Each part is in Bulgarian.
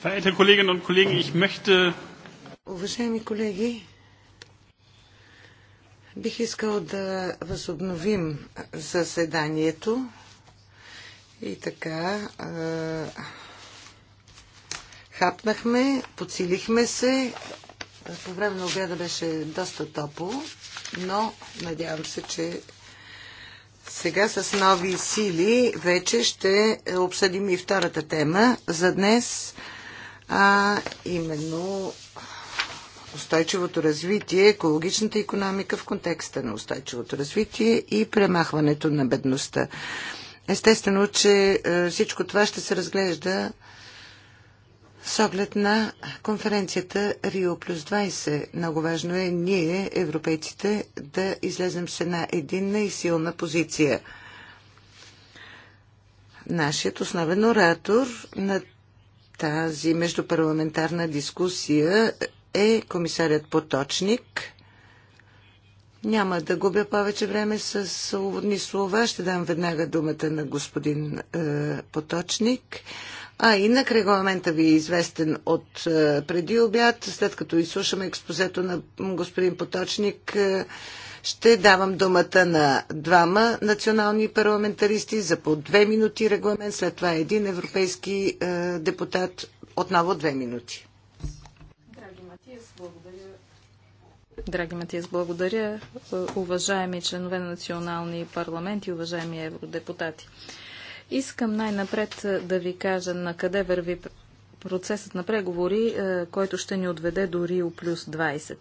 Verehrte Kolleginnen und Kollegen, ich möchte... Уважаеми колеги, бих искал да възобновим заседанието и така хапнахме, подсилихме се. По време на обяда беше доста топло, но надявам се, че сега с нови сили вече ще обсъдим и втората тема за днес, а именно устойчивото развитие, екологичната економика в контекста на устойчивото развитие и премахването на бедността. Естествено, че е, всичко това ще се разглежда с оглед на конференцията Рио плюс 20, много важно е ние, европейците, да излезем с една единна и силна позиция. Нашият основен оратор на тази междупарламентарна дискусия е комисарят Поточник. Няма да губя повече време с уводни слова. Ще дам веднага думата на господин е, Поточник. Поточник а, инак регламента ви е известен от е, преди обяд, след като изслушаме експозето на господин Поточник. Е, ще давам думата на двама национални парламентаристи за по две минути регламент, след това един европейски е, депутат отново две минути. Драги Матиас, благодаря. Драги Матиас, благодаря. Уважаеми членове на национални парламенти, уважаеми евродепутати. Искам най-напред е, да ви кажа на къде върви процесът на преговори, е, който ще ни отведе до Рио плюс 20.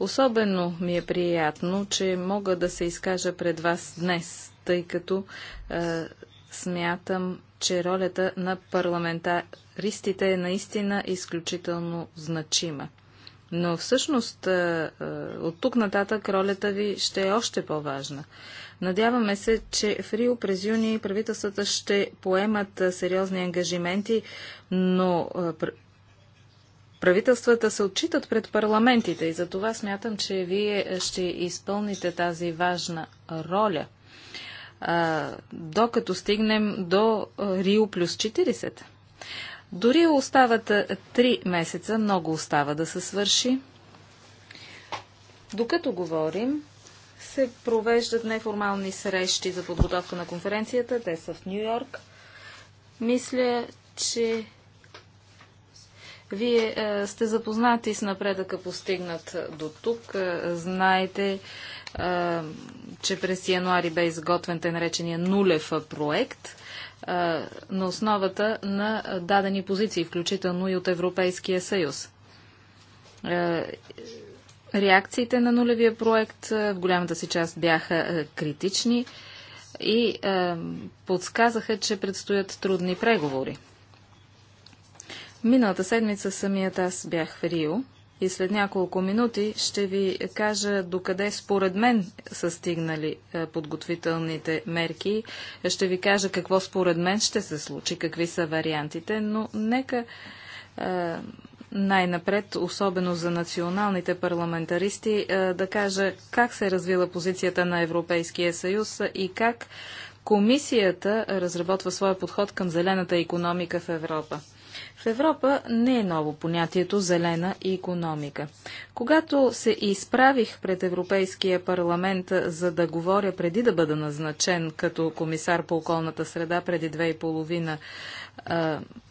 Особено ми е приятно, че мога да се изкажа пред вас днес, тъй като е, смятам, че ролята на парламентаристите е наистина изключително значима. Но всъщност е, е от тук нататък ролята ви ще е още по-важна. Е, Надяваме се, че в Рио през юни правителствата ще поемат сериозни ангажименти, но правителствата се отчитат пред парламентите и за това смятам, че вие ще изпълните тази важна роля докато стигнем до Рио плюс 40. Дори остават три месеца, много остава да се свърши. Докато говорим, се провеждат неформални срещи за подготовка на конференцията. Те са в Нью Йорк. Мисля, че вие е, сте запознати с напредъка постигнат е, до тук. Е, знаете, е, че през януари бе изготвен те наречения нулев проект е, на основата на дадени позиции, включително и от Европейския съюз. Е, Реакциите на нулевия проект е, в голямата си част бяха е, критични и е, подсказаха, че предстоят трудни преговори. Миналата седмица самият аз бях в Рио и след няколко минути ще ви кажа докъде според мен са стигнали е, подготвителните мерки. Ще ви кажа какво според мен ще се случи, какви са вариантите, но нека е, най-напред, особено за националните парламентаристи, е, да кажа как се е развила позицията на Европейския съюз и как комисията разработва своя подход към зелената економика в Европа. В Европа не е ново понятието зелена економика. Когато се изправих пред Европейския парламент, е, за да говоря преди да бъда назначен като комисар по околната среда преди две и половина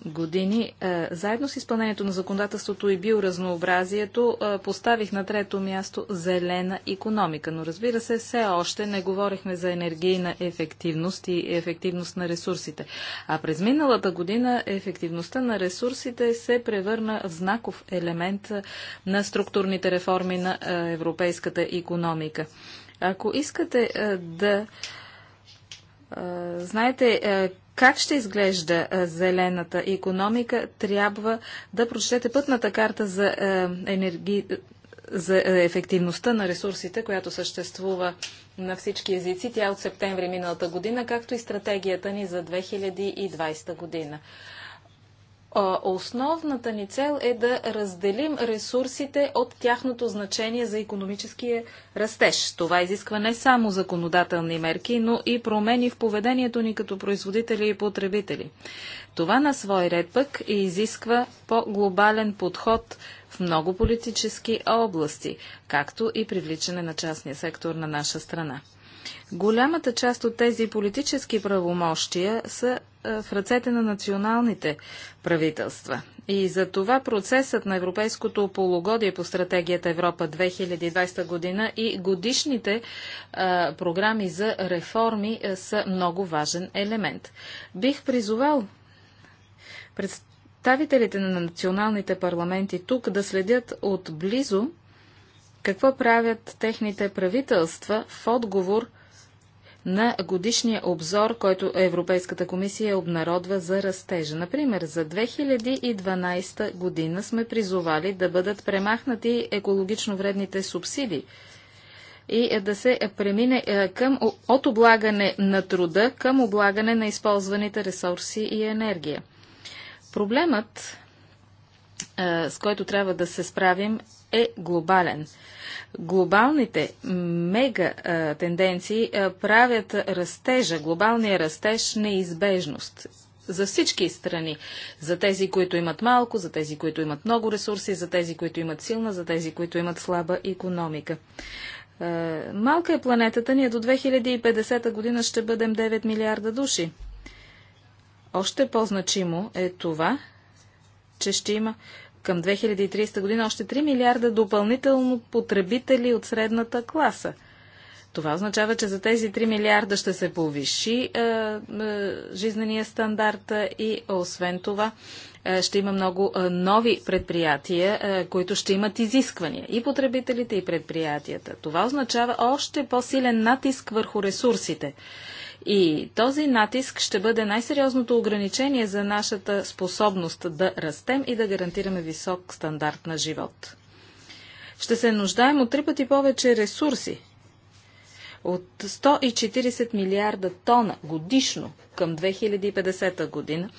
години. Заедно с изпълнението на законодателството и биоразнообразието поставих на трето място зелена економика. Но разбира се, все още не говорихме за енергийна ефективност и ефективност на ресурсите. А през миналата година ефективността на ресурсите се превърна в знаков елемент на структурните реформи на европейската економика. Ако искате да знаете как ще изглежда зелената економика, трябва да прочетете пътната карта за, енерги... за ефективността на ресурсите, която съществува на всички езици. Тя е от септември миналата година, както и стратегията ни за 2020 година. Основната ни цел е да разделим ресурсите от тяхното значение за економическия растеж. Това изисква не само законодателни мерки, но и промени в поведението ни като производители и потребители. Това на свой ред пък изисква по-глобален подход в много политически области, както и привличане на частния сектор на наша страна. Голямата част от тези политически правомощия са е, в ръцете на националните правителства. И за това процесът на европейското полугодие по стратегията Европа 2020 година и годишните а, е, програми за реформи а, е, са много важен елемент. Бих призовал представителите на националните парламенти тук да следят отблизо какво правят техните правителства в отговор на годишния обзор, който Европейската комисия обнародва за растежа. Например, за 2012 година сме призовали да бъдат премахнати екологично вредните субсидии и да се премине е, към, от облагане на труда към облагане на използваните ресурси и енергия. Проблемът с който трябва да се справим, е глобален. Глобалните мега тенденции правят растежа, глобалния растеж неизбежност е за всички страни. За тези, които имат малко, за тези, които имат много ресурси, за тези, които имат силна, за тези, които имат слаба економика. Малка е планетата ни, до 2050 година ще бъдем 9 милиарда души. Още по-значимо е това, че ще има към 2030 година още 3 милиарда допълнително потребители от средната класа. Това означава, че за тези 3 милиарда ще се повиши е, е, жизнения стандарт и освен това е, ще има много е, нови предприятия, е, които ще имат изисквания и потребителите, и предприятията. Това означава още по-силен натиск върху ресурсите. И този натиск ще бъде най-сериозното ограничение за нашата способност да растем и да гарантираме висок стандарт на живот. Ще се нуждаем от три пъти повече ресурси, от 140 милиарда тона годишно към 2050 година,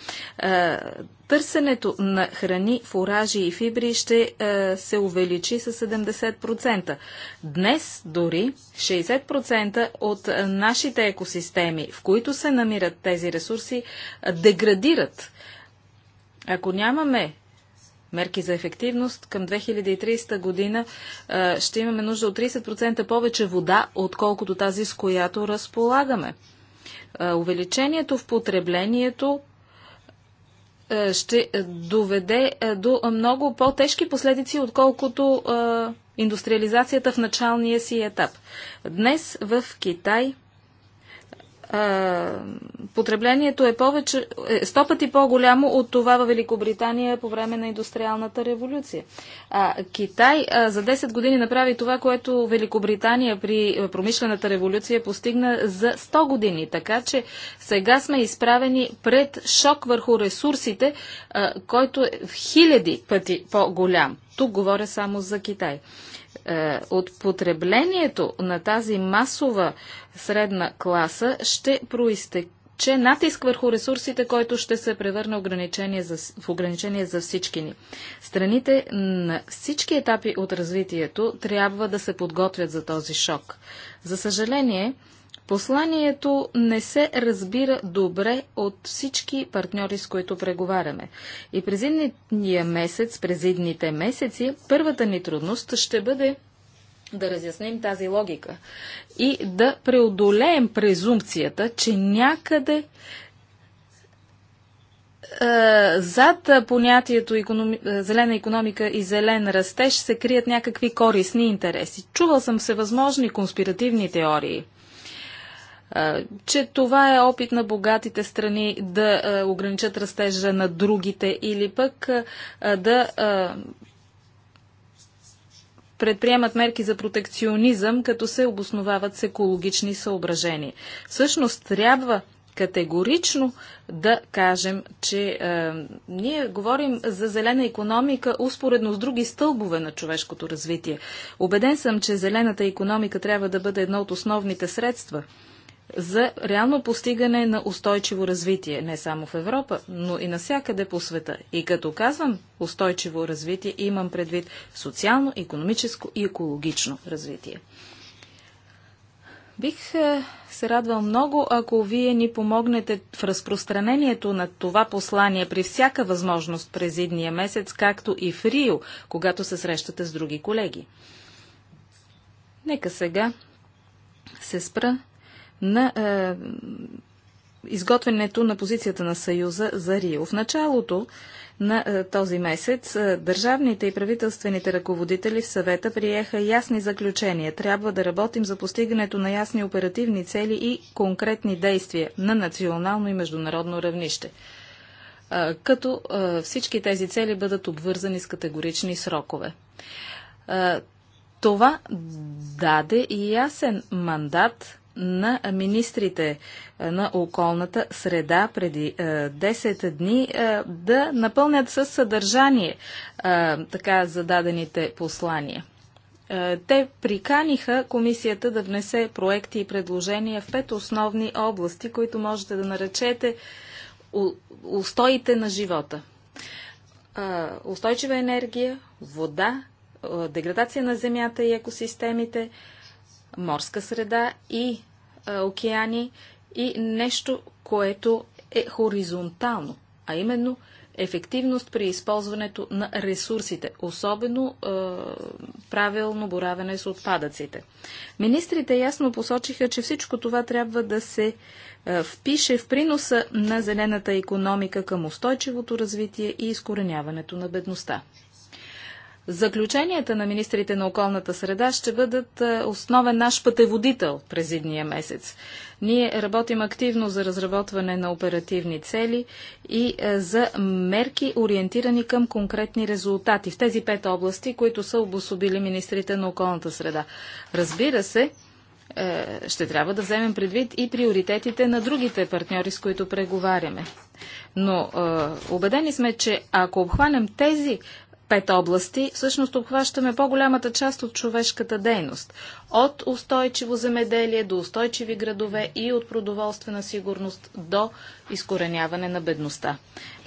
търсенето на храни, фуражи и фибри ще се увеличи с 70%. Днес дори 60% от нашите екосистеми, в които се намират тези ресурси, деградират. Ако нямаме мерки за ефективност, към 2030 година ще имаме нужда от 30% повече вода, отколкото тази, с която разполагаме. Увеличението в потреблението ще доведе до много по-тежки последици, отколкото индустриализацията в началния си етап. Днес в Китай потреблението е повече, е 100 пъти по-голямо от това във Великобритания по време на индустриалната революция. А, Китай а, за 10 години направи това, което Великобритания при промишлената революция постигна за 100 години. Така че сега сме изправени пред шок върху ресурсите, а, който е в хиляди пъти по-голям. Тук говоря само за Китай. Е, от потреблението на тази масова средна класа ще проистече натиск върху ресурсите, който ще се превърне ограничение за, в ограничение за всички ни. Страните на всички етапи от развитието трябва да се подготвят за този шок. За съжаление, Посланието не се разбира добре от всички партньори, с които преговаряме. И през едния месец, през едните месеци, първата ни трудност ще бъде да разясним тази логика и да преодолеем презумпцията, че някъде зад понятието економи... зелена економика и зелен растеж се крият някакви корисни интереси. Чувал съм всевъзможни конспиративни теории – че това е опит на богатите страни да ограничат растежа на другите или пък да предприемат мерки за протекционизъм, като се обосновават с екологични съображения. Всъщност трябва категорично да кажем, че е, ние говорим за зелена економика успоредно с други стълбове на човешкото развитие. Обеден съм, че зелената економика трябва да бъде едно от основните средства – за реално постигане на устойчиво развитие, не само в Европа, но и навсякъде по света. И като казвам устойчиво развитие, имам предвид социално, економическо и екологично развитие. Бих е, се радвал много, ако вие ни помогнете в разпространението на това послание при всяка възможност през идния месец, както и в Рио, когато се срещате с други колеги. Нека сега се спра на е, изготвянето на позицията на Съюза за Рио. В началото на е, този месец е, държавните и правителствените ръководители в съвета приеха ясни заключения. Трябва да работим за постигането на ясни оперативни цели и конкретни действия на национално и международно равнище е, като е, всички тези цели бъдат обвързани с категорични срокове. Е, това даде и ясен мандат на министрите на околната среда преди 10 дни да напълнят със съдържание така зададените послания. Те приканиха комисията да внесе проекти и предложения в пет основни области, които можете да наречете устоите на живота. Устойчива енергия, вода, деградация на земята и екосистемите – морска среда и а, океани и нещо, което е хоризонтално, а именно ефективност при използването на ресурсите, особено е, правилно боравене с отпадъците. Министрите ясно посочиха, че всичко това трябва да се е, впише в приноса на зелената економика към устойчивото развитие и изкореняването на бедността. Заключенията на министрите на околната среда ще бъдат е, основен наш пътеводител през едния месец. Ние работим активно за разработване на оперативни цели и е, за мерки, ориентирани към конкретни резултати в тези пет области, които са обособили министрите на околната среда. Разбира се, е, ще трябва да вземем предвид и приоритетите на другите партньори, с които преговаряме. Но е, убедени сме, че ако обхванем тези пет области, всъщност обхващаме по-голямата част от човешката дейност. От устойчиво земеделие до устойчиви градове и от продоволствена сигурност до изкореняване на бедността.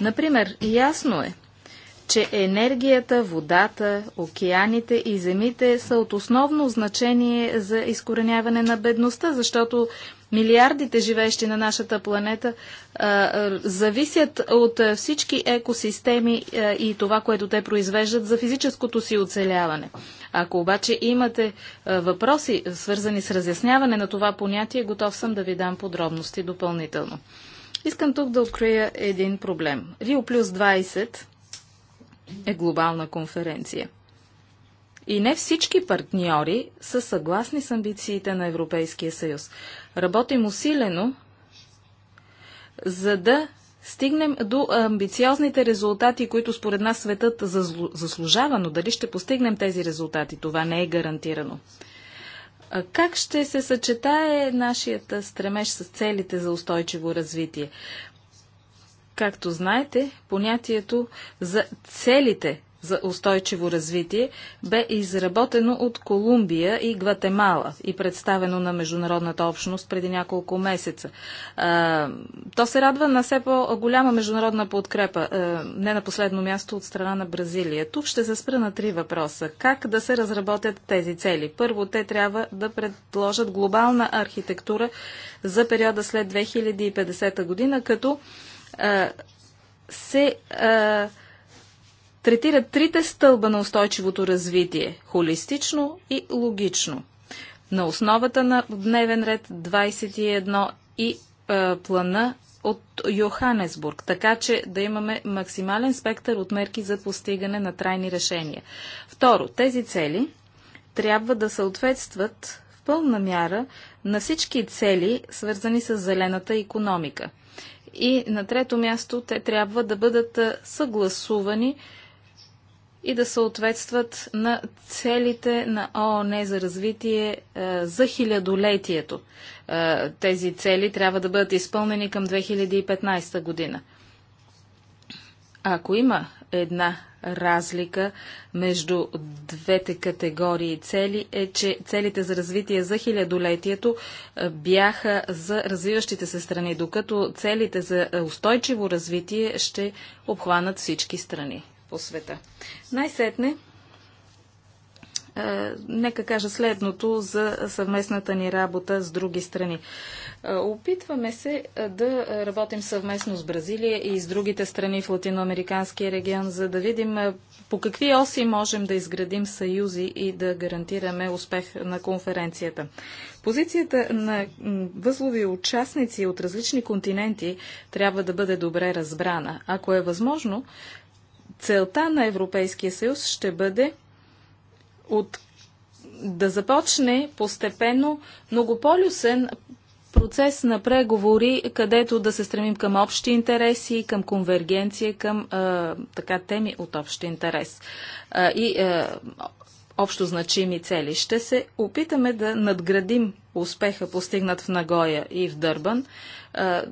Например, ясно е, че енергията, водата, океаните и земите са от основно значение за изкореняване на бедността, защото Милиардите живещи на нашата планета зависят от всички екосистеми и това, което те произвеждат за физическото си оцеляване. Ако обаче имате въпроси, свързани с разясняване на това понятие, готов съм да ви дам подробности допълнително. Искам тук да открия един проблем. Рио плюс 20 е глобална конференция. И не всички партньори са съгласни с амбициите на Европейския съюз. Работим усилено, за да стигнем до амбициозните резултати, които според нас светът заслужава, но дали ще постигнем тези резултати, това не е гарантирано. Как ще се съчетае нашият стремеж с целите за устойчиво развитие? Както знаете, понятието за целите за устойчиво развитие бе изработено от Колумбия и Гватемала и представено на международната общност преди няколко месеца. То се радва на все по-голяма международна подкрепа, не на последно място от страна на Бразилия. Тук ще се спра на три въпроса. Как да се разработят тези цели? Първо, те трябва да предложат глобална архитектура за периода след 2050 година, като се а, третира трите стълба на устойчивото развитие – холистично и логично. На основата на дневен ред 21 и е, плана от Йоханесбург, така че да имаме максимален спектър от мерки за постигане на трайни решения. Второ, тези цели трябва да съответстват в пълна мяра на всички цели, свързани с зелената економика. И на трето място те трябва да бъдат е, съгласувани и да съответстват на целите на ООН за развитие е, за хилядолетието. Е, тези цели трябва да бъдат изпълнени към 2015 година. Ако има една разлика между двете категории цели е, че целите за развитие за хилядолетието е, бяха за развиващите се страни, докато целите за устойчиво развитие ще обхванат всички страни по света. Най-сетне, нека кажа следното за съвместната ни работа с други страни. Опитваме се да работим съвместно с Бразилия и с другите страни в латиноамериканския регион, за да видим по какви оси можем да изградим съюзи и да гарантираме успех на конференцията. Позицията на възлови участници от различни континенти трябва да бъде добре разбрана. Ако е възможно, целта на Европейския съюз ще бъде от да започне постепенно многополюсен процес на преговори, където да се стремим към общи интереси, към конвергенция, към а, така теми от общ интерес а, и а, общо значими цели. Ще се опитаме да надградим успеха, постигнат в Нагоя и в Дърбан,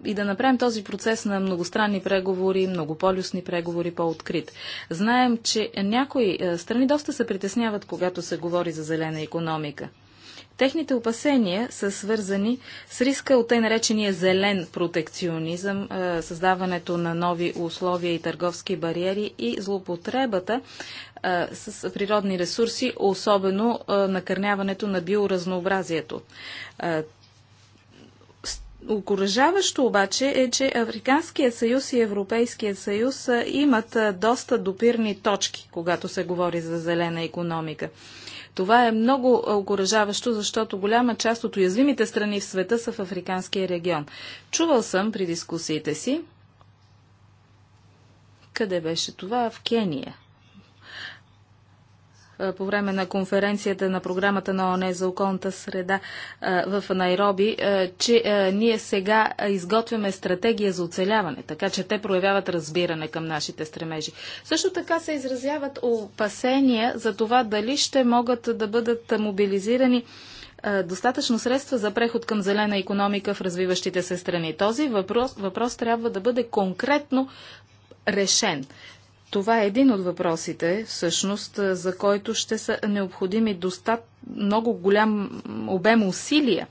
и да направим този процес на многостранни преговори, многополюсни преговори по-открит. Знаем, че някои страни доста се притесняват, когато се говори за зелена економика. Техните опасения са свързани с риска от тъй наречения зелен протекционизъм, създаването на нови условия и търговски бариери и злоупотребата с природни ресурси, особено накърняването на биоразнообразието. Окоръжаващо обаче е, че Африканския съюз и Европейския съюз имат доста допирни точки, когато се говори за зелена економика. Това е много окоръжаващо, защото голяма част от уязвимите страни в света са в Африканския регион. Чувал съм при дискусиите си, къде беше това? В Кения. Е, по време на конференцията на програмата на ОНЕ за околната среда е, в Найроби, е, че ние сега изготвяме стратегия за оцеляване, така че те проявяват разбиране към нашите стремежи. Също така се изразяват опасения за това дали ще могат да бъдат мобилизирани достатъчно средства за преход към зелена економика в развиващите се страни. Този въпрос, въпрос трябва да бъде конкретно решен. Това е един от въпросите, всъщност, за който ще са необходими доста много голям обем усилия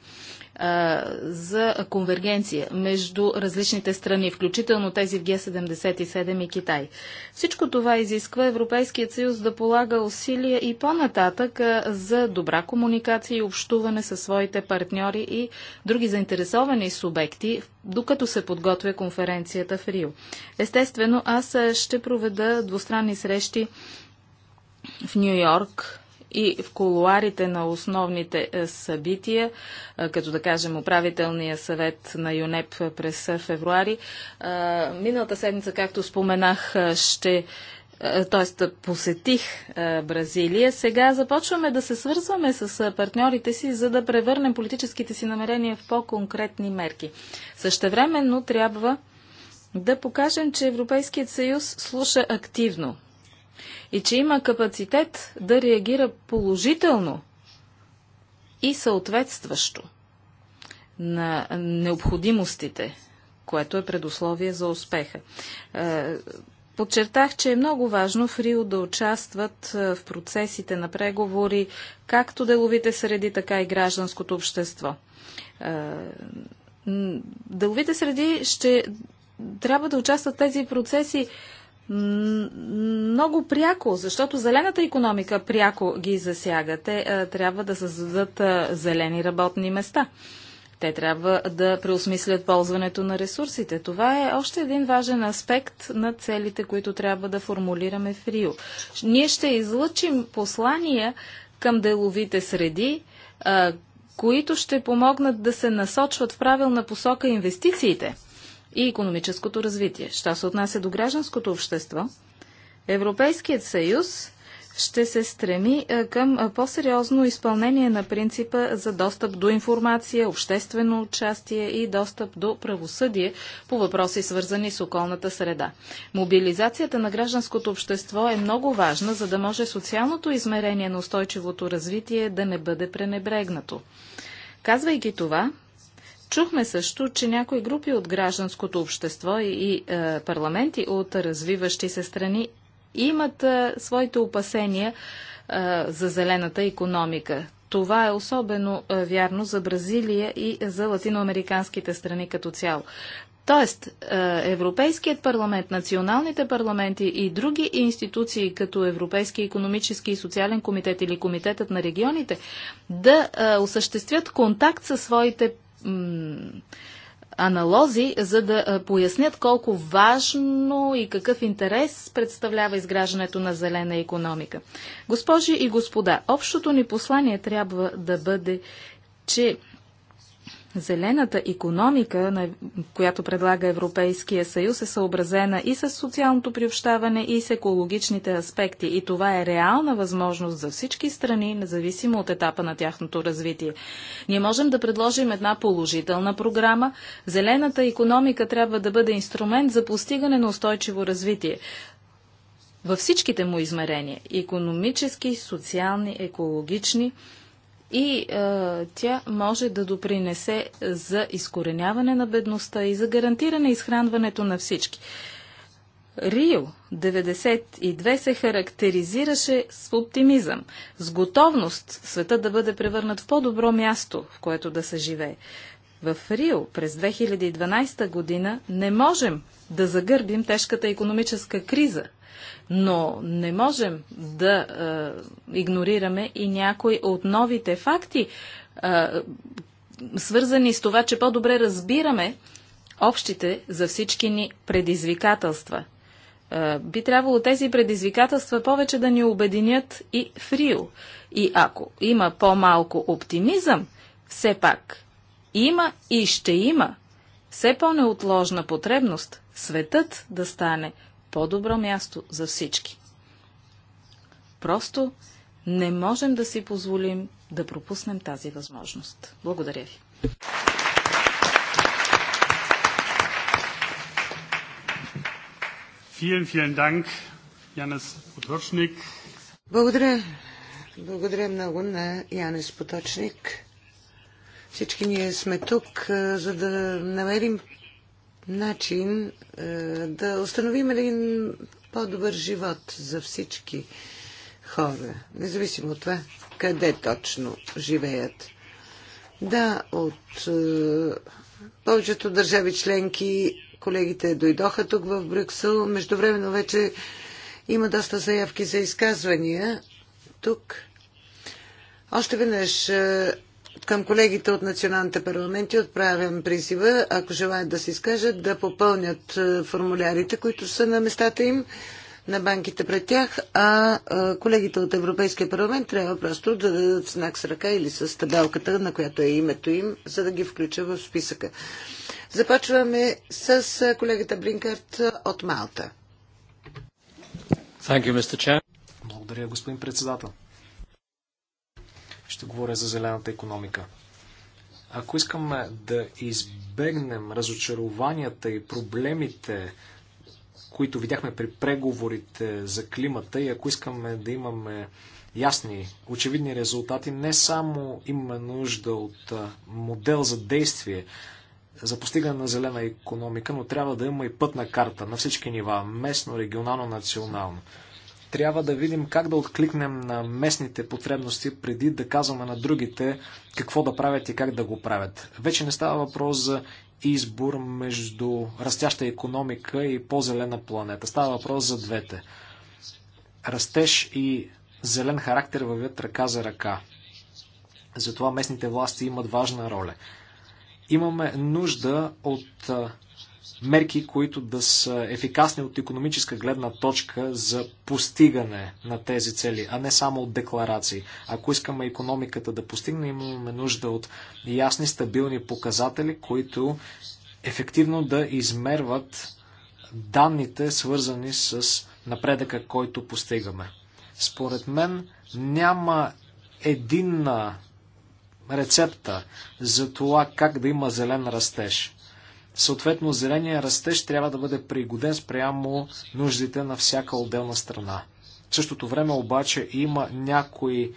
а, за конвергенция между различните страни, включително тези в Г77 и Китай. Всичко това изисква Европейският съюз да полага усилия и по-нататък за добра комуникация и общуване със своите партньори и други заинтересовани субекти, докато се подготвя конференцията в Рио. Естествено, аз ще проведа двустранни срещи в Нью Йорк и в колуарите на основните е, събития, е, като да кажем управителния съвет на ЮНЕП през е, февруари. Миналата седмица, както споменах, ще т.е. посетих Бразилия. Сега започваме да се свързваме с партньорите си, за да превърнем политическите си намерения в по-конкретни мерки. Същевременно трябва да покажем, че Европейският съюз слуша активно и че има капацитет да реагира положително и съответстващо на необходимостите, което е предусловие за успеха. Е, подчертах, че е много важно в Рио да участват е, в процесите на преговори както деловите среди, така и гражданското общество. Е, деловите среди ще трябва да участват в тези процеси много пряко, защото зелената економика пряко ги засяга. Те а, е, трябва да създадат а, е, зелени работни места. Те трябва да преосмислят ползването на ресурсите. Това е още един важен аспект на целите, които трябва да формулираме в Рио. Ние ще излъчим послания към деловите среди, а, е, които ще помогнат да се насочват в правилна посока инвестициите – и економическото развитие. Що се отнася до гражданското общество, Европейският съюз ще се стреми е, към е, по-сериозно изпълнение на принципа за достъп до информация, обществено участие и достъп до правосъдие по въпроси свързани с околната среда. Мобилизацията на гражданското общество е много важна, за да може социалното измерение на устойчивото развитие да не бъде пренебрегнато. Казвайки това, Чухме също, че някои групи от гражданското общество и, и е, парламенти от развиващи се страни имат е, своите опасения е, за зелената економика. Това е особено е, вярно за Бразилия и за латиноамериканските страни като цяло. Тоест, е, Европейският парламент, националните парламенти и други институции, като Европейски економически и социален комитет или Комитетът на регионите, да е, осъществят контакт със своите аналози, за да пояснят колко важно и какъв интерес представлява изграждането на зелена економика. Госпожи и господа, общото ни послание трябва да бъде, че Зелената економика, която предлага Европейския съюз, е съобразена и с социалното приобщаване, и с екологичните аспекти. И това е реална възможност за всички страни, независимо от етапа на тяхното развитие. Ние можем да предложим една положителна програма. Зелената економика трябва да бъде инструмент за постигане на устойчиво развитие във всичките му измерения – економически, социални, екологични – и е, тя може да допринесе за изкореняване на бедността и за гарантиране изхранването на всички. Рио 92 се характеризираше с оптимизъм, с готовност света да бъде превърнат в по-добро място, в което да се живее. В Рио през 2012 година не можем да загърбим тежката економическа криза, но не можем да е, игнорираме и някои от новите факти, е, свързани с това, че по-добре разбираме общите за всички ни предизвикателства. Е, би трябвало тези предизвикателства повече да ни обединят и в Рио. И ако има по-малко оптимизъм, все пак има и ще има все по-неотложна потребност светът да стане по-добро място за всички. Просто не можем да си позволим да пропуснем тази възможност. Благодаря ви. Благодаря. Благодаря много на Янес Поточник. Всички ние сме тук, за да намерим начин е, да установим един по-добър живот за всички хора, независимо от това къде точно живеят. Да, от е, повечето държави членки колегите дойдоха тук в Брюксел. Междувременно вече има доста заявки за изказвания тук. Още веднъж е, към колегите от националните парламенти отправям призива, ако желаят да се изкажат, да попълнят е, формулярите, които са на местата им, на банките пред тях, а е, колегите от Европейския парламент трябва просто да дадат знак с ръка или с табелката, на която е името им, за да ги включа в списъка. Започваме с е, колегата Блинкарт от Малта. Благодаря, господин председател. Говоря за зелената економика. Ако искаме да избегнем разочарованията и проблемите, които видяхме при преговорите за климата и ако искаме да имаме ясни, очевидни резултати, не само имаме нужда от модел за действие за постигане на зелена економика, но трябва да има и пътна карта на всички нива местно, регионално, национално трябва да видим как да откликнем на местните потребности преди да казваме на другите какво да правят и как да го правят. Вече не става въпрос за избор между растяща економика и по-зелена планета. Става въпрос за двете. Растеж и зелен характер вървят ръка за ръка. Затова местните власти имат важна роля. Имаме нужда от мерки, които да са ефикасни от економическа гледна точка за постигане на тези цели, а не само от декларации. Ако искаме економиката да постигне, имаме нужда от ясни, стабилни показатели, които ефективно да измерват данните, свързани с напредъка, който постигаме. Според мен няма единна рецепта за това как да има зелен растеж. Съответно, зеления растеж трябва да бъде пригоден спрямо нуждите на всяка отделна страна. В същото време обаче има някои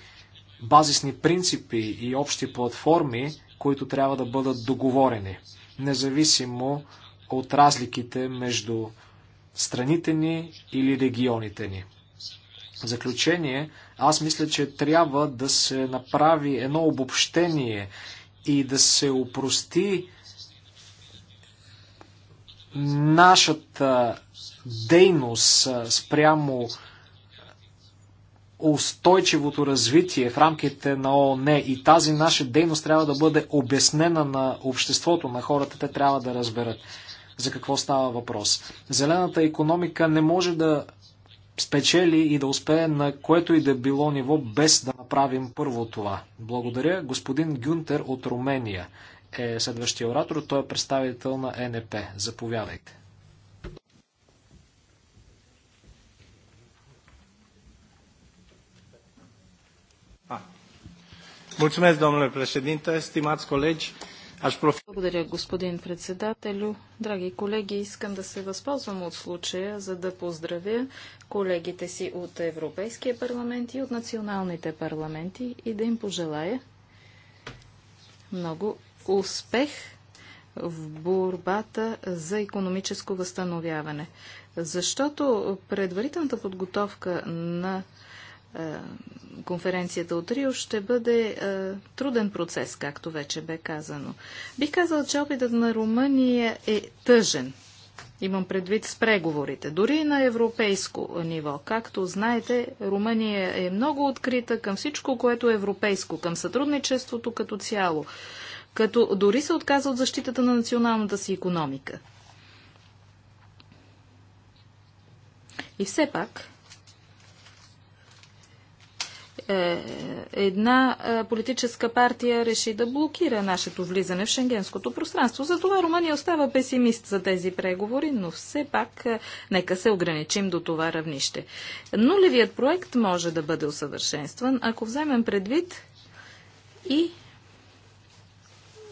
базисни принципи и общи платформи, които трябва да бъдат договорени, независимо от разликите между страните ни или регионите ни. В заключение, аз мисля, че трябва да се направи едно обобщение и да се упрости нашата дейност спрямо устойчивото развитие в рамките на ООН и тази наша дейност трябва да бъде обяснена на обществото, на хората, те трябва да разберат за какво става въпрос. Зелената економика не може да спечели и да успее на което и да било ниво, без да направим първо това. Благодаря, господин Гюнтер от Румения е следващия оратор. Той е представител на НП. Заповядайте. Благодаря, господин председателю. Драги колеги, искам да се възползвам от случая, за да поздравя колегите си от Европейския парламент и от националните парламенти и да им пожелая много успех в борбата за економическо възстановяване. Защото предварителната подготовка на е, конференцията от Рио ще бъде е, труден процес, както вече бе казано. Бих казал, че опитът на Румъния е тъжен. Имам предвид с преговорите, дори на европейско ниво. Както знаете, Румъния е много открита към всичко, което е европейско, към сътрудничеството като цяло като дори се отказа от защитата на националната си економика. И все пак, е, една е, политическа партия реши да блокира нашето влизане в шенгенското пространство. Затова Румъния остава песимист за тези преговори, но все пак е, нека се ограничим до това равнище. Нулевият проект може да бъде усъвършенстван, ако вземем предвид и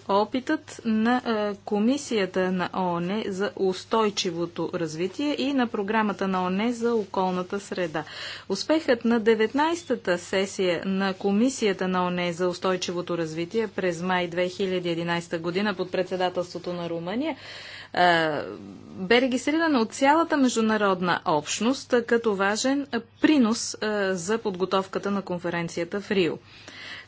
опитът на е, Комисията на ООН за устойчивото развитие и на програмата на ООН за околната среда. Успехът на 19-та сесия на Комисията на ООН за устойчивото развитие през май 2011 година под председателството на Румъния е, бе регистриран от цялата международна общност като важен принос е, за подготовката на конференцията в Рио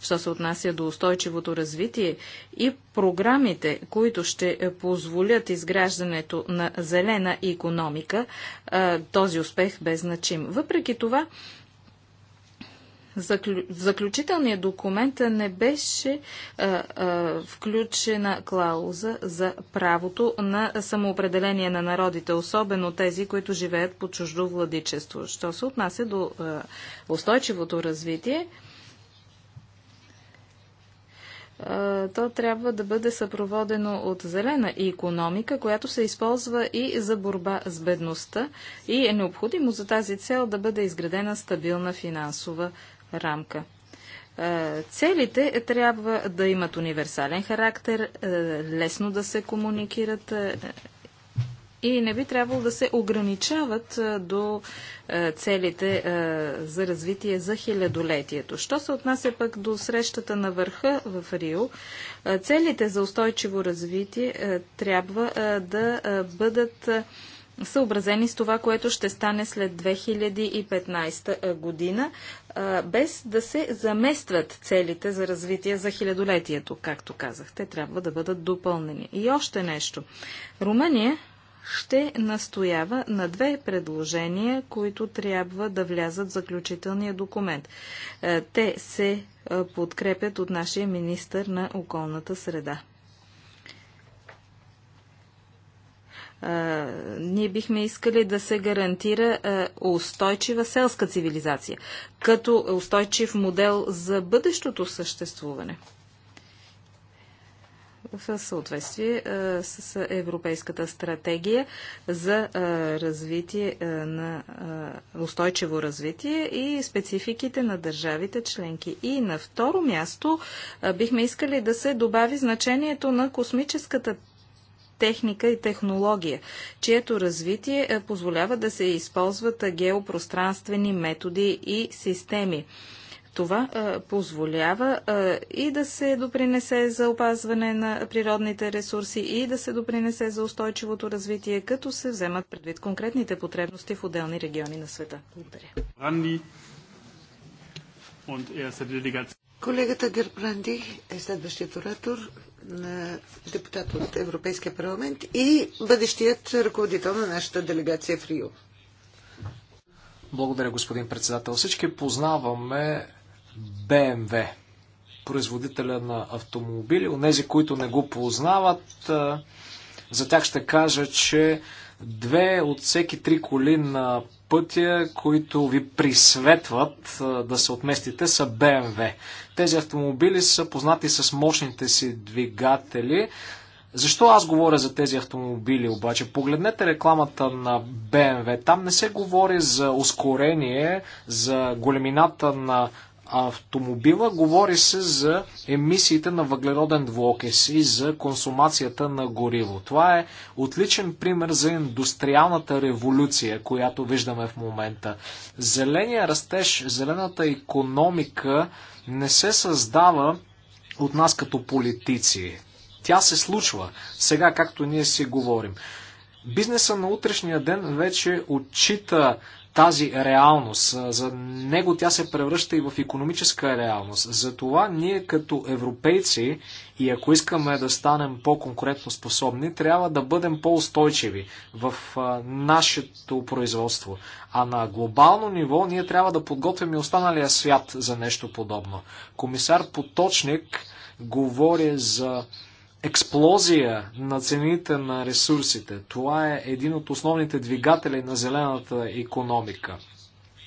що се отнася до устойчивото развитие и програмите, които ще е, позволят изграждането на зелена економика, е, този успех бе значим. Въпреки това, заключителният документ не беше е, включена клауза за правото на самоопределение на народите, особено тези, които живеят по чуждо владичество. Що се отнася до устойчивото развитие, то трябва да бъде съпроводено от зелена економика, която се използва и за борба с бедността и е необходимо за тази цел да бъде изградена стабилна финансова рамка. Целите трябва да имат универсален характер, лесно да се комуникират, и не би трябвало да се ограничават до целите за развитие за хилядолетието. Що се отнася пък до срещата на върха в Рио, целите за устойчиво развитие трябва да бъдат съобразени с това, което ще стане след 2015 година, без да се заместват целите за развитие за хилядолетието, както казах. Те трябва да бъдат допълнени. И още нещо. Румъния ще настоява на две предложения, които трябва да влязат в заключителния документ. Е, те се е, подкрепят от нашия министр на околната среда. Е, ние бихме искали да се гарантира устойчива селска цивилизация, като устойчив модел за бъдещото съществуване в съответствие с Европейската стратегия за развитие на устойчиво развитие и спецификите на държавите членки. И на второ място бихме искали да се добави значението на космическата техника и технология, чието развитие позволява да се използват геопространствени методи и системи. Това а, позволява а, и да се допринесе за опазване на природните ресурси и да се допринесе за устойчивото развитие, като се вземат предвид конкретните потребности в отделни региони на света. Благодаря. Е Колегата Гербранди е следващият оратор на депутат от Европейския парламент и бъдещият ръководител на нашата делегация в Рио. Благодаря, господин председател. Всички познаваме BMW, производителя на автомобили. Онези, които не го познават, за тях ще кажа, че две от всеки три коли на пътя, които ви присветват да се отместите, са BMW. Тези автомобили са познати с мощните си двигатели. Защо аз говоря за тези автомобили обаче? Погледнете рекламата на BMW. Там не се говори за ускорение, за големината на автомобила, говори се за емисиите на въглероден двуокис и за консумацията на гориво. Това е отличен пример за индустриалната революция, която виждаме в момента. Зеления растеж, зелената економика не се създава от нас като политици. Тя се случва сега, както ние си говорим. Бизнеса на утрешния ден вече отчита тази реалност. За него тя се превръща и в економическа реалност. Затова ние като европейци и ако искаме да станем по-конкурентно способни, трябва да бъдем по-устойчиви в нашето производство. А на глобално ниво ние трябва да подготвим и останалия свят за нещо подобно. Комисар Поточник говори за експлозия на цените на ресурсите. Това е един от основните двигатели на зелената економика.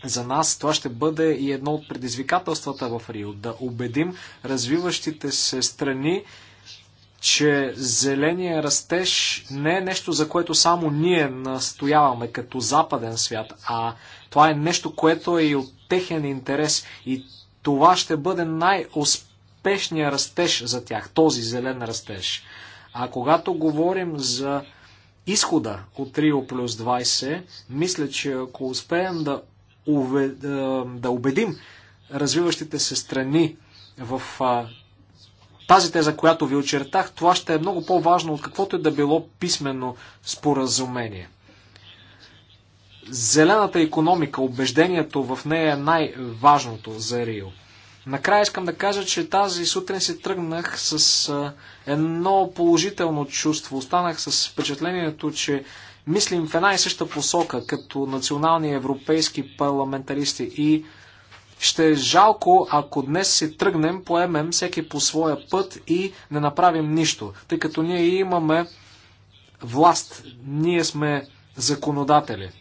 За нас това ще бъде и едно от предизвикателствата в Рио. Да убедим развиващите се страни, че зеления растеж не е нещо, за което само ние настояваме като западен свят, а това е нещо, което е и от техен интерес. И това ще бъде най-успешно успешния растеж за тях, този зелен растеж. А когато говорим за изхода от Рио плюс 20, мисля, че ако успеем да, уве, да убедим развиващите се страни в тази теза, която ви очертах, това ще е много по-важно от каквото е да било писмено споразумение. Зелената економика, убеждението в нея е най-важното за Рио. Накрая искам да кажа, че тази сутрин си тръгнах с едно положително чувство. Останах с впечатлението, че мислим в една и съща посока, като национални европейски парламентаристи. И ще е жалко, ако днес си тръгнем, поемем всеки по своя път и не направим нищо, тъй като ние имаме власт, ние сме законодатели.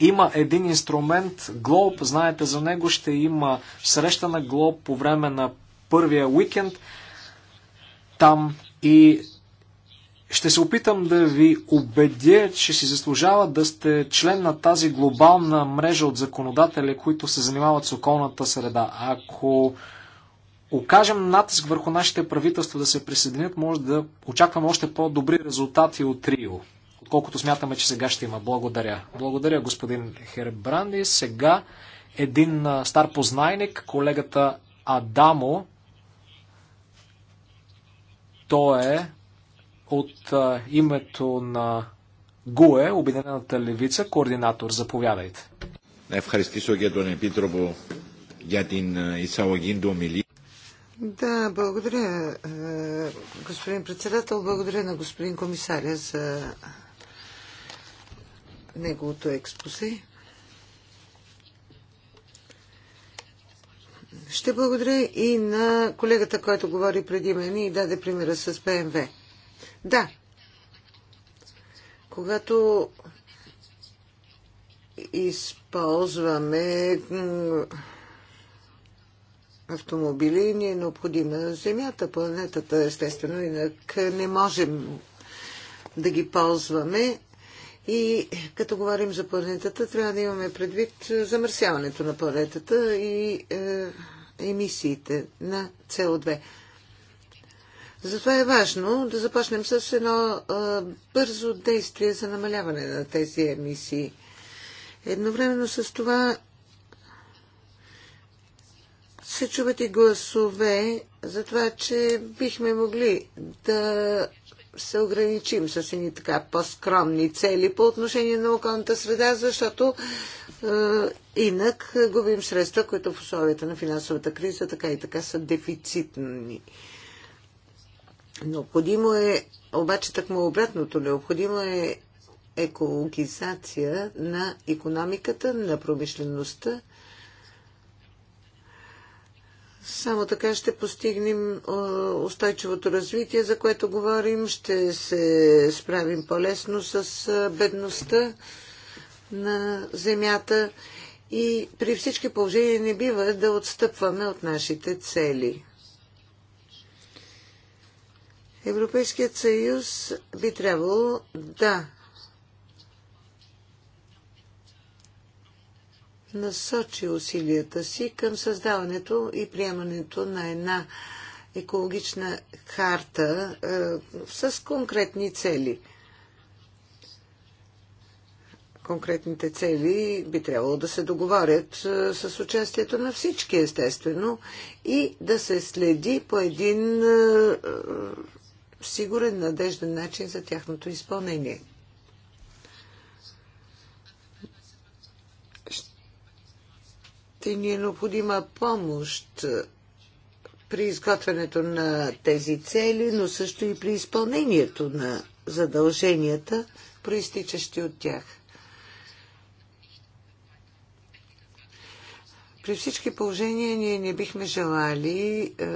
Има един инструмент, Глоб, знаете за него, ще има среща на Глоб по време на първия уикенд там и ще се опитам да ви убедя, че си заслужава да сте член на тази глобална мрежа от законодатели, които се занимават с околната среда. Ако окажем натиск върху нашите правителства да се присъединят, може да очакваме още по-добри резултати от Рио отколкото смятаме, че сега ще има. Благодаря. Благодаря, господин Хербранди. Сега един стар познайник, колегата Адамо, той е от името на ГУЕ, Обединената левица, координатор. Заповядайте. Ευχαριστήσω και τον Επίτροπο για την εισαγωγή του Да, благодаря, господин председател, благодаря на господин комисаря за неговото експосе. Ще благодаря и на колегата, който говори преди мен и даде примера с ПМВ. Да, когато използваме автомобили, ни е необходима Земята, планетата, естествено, инак не можем да ги ползваме. И като говорим за планетата, трябва да имаме предвид замърсяването на планетата и е, емисиите на СО2. Затова е важно да започнем с едно е, бързо действие за намаляване на тези емисии. Едновременно с това се чуват и гласове за това, че бихме могли да се ограничим с едни така по-скромни цели по отношение на околната среда, защото е, инак губим средства, които в условията на финансовата криза така и така са дефицитни. Необходимо е, обаче так му обратното, необходимо е екологизация на економиката, на промишлеността само така ще постигнем устойчивото развитие, за което говорим. Ще се справим по-лесно с бедността на земята и при всички положения не бива да отстъпваме от нашите цели. Европейският съюз би трябвало да насочи усилията си към създаването и приемането на една екологична харта е, с конкретни цели. Конкретните цели би трябвало да се договорят е, с участието на всички, естествено, и да се следи по един е, е сигурен, надежден начин за тяхното изпълнение. ще ни е необходима помощ при изготвянето на тези цели, но също и при изпълнението на задълженията, проистичащи от тях. При всички положения ние не бихме желали е,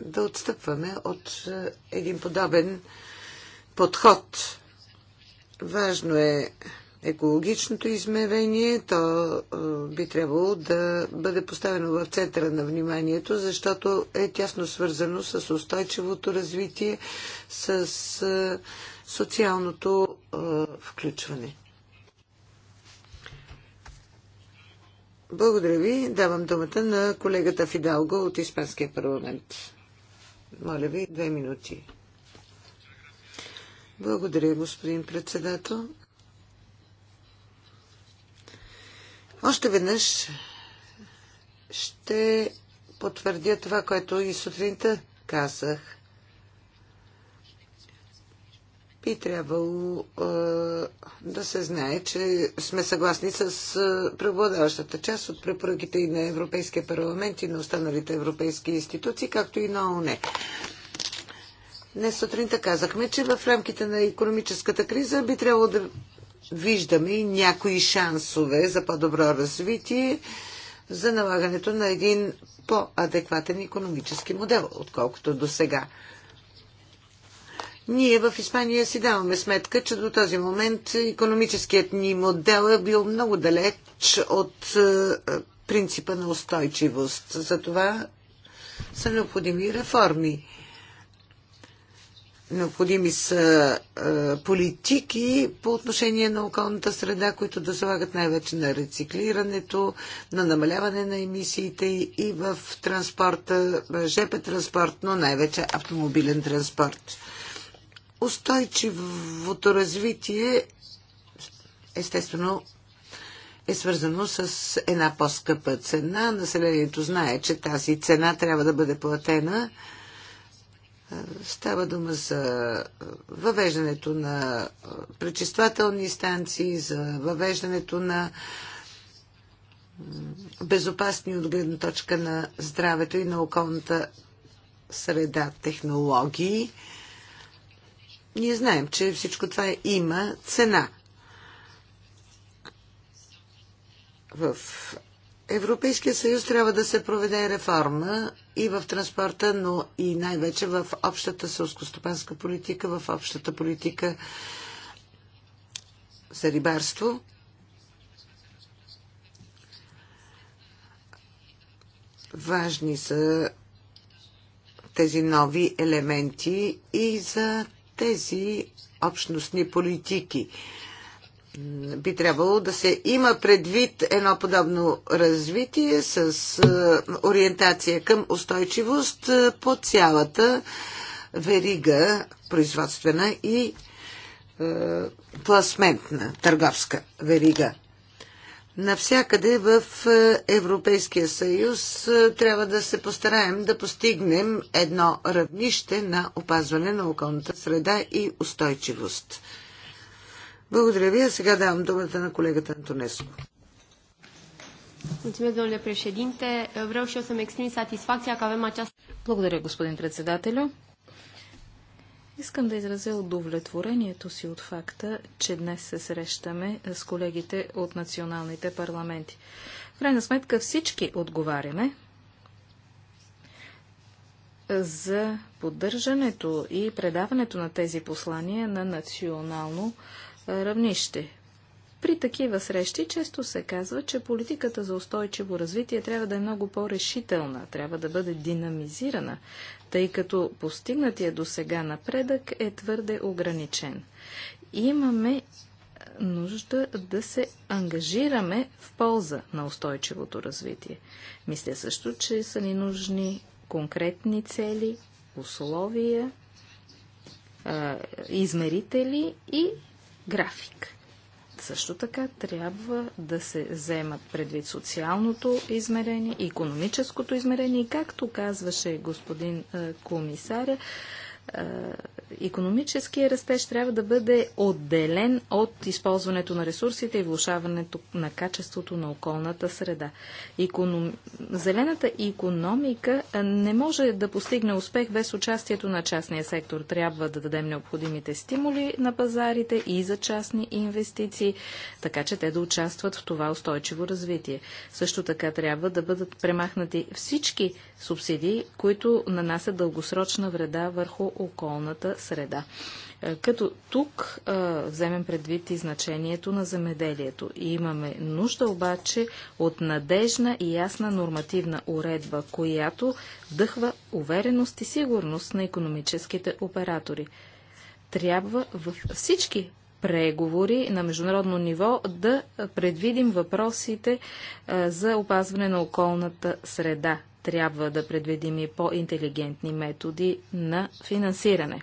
да отстъпваме от е, един подобен подход. Важно е екологичното измерение, то би трябвало да бъде поставено в центъра на вниманието, защото е тясно свързано с устойчивото развитие, с социалното включване. Благодаря ви. Давам думата на колегата Фидалго от Испанския парламент. Моля ви, две минути. Благодаря, господин председател. Още веднъж ще потвърдя това, което и сутринта казах. Би трябвало е, да се знае, че сме съгласни с е, преобладаващата част от препоръките и на Европейския парламент и на останалите европейски институции, както и на ОНЕ. Днес сутринта казахме, че в рамките на економическата криза би трябвало да виждаме и някои шансове за по-добро развитие за налагането на един по-адекватен економически модел, отколкото до сега. Ние в Испания си даваме сметка, че до този момент економическият ни модел е бил много далеч от е, принципа на устойчивост. Затова са необходими реформи. Необходими са е, политики по отношение на околната среда, които да залагат най-вече на рециклирането, на намаляване на емисиите и в транспорта, ЖП транспорт, но най-вече автомобилен транспорт. Устойчивото развитие естествено е свързано с една по-скъпа цена. Населението знае, че тази цена трябва да бъде платена Става дума за въвеждането на пречиствателни станции, за въвеждането на безопасни от гледна точка на здравето и на околната среда технологии. Ние знаем, че всичко това има цена. В Европейския съюз трябва да се проведе реформа и в транспорта, но и най-вече в общата сълскостопанска политика, в общата политика за рибарство. Важни са тези нови елементи и за тези общностни политики би трябвало да се има предвид едно подобно развитие с е, ориентация към устойчивост е, по цялата верига производствена и е, пластментна търговска верига. Навсякъде в Европейския съюз трябва да се постараем да постигнем едно равнище на опазване на околната среда и устойчивост. Благодаря ви. А сега давам думата на колегата Антонеско. Mulțumesc, domnule președinte. Vreau și eu să-mi exprim satisfacția că avem această... Благодаря, господин председателю. Искам да изразя удовлетворението си от факта, че днес се срещаме с колегите от националните парламенти. В крайна сметка всички отговаряме за поддържането и предаването на тези послания на национално равнище. При такива срещи често се казва, че политиката за устойчиво развитие трябва да е много по-решителна, трябва да бъде динамизирана, тъй като постигнатия до сега напредък е твърде ограничен. Имаме нужда да се ангажираме в полза на устойчивото развитие. Мисля също, че са ни нужни конкретни цели, условия, измерители и график. Също така трябва да се вземат предвид социалното измерение, економическото измерение и както казваше господин е, комисаря, економическия растеж трябва да бъде отделен от използването на ресурсите и влушаването на качеството на околната среда. Економ... Зелената економика е, не може да постигне успех без участието на частния сектор. Трябва да дадем необходимите стимули на пазарите и за частни инвестиции, така че те да участват в това устойчиво развитие. Също така трябва да бъдат премахнати всички субсидии, които нанасят дългосрочна вреда върху околната среда. Е, като тук а, е, вземем предвид и значението на земеделието. И имаме нужда обаче от надежна и ясна нормативна уредба, която дъхва увереност и сигурност на економическите оператори. Трябва във всички преговори на международно ниво да предвидим въпросите а, е, за опазване на околната среда трябва да предвидим и по-интелигентни методи на финансиране.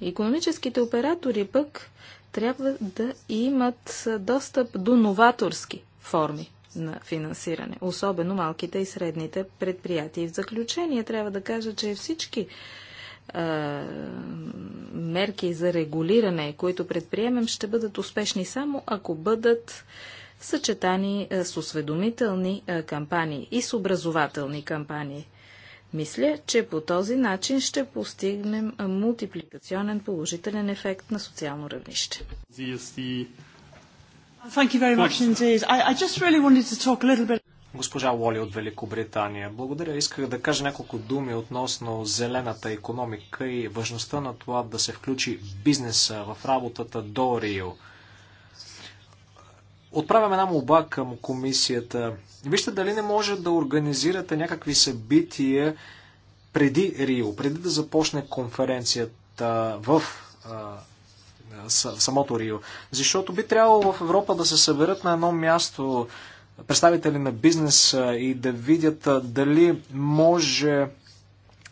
Економическите оператори пък трябва да имат достъп до новаторски форми на финансиране, особено малките и средните предприятия. И в заключение трябва да кажа, че всички а, мерки за регулиране, които предприемем, ще бъдат успешни само ако бъдат а, съчетани е, с осведомителни е, кампании и с образователни кампании. Мисля, че по този начин ще постигнем е, мултипликационен положителен ефект на социално равнище. Госпожа Уоли от Великобритания. Благодаря. Исках да кажа няколко думи относно зелената економика и важността на това да се включи бизнеса в работата до Рио. Отправям една молба към комисията. Вижте дали не може да организирате някакви събития преди Рио, преди да започне конференцията в самото Рио. Защото би трябвало в Европа да се съберат на едно място представители на бизнеса и да видят дали може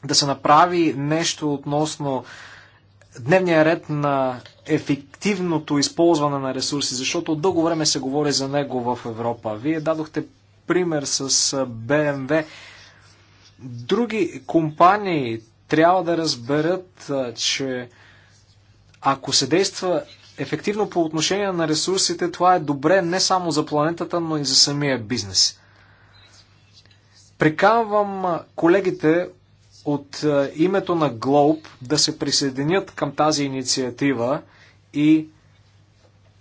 да се направи нещо относно дневния ред на ефективното използване на ресурси, защото от дълго време се говори за него в Европа. Вие дадохте пример с BMW. Други компании трябва да разберат, че ако се действа ефективно по отношение на ресурсите, това е добре не само за планетата, но и за самия бизнес. Приканвам колегите от е, името на Глоб да се присъединят към тази инициатива и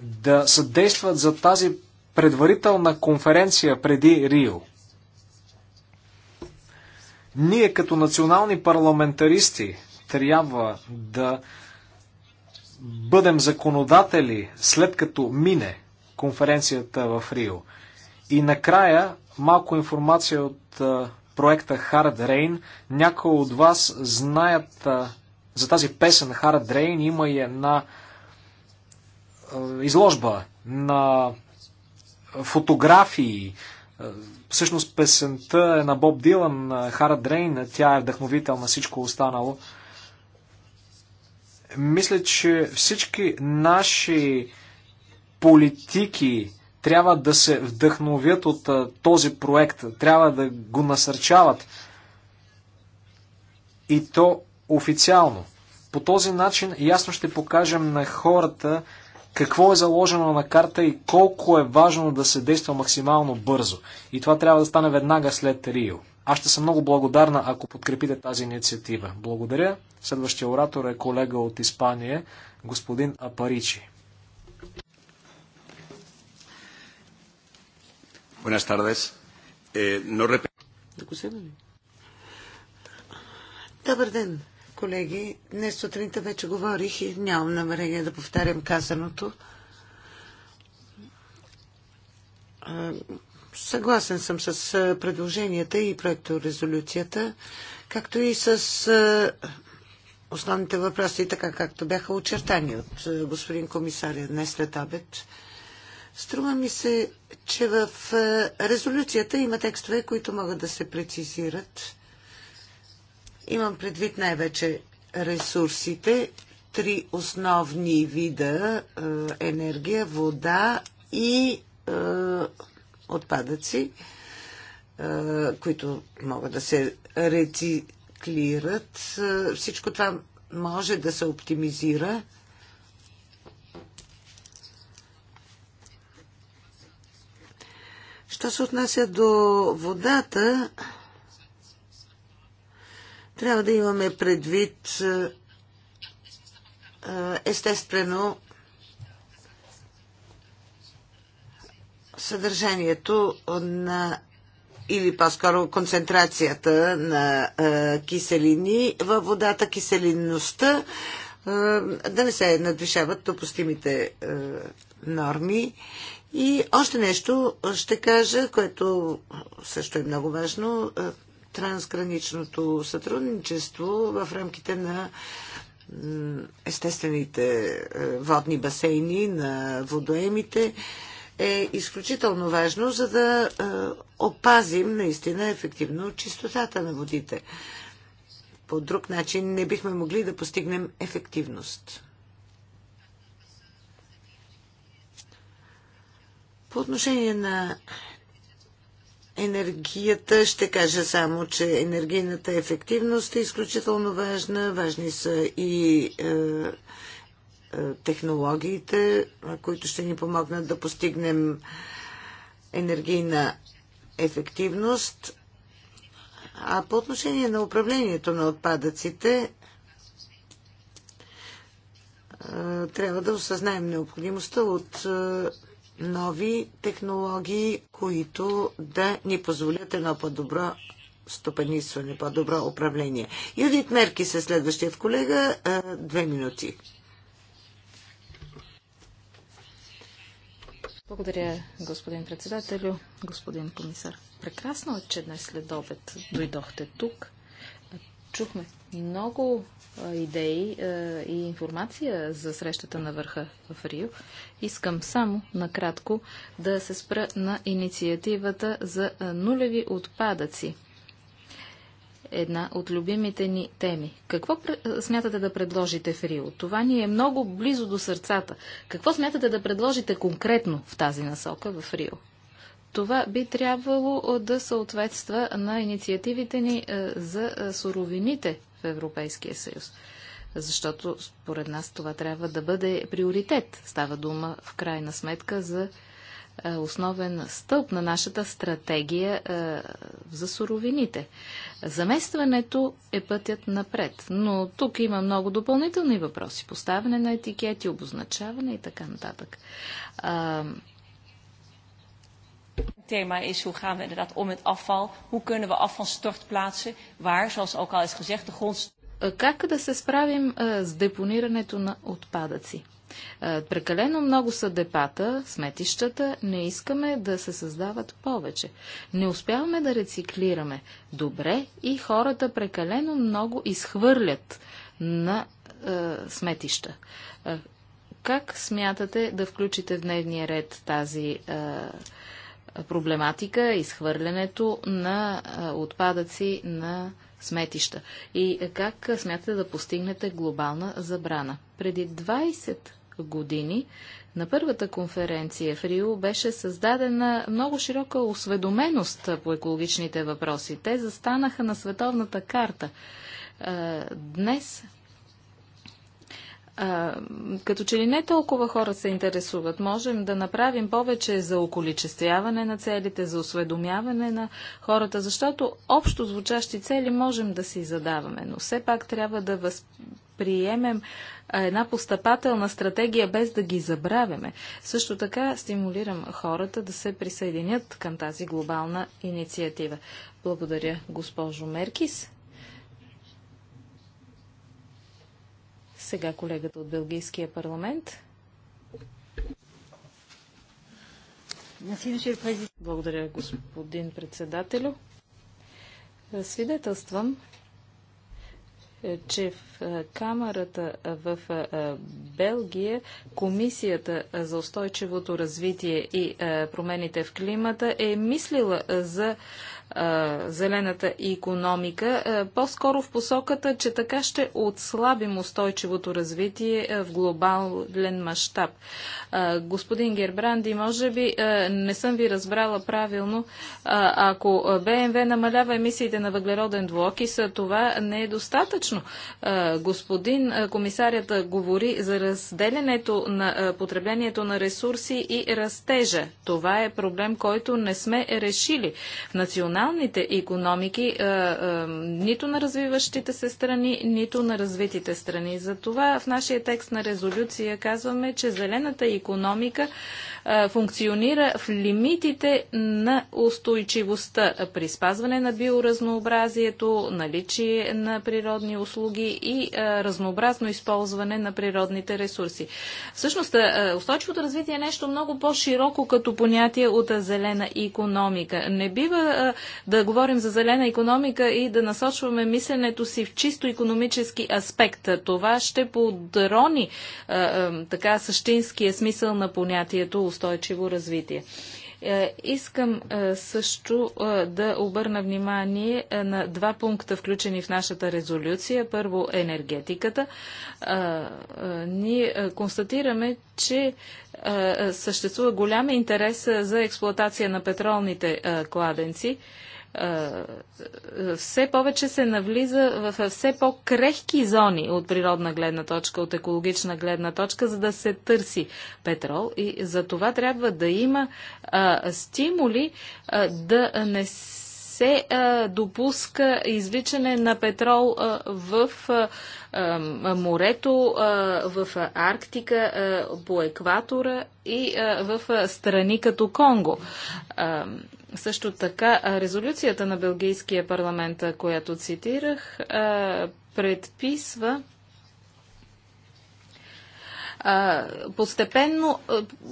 да съдействат за тази предварителна конференция преди Рио. Ние като национални парламентаристи трябва да бъдем законодатели след като мине конференцията в Рио. И накрая малко информация от е, проекта Hard Rain. Някои от вас знаят за тази песен Hard Rain. Има и една изложба на фотографии. Всъщност песента е на Боб Дилан, Hard Rain. Тя е вдъхновител на всичко останало. Мисля, че всички наши политики трябва да се вдъхновят от този проект, трябва да го насърчават и то официално. По този начин ясно ще покажем на хората какво е заложено на карта и колко е важно да се действа максимално бързо. И това трябва да стане веднага след Рио. Аз ще съм много благодарна, ако подкрепите тази инициатива. Благодаря. Следващия оратор е колега от Испания, господин Апаричи. Buenas tardes. Eh, no Добър ден, колеги. Днес сутринта вече говорих и нямам намерение да повтарям казаното. Съгласен съм с предложенията и проекто резолюцията, както и с основните въпроси, така както бяха очертани от господин комисаря днес след обед. Струва ми се, че в е, резолюцията има текстове, които могат да се прецизират. Имам предвид най-вече ресурсите, три основни вида е, енергия, вода и е, отпадъци, които могат да се рециклират. Всичко това може да се оптимизира Що се отнася до водата, трябва да имаме предвид е, естествено съдържанието на или по-скоро концентрацията на е, киселини във водата, киселинността е, да не се надвишават допустимите е, норми. Е, и още нещо ще кажа, което също е много важно. Трансграничното сътрудничество в рамките на естествените е, водни басейни, на водоемите е изключително важно, за да е, опазим наистина ефективно чистотата на водите. По друг начин не бихме могли да постигнем ефективност. По отношение на енергията, ще кажа само, че енергийната ефективност е изключително важна. Важни са и е, е, технологиите, които ще ни помогнат да постигнем енергийна ефективност. А по отношение на управлението на отпадъците, е, трябва да осъзнаем необходимостта от е, нови технологии, които да ни позволят едно по-добро стопанисване, по-добро управление. Юдит Мерки се следващия колега. Две минути. Благодаря, господин председателю, господин комисар. Прекрасно е, че днес след обед дойдохте тук. Чухме много идеи и информация за срещата на върха в Рио. Искам само накратко да се спра на инициативата за нулеви отпадъци. Една от любимите ни теми. Какво смятате да предложите в Рио? Това ни е много близо до сърцата. Какво смятате да предложите конкретно в тази насока в Рио? Това би трябвало да съответства на инициативите ни за суровините Европейския съюз. Защото според нас това трябва да бъде приоритет. Става дума в крайна сметка за е, основен стълб на нашата стратегия е, за суровините. Заместването е пътят напред, но тук има много допълнителни въпроси. Поставяне на етикети, обозначаване и така нататък thema is hoe gaan we inderdaad om met afval, hoe kunnen we afvalstort plaatsen, waar, zoals ook al is gezegd, de grond... Е, как да се справим е, с депонирането на отпадъци? Е, прекалено много са депата, сметищата, не искаме да се създават повече. Не успяваме да рециклираме добре и хората прекалено много изхвърлят на сметища. Как смятате да включите в дневния ред тази проблематика е изхвърлянето на отпадъци на сметища. И как смятате да постигнете глобална забрана? Преди 20 години на първата конференция в Рио беше създадена много широка осведоменост по екологичните въпроси. Те застанаха на световната карта. Днес а, като че ли не толкова хора се интересуват, можем да направим повече за околичествяване на целите, за осведомяване на хората, защото общо звучащи цели можем да си задаваме, но все пак трябва да възприемем една постъпателна стратегия, без да ги забравяме. Също така стимулирам хората да се присъединят към тази глобална инициатива. Благодаря, госпожо Меркис. Сега колегата от Белгийския парламент. Благодаря, господин председателю. Свидетелствам, е, че в е, камерата е, в Белгия Комисията за устойчивото развитие и промените в климата е мислила за зелената економика, по-скоро в посоката, че така ще отслабим устойчивото развитие в глобален мащаб. Господин Гербранди, може би не съм ви разбрала правилно. Ако БМВ намалява емисиите на въглероден двуокис, това не е достатъчно. Господин комисарята говори за разделянето на потреблението на ресурси и растежа. Това е проблем, който не сме решили. В национал националните економики, а, е, а, е, нито на развиващите се страни, нито на развитите страни. Затова в нашия текст на резолюция казваме, че зелената економика функционира в лимитите на устойчивостта при спазване на биоразнообразието, наличие на природни услуги и разнообразно използване на природните ресурси. Всъщност, устойчивото развитие е нещо много по-широко като понятие от зелена економика. Не бива да говорим за зелена економика и да насочваме мисленето си в чисто економически аспект. Това ще подрони така същинския смисъл на понятието устойчиво развитие. Е, искам е, също е, да обърна внимание на два пункта, включени в нашата резолюция. Първо, енергетиката. Ние констатираме, че съществува голям интерес за експлоатация на петролните кладенци все повече се навлиза в все по-крехки зони от природна гледна точка, от екологична гледна точка, за да се търси петрол. И за това трябва да има а, стимули а, да не се а, допуска извличане на петрол а, в а, морето, а, в Арктика, а, по екватора и а, в страни като Конго. А, също така, резолюцията на Белгийския парламент, която цитирах, предписва постепенно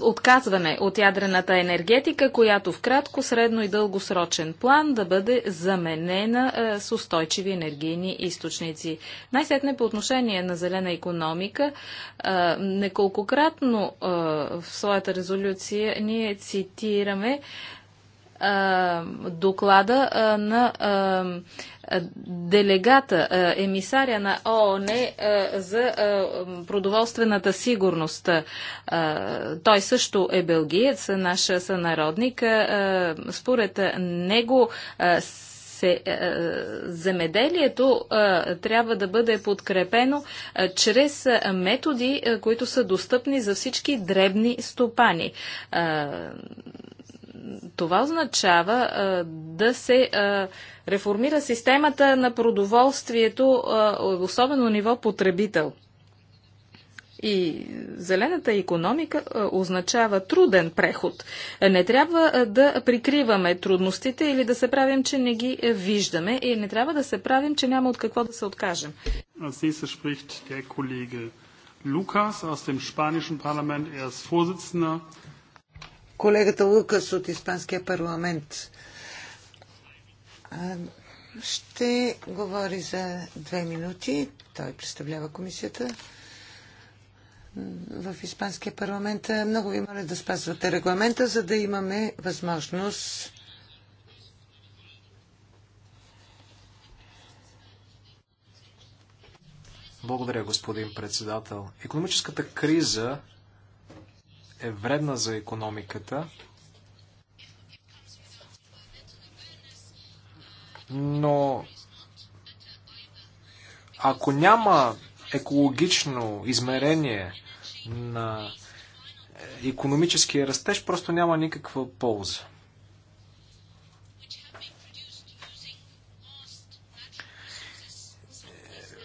отказване от ядрената енергетика, която в кратко, средно и дългосрочен план да бъде заменена с устойчиви енергийни източници. Най-сетне по отношение на зелена економика, неколкократно в своята резолюция ние цитираме доклада а, на а, делегата, а, емисаря на ООН е, за а, продоволствената сигурност. А, той също е белгиец, наш сънародник. А, според него а, се, земеделието трябва да бъде подкрепено чрез методи, които са достъпни за всички дребни стопани това означава а, да се а, реформира системата на продоволствието, а, особено ниво потребител. И зелената економика означава труден преход. Не трябва да прикриваме трудностите или да се правим, че не ги виждаме и не трябва да се правим, че няма от какво да се откажем. Лукас, от dem парламент, е er Vorsitzender колегата Лукас от Испанския парламент. Ще говори за две минути. Той представлява комисията в Испанския парламент. Много ви моля да спазвате регламента, за да имаме възможност Благодаря, господин председател. Економическата криза е вредна за економиката, но ако няма екологично измерение на економическия растеж, просто няма никаква полза.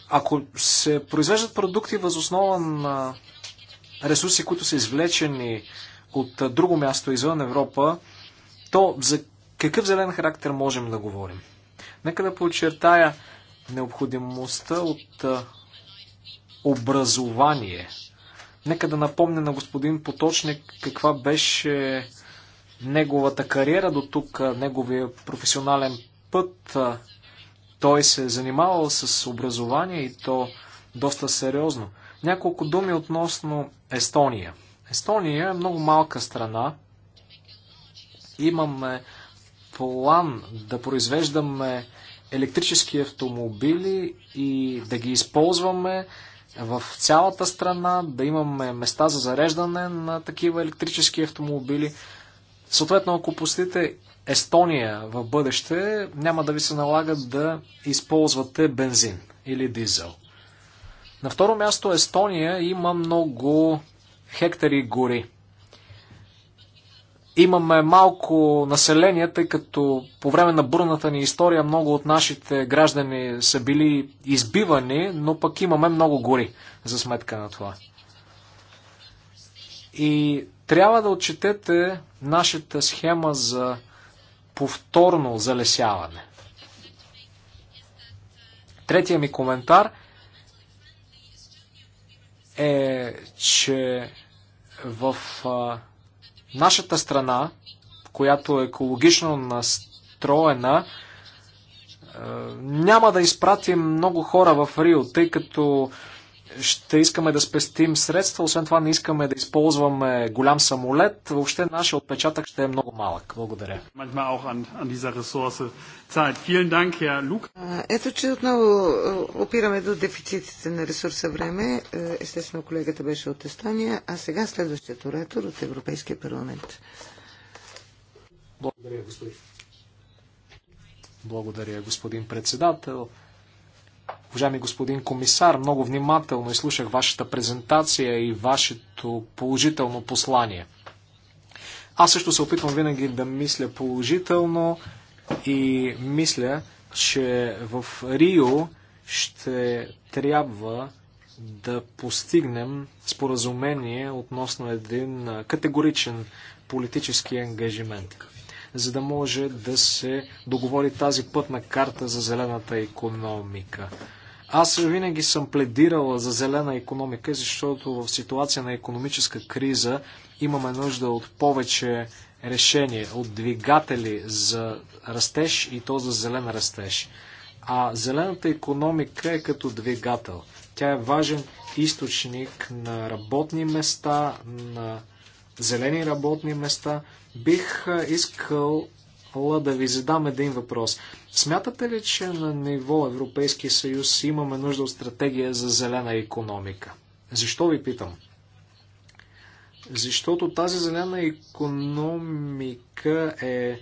Ако се произвеждат продукти възоснова на ресурси, които са извлечени от друго място извън Европа, то за какъв зелен характер можем да говорим? Нека да подчертая необходимостта от образование. Нека да напомня на господин Поточник каква беше неговата кариера до тук, неговия професионален път. Той се е занимавал с образование и то доста сериозно. Няколко думи относно Естония. Естония е много малка страна. Имаме план да произвеждаме електрически автомобили и да ги използваме в цялата страна, да имаме места за зареждане на такива електрически автомобили. Съответно, ако посетите Естония в бъдеще, няма да ви се налага да използвате бензин или дизел. На второ място Естония има много хектари гори. Имаме малко население, тъй като по време на бурната ни история много от нашите граждани са били избивани, но пък имаме много гори за сметка на това. И трябва да отчетете нашата схема за повторно залесяване. Третия ми коментар – е, че в а, нашата страна, която е екологично настроена, няма да изпратим много хора в Рио, тъй като а, ще искаме да спестим средства, освен това не искаме да използваме голям самолет, въобще нашия отпечатък ще е много малък. Благодаря. Ето, че отново опираме до дефицитите на ресурса време. Естествено, колегата беше от Естония, а сега следващият оратор от Европейския парламент. Благодаря, господин. Благодаря, господин председател. Уважаеми господин комисар, много внимателно изслушах вашата презентация и вашето положително послание. Аз също се опитвам винаги да мисля положително и мисля, че в Рио ще трябва да постигнем споразумение относно един категоричен политически ангажимент, за да може да се договори тази пътна карта за зелената економика. Аз винаги съм пледирала за зелена економика, защото в ситуация на економическа криза имаме нужда от повече решение, от двигатели за растеж и то за зелен растеж. А зелената економика е като двигател. Тя е важен източник на работни места, на зелени работни места. Бих искал да ви задам един въпрос. Смятате ли, че на ниво Европейския съюз имаме нужда от стратегия за зелена економика? Защо ви питам? Защото тази зелена економика е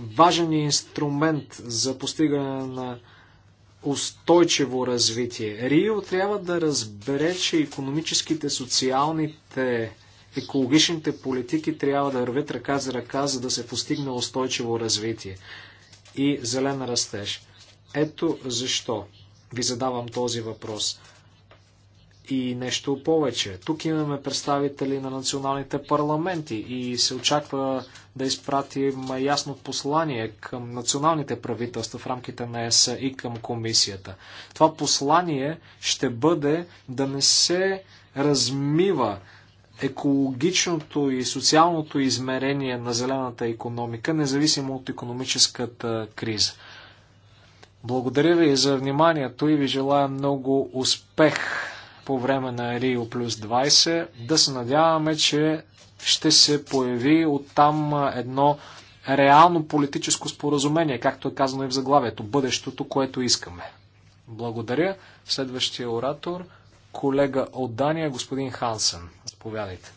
важен инструмент за постигане на устойчиво развитие. Рио трябва да разбере, че економическите, социалните, екологичните политики трябва да вървят ръка за ръка, за да се постигне устойчиво развитие и зелен растеж. Ето защо ви задавам този въпрос. И нещо повече. Тук имаме представители на националните парламенти и се очаква да изпратим ясно послание към националните правителства в рамките на ЕС и към комисията. Това послание ще бъде да не се размива екологичното и социалното измерение на зелената економика, независимо от економическата криза. Благодаря ви за вниманието и ви желая много успех по време на Рио плюс 20. Да се надяваме, че ще се появи оттам едно реално политическо споразумение, както е казано и в заглавието, бъдещото, което искаме. Благодаря. Следващия оратор колега от Дания, господин Хансен. Заповядайте.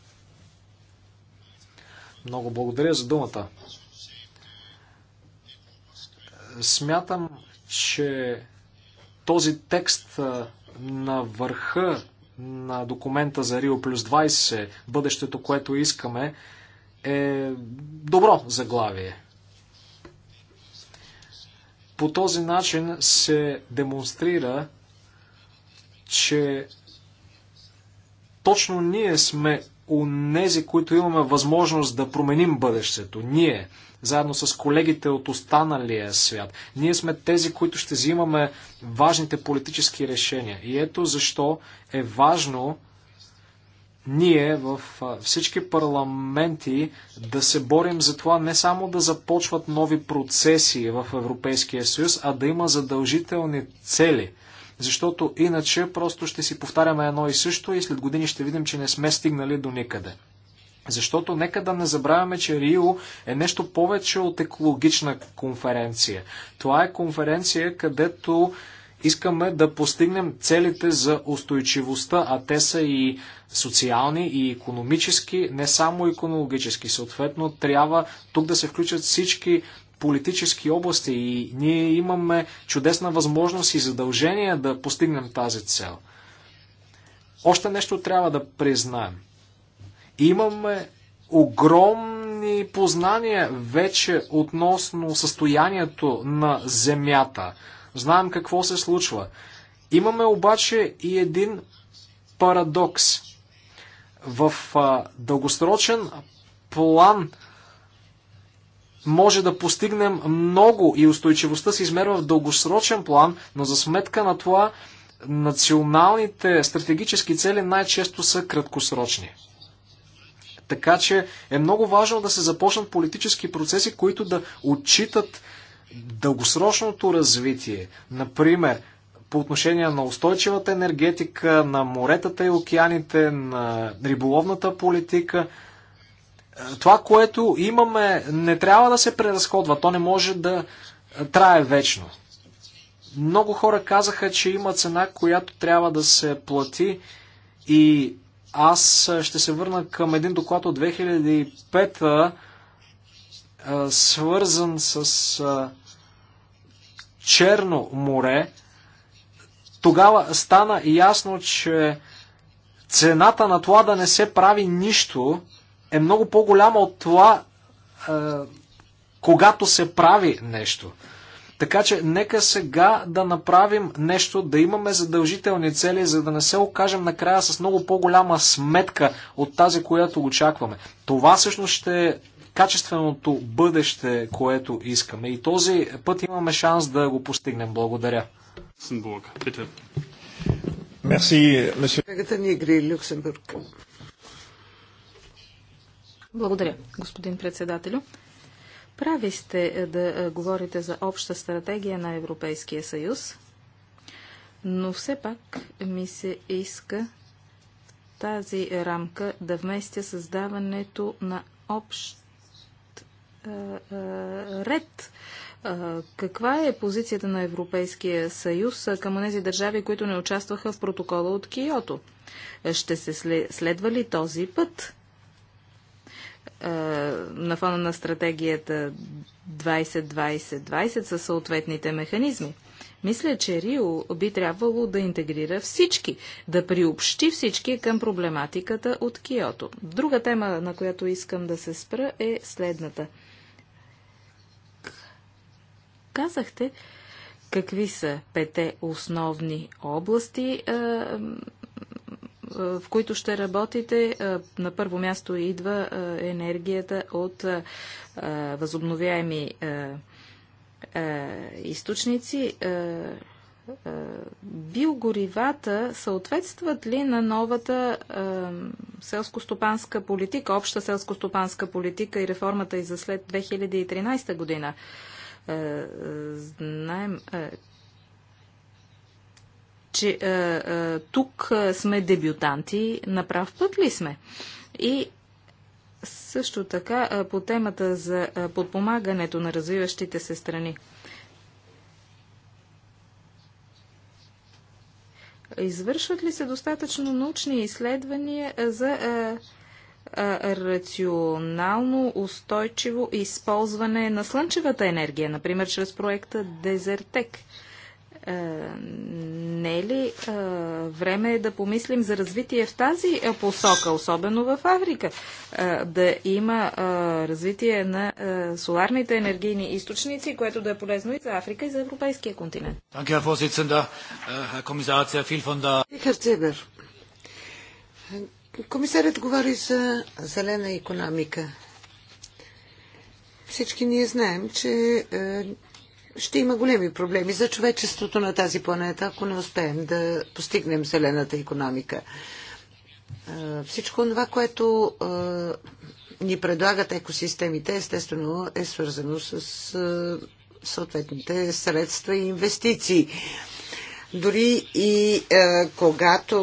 Много благодаря за думата. Смятам, че този текст на върха на документа за Рио плюс 20, бъдещето, което искаме, е добро заглавие. По този начин се демонстрира, че точно ние сме унези, които имаме възможност да променим бъдещето. Ние, заедно с колегите от останалия свят, ние сме тези, които ще взимаме важните политически решения. И ето защо е важно ние в всички парламенти да се борим за това не само да започват нови процеси в Европейския съюз, а да има задължителни цели – защото иначе просто ще си повтаряме едно и също и след години ще видим, че не сме стигнали до никъде. Защото нека да не забравяме, че Рио е нещо повече от екологична конференция. Това е конференция, където искаме да постигнем целите за устойчивостта, а те са и социални, и економически, не само економически. Съответно, трябва тук да се включат всички политически области и ние имаме чудесна възможност и задължение да постигнем тази цел. Още нещо трябва да признаем. Имаме огромни познания вече относно състоянието на Земята. Знаем какво се случва. Имаме обаче и един парадокс. В а, дългосрочен план може да постигнем много и устойчивостта се измерва в дългосрочен план, но за сметка на това националните стратегически цели най-често са краткосрочни. Така че е много важно да се започнат политически процеси, които да отчитат дългосрочното развитие. Например, по отношение на устойчивата енергетика, на моретата и океаните, на риболовната политика – това, което имаме, не трябва да се преразходва. То не може да е, трае вечно. Много хора казаха, че има цена, която трябва да се плати и аз е, ще се върна към един доклад от 2005 е, свързан с Черно море. Тогава стана ясно, че цената на това да не се прави нищо е много по-голяма от това, е, когато се прави нещо. Така че нека сега да направим нещо, да имаме задължителни цели, за да не се окажем накрая с много по-голяма сметка от тази, която очакваме. Това всъщност ще е качественото бъдеще, което искаме. И този път имаме шанс да го постигнем. Благодаря. Мерси, месье. Агата Нигри, е Люксембург. Благодаря, господин председателю. Прави сте е, да е, говорите за обща стратегия на Европейския съюз, но все пак ми се иска тази рамка да вместя създаването на общ е, ред. каква е позицията на Европейския съюз към тези държави, които не участваха в протокола от Киото? Ще се следва ли този път? Е, на фона на стратегията 20-20-20 със съответните механизми. Мисля, че Рио би трябвало да интегрира всички, да приобщи всички към проблематиката от Киото. Друга тема, на която искам да се спра, е следната. Казахте какви са пете основни области, е, е, в които ще работите, е, на първо място идва е, енергията от възобновяеми източници. Биогоривата съответстват ли на новата селско-стопанска политика, обща селско-стопанска политика и реформата и за след 2013 година? Знаем, че а, е, а, е, тук е, сме дебютанти, на прав път ли сме? И също така а, по темата за а, подпомагането на развиващите се страни. Извършват ли се достатъчно научни изследвания за а, рационално устойчиво използване на слънчевата енергия, например чрез проекта Дезертек – е, не е ли а, е, време е да помислим за развитие в тази е, посока, особено в Африка, а, да има а, развитие на а, соларните енергийни източници, което да е полезно и за Африка, и за европейския континент? комисарят говори за зелена економика. Всички ние знаем, че е, ще има големи проблеми за човечеството на тази планета, ако не успеем да постигнем зелената економика. Всичко това, което ни предлагат екосистемите, естествено е свързано с съответните средства и инвестиции. Дори и е, когато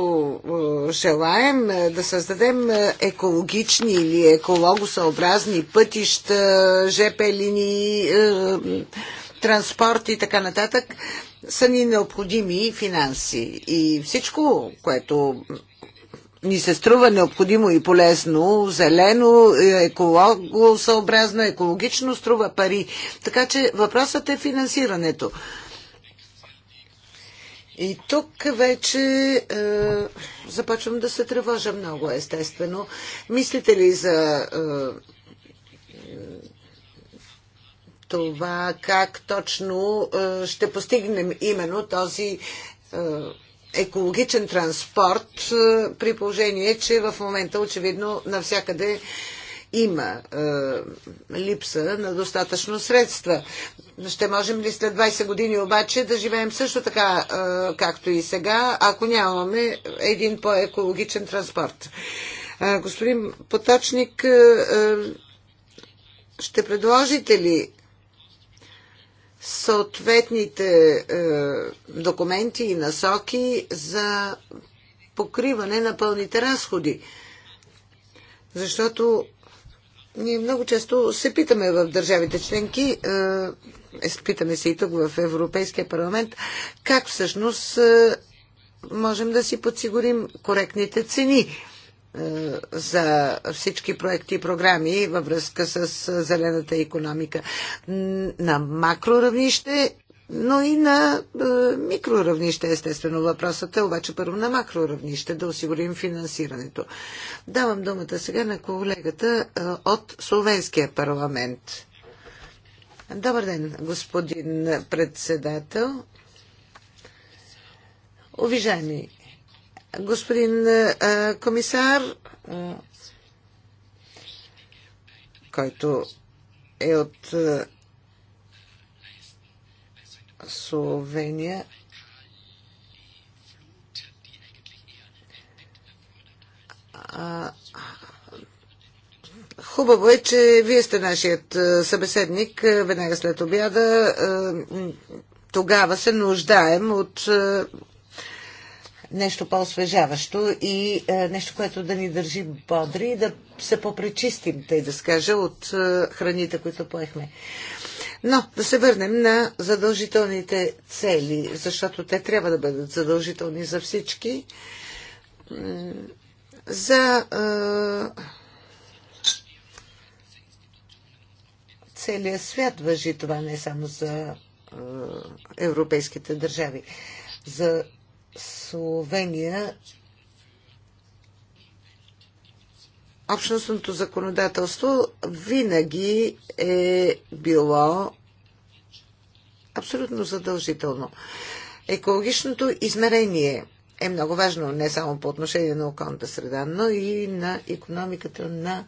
е, желаем е, да създадем екологични или екологосъобразни пътища, ЖП линии, е, транспорт и така нататък, са ни необходими финанси. И всичко, което ни се струва необходимо и полезно, зелено, екологосъобразно, екологично струва пари. Така че въпросът е финансирането. И тук вече е, започвам да се тревожа много, естествено. Мислите ли за е, това как точно е, ще постигнем именно този е, екологичен транспорт, е, при положение, че в момента очевидно навсякъде има е, липса на достатъчно средства. Ще можем ли след 20 години обаче да живеем също така, е, както и сега, ако нямаме един по-екологичен транспорт? Е, господин Поточник, е, ще предложите ли съответните е, документи и насоки за покриване на пълните разходи. Защото ние много често се питаме в държавите членки, е, е питаме се и тук в Европейския парламент, как всъщност е, можем да си подсигурим коректните цени е, за всички проекти и програми във връзка с е, зелената економика на макроравнище, но и на е, микроравнище, естествено. Въпросът е обаче първо на макроравнище, да осигурим финансирането. Давам думата сега на колегата от Словенския парламент. Добър ден, господин председател. Уважаеми господин е, е, комисар, е, който е от Словения. Хубаво е, че вие сте нашият събеседник веднага след обяда. Тогава се нуждаем от нещо по-освежаващо и е, нещо, което да ни държи бодри и да се попречистим, тъй да скажа, от е, храните, които поехме. Но да се върнем на задължителните цели, защото те трябва да бъдат задължителни за всички. За е, целият свят въжи това, не само за е, европейските държави. За Словения общностното законодателство винаги е било абсолютно задължително. Екологичното измерение е много важно не само по отношение на околната среда, но и на економиката на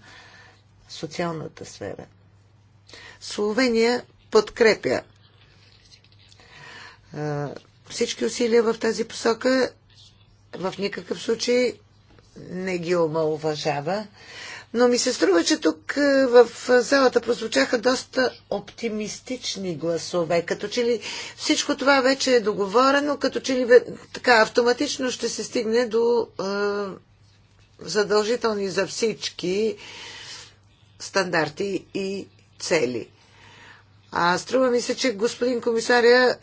социалната сфера. Словения подкрепя всички усилия в тази посока. В никакъв случай не ги омалуважава. Но ми се струва, че тук е, в залата прозвучаха доста оптимистични гласове. Като че ли всичко това вече е договорено, като че ли така автоматично ще се стигне до е, задължителни за всички стандарти и цели. А струва ми се, че господин комисаря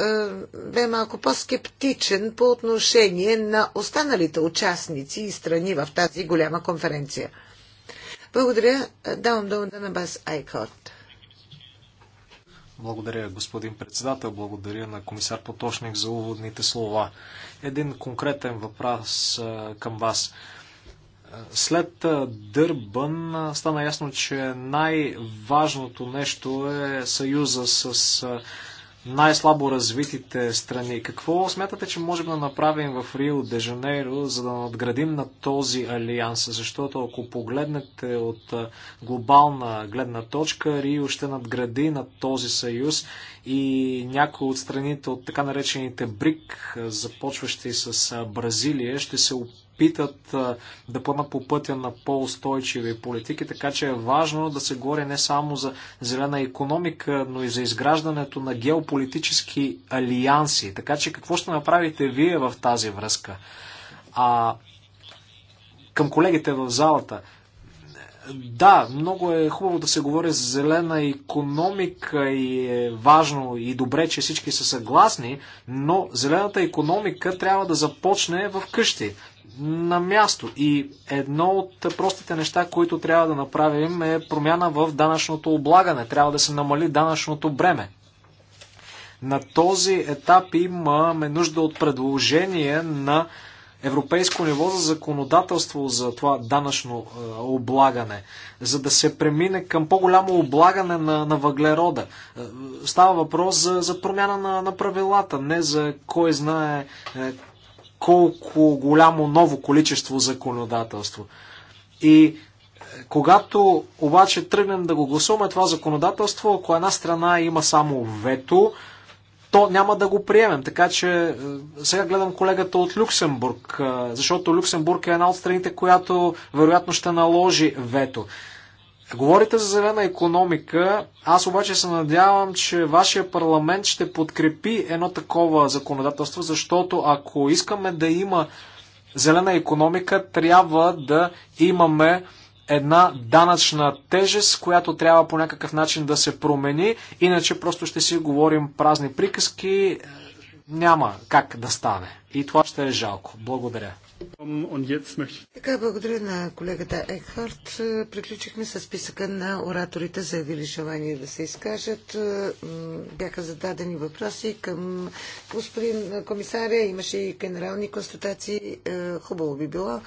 бе малко по-скептичен по отношение на останалите участници и страни в тази голяма конференция. Благодаря. Давам думата на Бас Айкот. Благодаря, господин председател. Благодаря на комисар Поточник за уводните слова. Един конкретен въпрос към вас. След Дърбън стана ясно, че най-важното нещо е съюза с най-слабо развитите страни. Какво смятате, че можем да направим в Рио де Жанейро, за да надградим на този алианс? Защото ако погледнете от глобална гледна точка, Рио ще надгради на този съюз и някои от страните от така наречените БРИК, започващи с Бразилия, ще се опитат опитат да поемат по пътя на по-устойчиви политики, така че е важно да се говори не само за зелена економика, но и за изграждането на геополитически алианси. Така че какво ще направите вие в тази връзка? А, към колегите в залата, да, много е хубаво да се говори за зелена економика и е важно и добре, че всички са съгласни, но зелената економика трябва да започне в къщи на място. И едно от простите неща, които трябва да направим е промяна в данъчното облагане. Трябва да се намали данъчното бреме. На този етап имаме нужда от предложение на европейско ниво за законодателство за това данъчно е, облагане, за да се премине към по-голямо облагане на, на въглерода. Е, става въпрос за, за промяна на, на правилата, не за кой знае е, колко голямо ново количество законодателство. И е, когато обаче тръгнем да го гласуваме това законодателство, ако една страна има само вето, то няма да го приемем. Така че е, сега гледам колегата от Люксембург, е, защото Люксембург е една от страните, която вероятно ще наложи вето. Говорите за зелена економика, аз обаче се надявам, че вашия парламент ще подкрепи едно такова законодателство, защото ако искаме да има зелена економика, трябва да имаме една данъчна тежест, която трябва по някакъв начин да се промени, иначе просто ще си говорим празни приказки, няма как да стане. И това ще е жалко. Благодаря. Така, благодаря на колегата Екхарт. Приключихме с списъка на ораторите, заявили желание да се изкажат. Бяха зададени въпроси към господин комисаря. Имаше и генерални констатации. Е, хубаво би било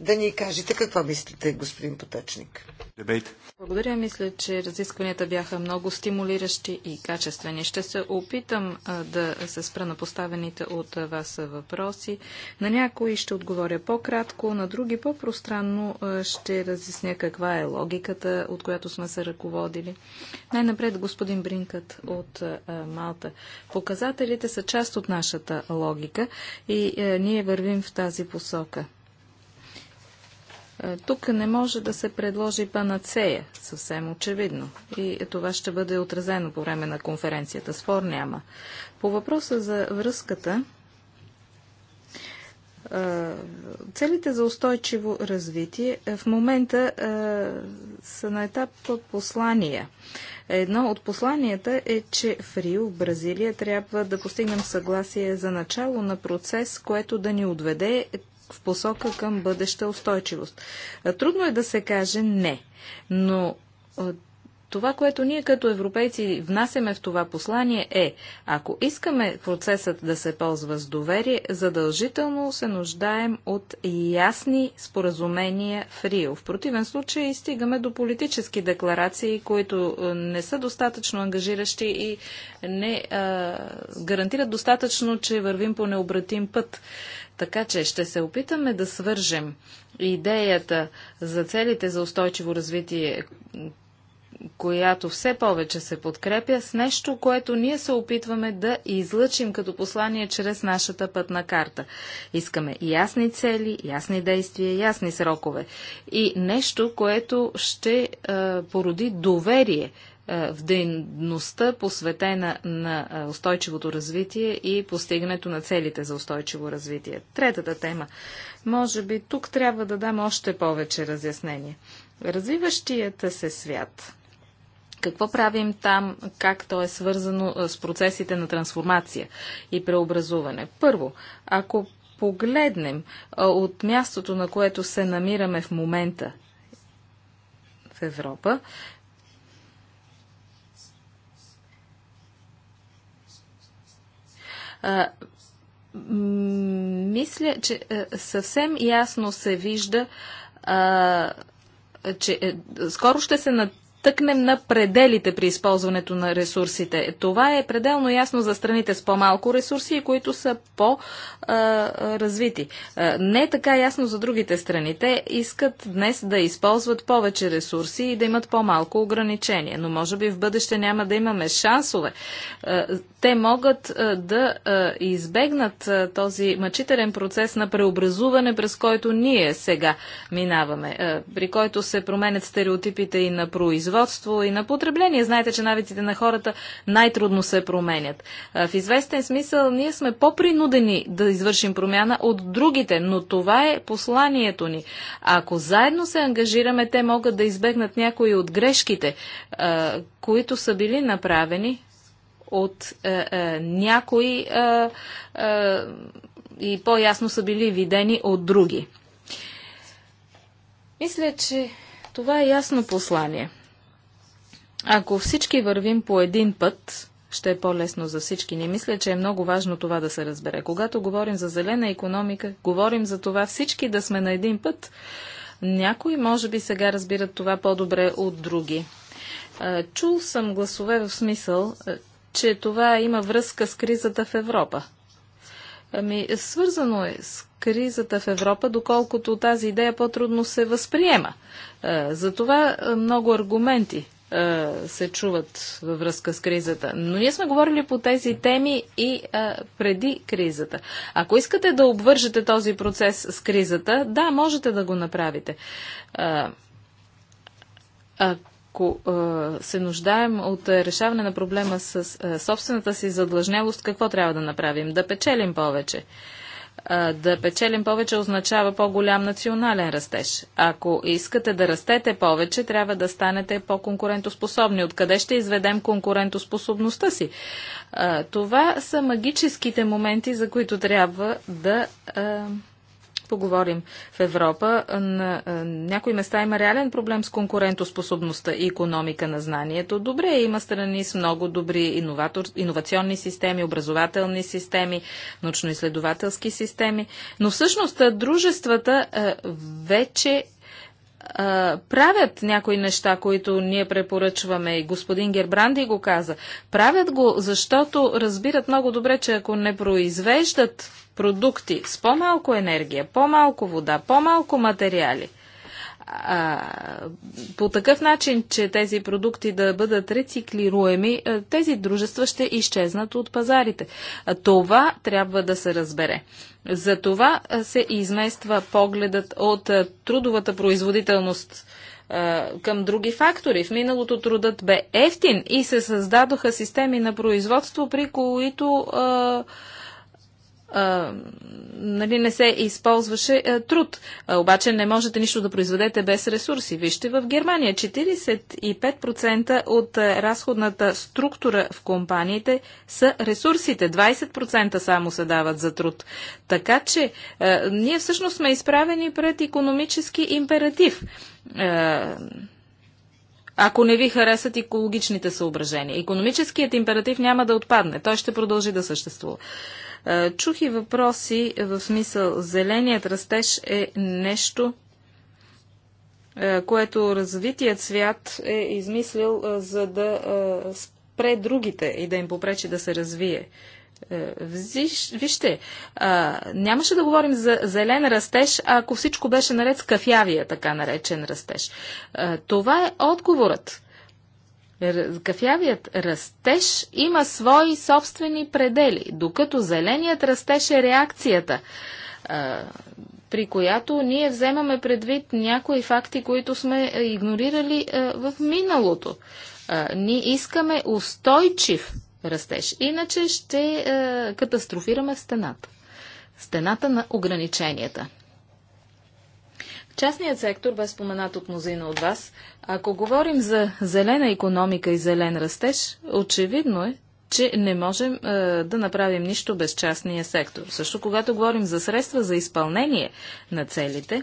да ни кажете какво мислите, господин Поточник. Дебейт. Благодаря. Мисля, че разискванията бяха много стимулиращи и качествени. Ще се опитам да се спра на поставените от вас въпроси. На някои ще отговоря по-кратко, на други по-пространно ще разясня каква е логиката, от която сме се ръководили. Най-напред господин Бринкът от Малта. Показателите са част от нашата логика и ние вървим в тази посока. Е, тук не може да се предложи панацея, съвсем очевидно. И това ще бъде отразено по време на конференцията. Спор няма. По въпроса за връзката, е, целите за устойчиво развитие е, в момента са на етап послания. Едно от посланията е, че в Рио, в Бразилия, трябва да постигнем съгласие за начало на процес, което да ни отведе в посока към бъдеща устойчивост. Трудно е да се каже не, но това, което ние като европейци внасяме в това послание е, ако искаме процесът да се ползва с доверие, задължително се нуждаем от ясни споразумения в Рио. В противен случай стигаме до политически декларации, които не са достатъчно ангажиращи и не а, гарантират достатъчно, че вървим по необратим път. Така че ще се опитаме да свържем идеята за целите за устойчиво развитие, която все повече се подкрепя, с нещо, което ние се опитваме да излъчим като послание чрез нашата пътна карта. Искаме ясни цели, ясни действия, ясни срокове и нещо, което ще е, породи доверие е, в дейността, посветена на е, устойчивото развитие и постигането на целите за устойчиво развитие. Третата тема. Може би тук трябва да дам още повече разяснение. Развиващият се свят. Какво правим там, как то е свързано е, с процесите на трансформация и преобразуване? Първо, ако погледнем от мястото, на което се намираме в момента в Европа А, мисля, че съвсем ясно се вижда, а, че е, скоро ще се тъкнем на пределите при използването на ресурсите. Това е пределно ясно за страните с по-малко ресурси, които са по-развити. Не е така ясно за другите страни. Те искат днес да използват повече ресурси и да имат по-малко ограничения, но може би в бъдеще няма да имаме шансове. Те могат да избегнат този мъчителен процес на преобразуване, през който ние сега минаваме, при който се променят стереотипите и на производството производство и на потребление. Знаете, че навиците на хората най-трудно се променят. В известен смисъл ние сме по-принудени да извършим промяна от другите, но това е посланието ни. Ако заедно се ангажираме, те могат да избегнат някои от грешките, които са били направени от някои и по-ясно са били видени от други. Мисля, че това е ясно послание. Ако всички вървим по един път, ще е по-лесно за всички. Не мисля, че е много важно това да се разбере. Когато говорим за зелена економика, говорим за това всички да сме на един път. Някои, може би, сега разбират това по-добре от други. Чул съм гласове в смисъл, че това има връзка с кризата в Европа. Ами, свързано е с кризата в Европа, доколкото тази идея по-трудно се възприема. Затова много аргументи се чуват във връзка с кризата. Но ние сме говорили по тези теми и а, преди кризата. Ако искате да обвържете този процес с кризата, да, можете да го направите. А, ако се нуждаем от решаване на проблема с собствената си задлъжнявост, какво трябва да направим? Да печелим повече да печелим повече означава по-голям национален растеж. Ако искате да растете повече, трябва да станете по-конкурентоспособни. Откъде ще изведем конкурентоспособността си? Това са магическите моменти, за които трябва да поговорим в Европа. На е, някои места има реален проблем с конкурентоспособността и економика на знанието. Добре, има страни с много добри иноватор, иновационни системи, образователни системи, научно-изследователски системи, но всъщност е, дружествата е, вече правят някои неща, които ние препоръчваме и господин Гербранди го каза. Правят го, защото разбират много добре, че ако не произвеждат продукти с по-малко енергия, по-малко вода, по-малко материали – а, по такъв начин, че тези продукти да бъдат рециклируеми, тези дружества ще изчезнат от пазарите. Това трябва да се разбере. За това се измества погледът от трудовата производителност към други фактори. В миналото трудът бе ефтин и се създадоха системи на производство, при които а, нали, не се използваше а, труд. А, обаче не можете нищо да произведете без ресурси. Вижте в Германия 45% от разходната структура в компаниите са ресурсите. 20% само се дават за труд. Така че а, ние всъщност сме изправени пред економически императив. А, ако не ви харесат екологичните съображения. Економическият императив няма да отпадне. Той ще продължи да съществува. Е, чух и въпроси в смисъл зеленият растеж е нещо, е, което развитият свят е измислил е, за да спре другите и да им попречи да се развие. Виж, вижте, а, нямаше да говорим за зелен растеж, ако всичко беше наред с кафявия, така наречен растеж. А, това е отговорът кафявият растеж има свои собствени предели, докато зеленият растеж е реакцията, при която ние вземаме предвид някои факти, които сме игнорирали в миналото. Ние искаме устойчив растеж, иначе ще катастрофираме стената. Стената на ограниченията. Частният сектор бе споменат от мнозина от вас. Ако говорим за зелена економика и зелен растеж, очевидно е, че не можем е, да направим нищо без частния сектор. Също когато говорим за средства за изпълнение на целите,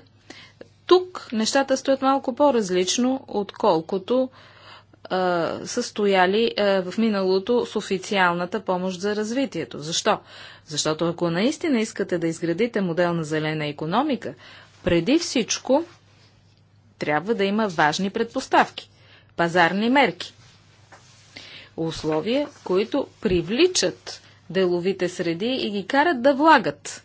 тук нещата стоят малко по-различно, отколкото е, са стояли е, в миналото с официалната помощ за развитието. Защо? Защото ако наистина искате да изградите модел на зелена економика, преди всичко, трябва да има важни предпоставки, пазарни мерки, условия, които привличат деловите среди и ги карат да влагат.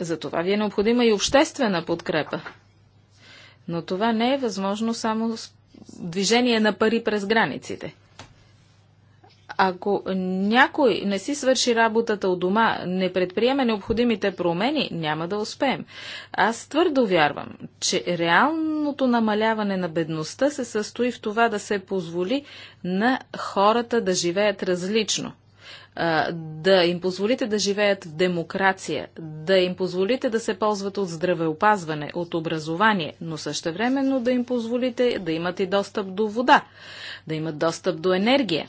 За това ви е необходима и обществена подкрепа. Но това не е възможно само с движение на пари през границите. Ако някой не си свърши работата у дома, не предприеме необходимите промени, няма да успеем. Аз твърдо вярвам, че реалното намаляване на бедността се състои в това да се позволи на хората да живеят различно да им позволите да живеят в демокрация, да им позволите да се ползват от здравеопазване, от образование, но същевременно да им позволите да имат и достъп до вода, да имат достъп до енергия.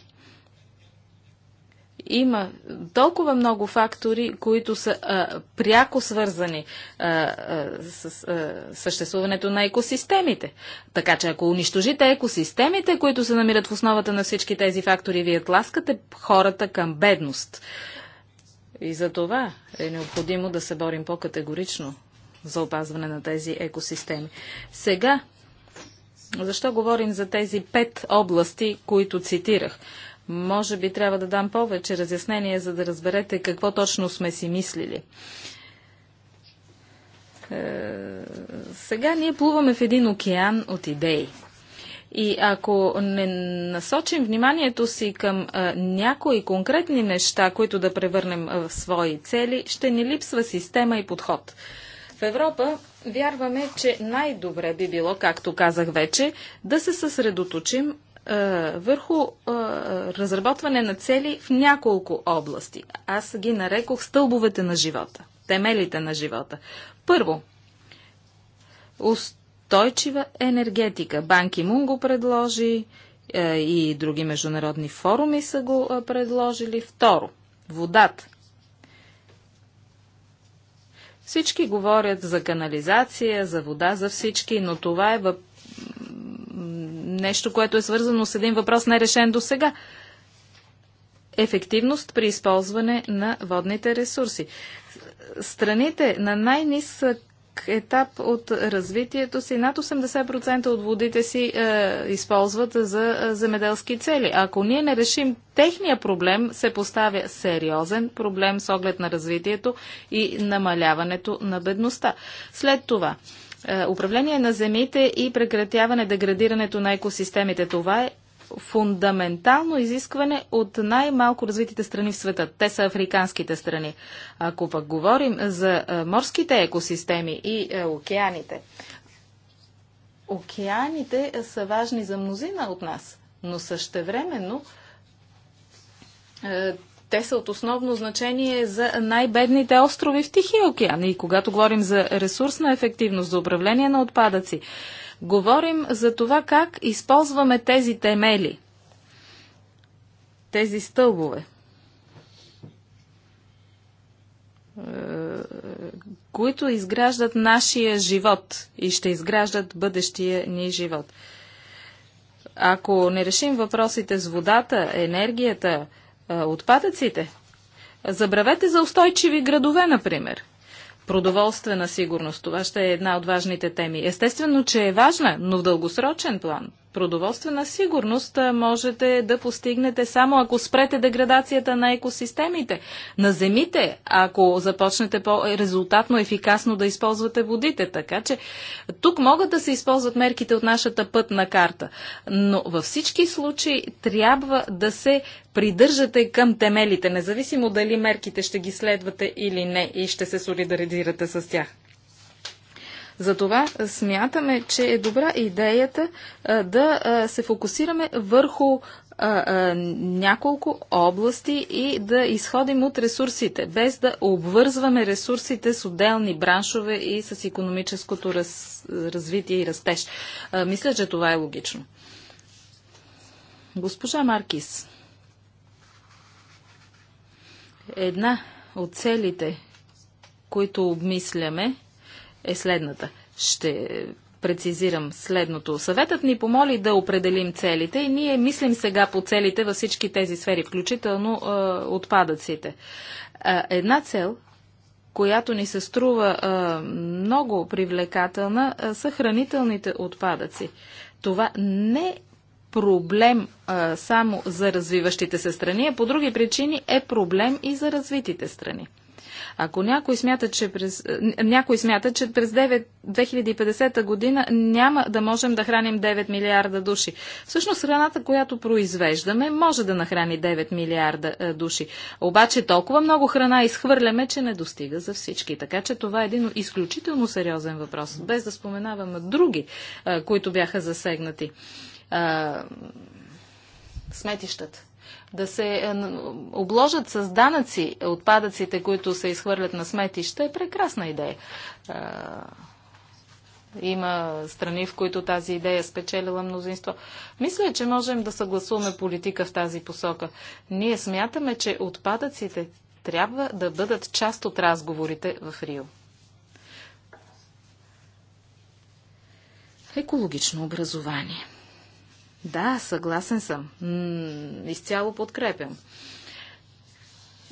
Има толкова много фактори, които са а, пряко свързани а, а, с а, съществуването на екосистемите. Така че ако унищожите екосистемите, които се намират в основата на всички тези фактори, вие тласкате хората към бедност. И за това е необходимо да се борим по-категорично за опазване на тези екосистеми. Сега, защо говорим за тези пет области, които цитирах? Може би трябва да дам повече разяснение, за да разберете какво точно сме си мислили. Е, сега ние плуваме в един океан от идеи. И ако не насочим вниманието си към е, някои конкретни неща, които да превърнем е, в свои цели, ще ни липсва система и подход. В Европа вярваме, че най-добре би било, както казах вече, да се съсредоточим върху разработване на цели в няколко области. Аз ги нарекох стълбовете на живота, темелите на живота. Първо, устойчива енергетика. Банки Мун го предложи и други международни форуми са го предложили. Второ, водата. Всички говорят за канализация, за вода, за всички, но това е въпрос нещо, което е свързано с един въпрос нерешен до сега. Ефективност при използване на водните ресурси. Страните на най-нисък етап от развитието си, над 80% от водите си е, използват за е, земеделски цели. Ако ние не решим техния проблем, се поставя сериозен проблем с оглед на развитието и намаляването на бедността. След това, е, управление на земите и прекратяване деградирането на екосистемите. Това е фундаментално изискване от най-малко развитите страни в света. Те са африканските страни. Ако пък говорим за е, морските екосистеми и е, океаните, океаните са важни за мнозина от нас, но същевременно те са от основно значение за най-бедните острови в Тихия океан. И когато говорим за ресурсна ефективност, за управление на отпадъци, говорим за това как използваме тези темели, тези стълбове, е, които изграждат нашия живот и ще изграждат бъдещия ни живот. Ако не решим въпросите с водата, енергията, отпадъците. Забравете за устойчиви градове, например. Продоволствена сигурност. Това ще е една от важните теми. Естествено, че е важна, но в дългосрочен план продоволствена сигурност можете да постигнете само ако спрете деградацията на екосистемите, на земите, ако започнете по-резултатно, ефикасно да използвате водите. Така че тук могат да се използват мерките от нашата пътна карта, но във всички случаи трябва да се придържате към темелите, независимо дали мерките ще ги следвате или не и ще се солидаризирате с тях. Затова смятаме, че е добра идеята да се фокусираме върху няколко области и да изходим от ресурсите, без да обвързваме ресурсите с отделни браншове и с економическото раз, развитие и растеж. Мисля, че това е логично. Госпожа Маркис, една от целите, които обмисляме, е следната. Ще прецизирам следното. Съветът ни помоли да определим целите и ние мислим сега по целите във всички тези сфери, включително е, отпадъците. Е, една цел, която ни се струва е, много привлекателна, е, са хранителните отпадъци. Това не е проблем а, само за развиващите се страни, а по други причини е проблем и за развитите страни. Ако някой смята, че през, е, някой смята, че през 9, 2050 година няма да можем да храним 9 милиарда души. Всъщност храната, която произвеждаме, може да нахрани 9 милиарда е, души. Обаче толкова много храна изхвърляме, че не достига за всички. Така че това е един изключително сериозен въпрос, без да споменавам други, е, които бяха засегнати. сметищата да се е, обложат с данъци отпадъците, които се изхвърлят на сметища, е прекрасна идея. Има страни, в които тази идея спечелила мнозинство. Мисля, че можем да съгласуваме политика в тази посока. Ние смятаме, че отпадъците трябва да бъдат част от разговорите в Рио. Екологично образование. Да, съгласен съм. М изцяло подкрепям.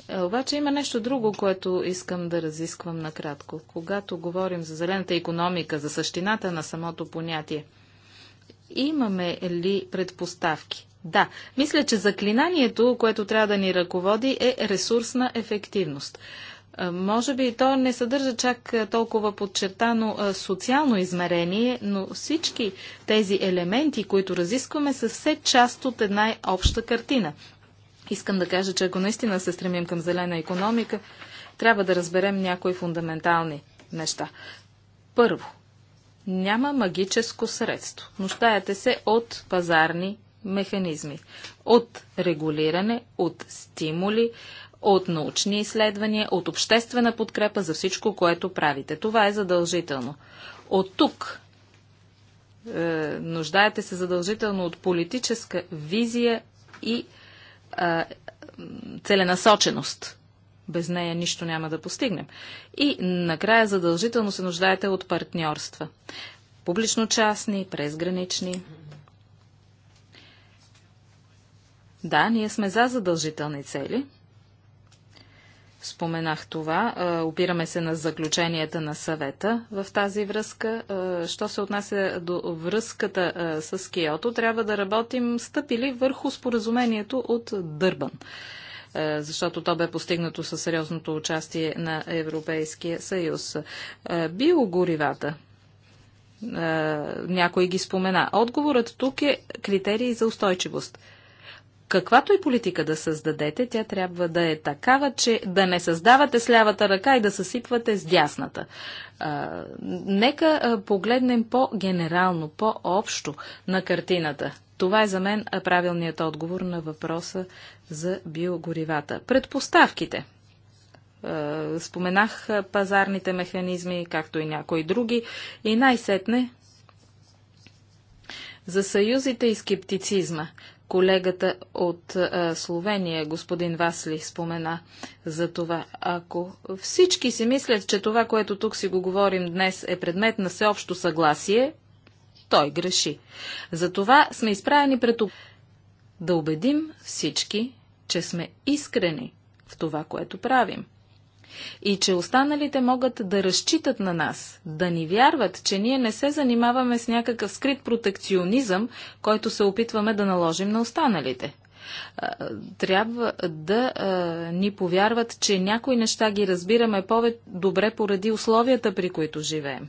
Е, обаче има нещо друго, което искам да разисквам накратко. Когато говорим за зелената економика, за същината на самото понятие, имаме ли предпоставки? Да, мисля, че заклинанието, което трябва да ни ръководи е ресурсна ефективност. Може би то не съдържа чак толкова подчертано социално измерение, но всички тези елементи, които разискваме, са все част от една обща картина. Искам да кажа, че ако наистина се стремим към зелена економика, трябва да разберем някои фундаментални неща. Първо, няма магическо средство. Нуждаете се от пазарни механизми, от регулиране, от стимули, от научни изследвания, от обществена подкрепа за всичко, което правите. Това е задължително. От тук е, нуждаете се задължително от политическа визия и е, целенасоченост. Без нея нищо няма да постигнем. И накрая задължително се нуждаете от партньорства. Публично-частни, презгранични. Да, ние сме за задължителни цели – Споменах това. Опираме се на заключенията на съвета в тази връзка. Що се отнася до връзката с Киото, трябва да работим стъпили върху споразумението от Дърбан защото то бе постигнато със сериозното участие на Европейския съюз. Биогоривата. Някой ги спомена. Отговорът тук е критерии за устойчивост. Каквато и политика да създадете, тя трябва да е такава, че да не създавате с лявата ръка и да съсипвате с дясната. А, нека погледнем по-генерално, по-общо на картината. Това е за мен правилният отговор на въпроса за биогоривата. Предпоставките. Споменах пазарните механизми, както и някои други. И най-сетне за съюзите и скептицизма колегата от Словения, господин Васли, спомена за това. Ако всички си мислят, че това, което тук си го говорим днес е предмет на всеобщо съгласие, той греши. Затова сме изправени пред да убедим всички, че сме искрени в това, което правим и че останалите могат да разчитат на нас, да ни вярват, че ние не се занимаваме с някакъв скрит протекционизъм, който се опитваме да наложим на останалите. Трябва да ни повярват, че някои неща ги разбираме повече добре поради условията, при които живеем.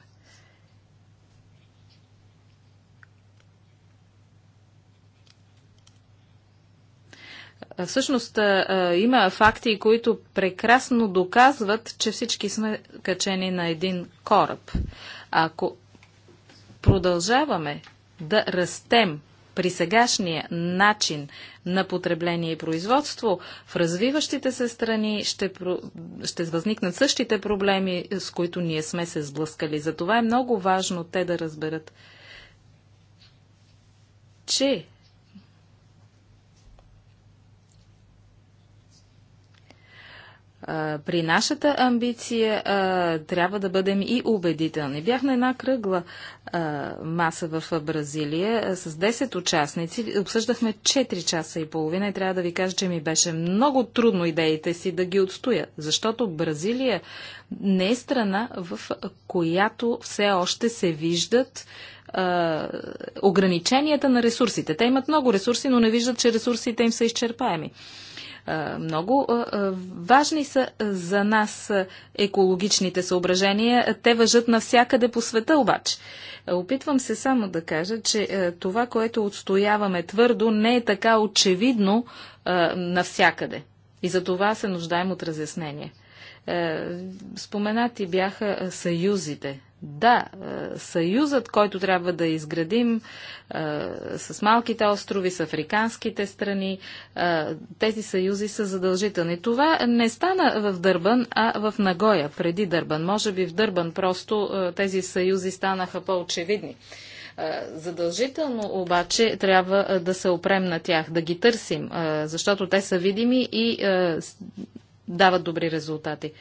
Всъщност има факти, които прекрасно доказват, че всички сме качени на един кораб. Ако продължаваме да растем при сегашния начин на потребление и производство, в развиващите се страни ще, ще възникнат същите проблеми, с които ние сме се сблъскали. Затова е много важно те да разберат, че При нашата амбиция трябва да бъдем и убедителни. Бях на една кръгла маса в Бразилия с 10 участници. Обсъждахме 4 часа и половина и трябва да ви кажа, че ми беше много трудно идеите си да ги отстоя, защото Бразилия не е страна, в която все още се виждат ограниченията на ресурсите. Те имат много ресурси, но не виждат, че ресурсите им са изчерпаеми много. Важни са за нас екологичните съображения. Те въжат навсякъде по света обаче. Опитвам се само да кажа, че това, което отстояваме твърдо, не е така очевидно навсякъде. И за това се нуждаем от разяснение. Споменати бяха съюзите да, е, съюзът, който трябва да изградим е, с малките острови, с африканските страни, е, тези съюзи са задължителни. Това не стана в Дърбан, а в Нагоя, преди Дърбан. Може би в Дърбан просто тези съюзи станаха по-очевидни. Задължително обаче трябва да се опрем на тях, да ги търсим, защото те са видими и дават добри резултати.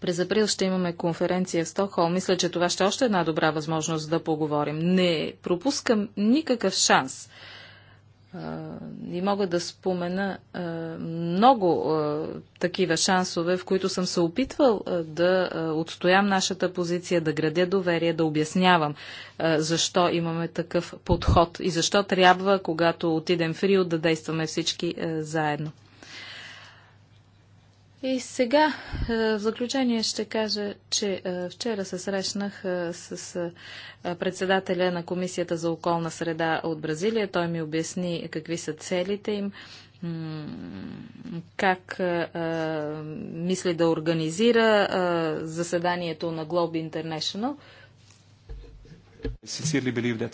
През април ще имаме конференция в Стокхолм. Мисля, че това ще е още една добра възможност да поговорим. Не пропускам никакъв шанс. И мога да спомена много такива шансове, в които съм се опитвал да отстоям нашата позиция, да градя доверие, да обяснявам защо имаме такъв подход и защо трябва, когато отидем в Рио, да действаме всички заедно. И сега е, в заключение ще кажа, че е, вчера се срещнах е, с председателя на Комисията за околна среда от Бразилия. Той ми обясни какви са целите им, как мисли да организира заседанието на Globe International – мисля,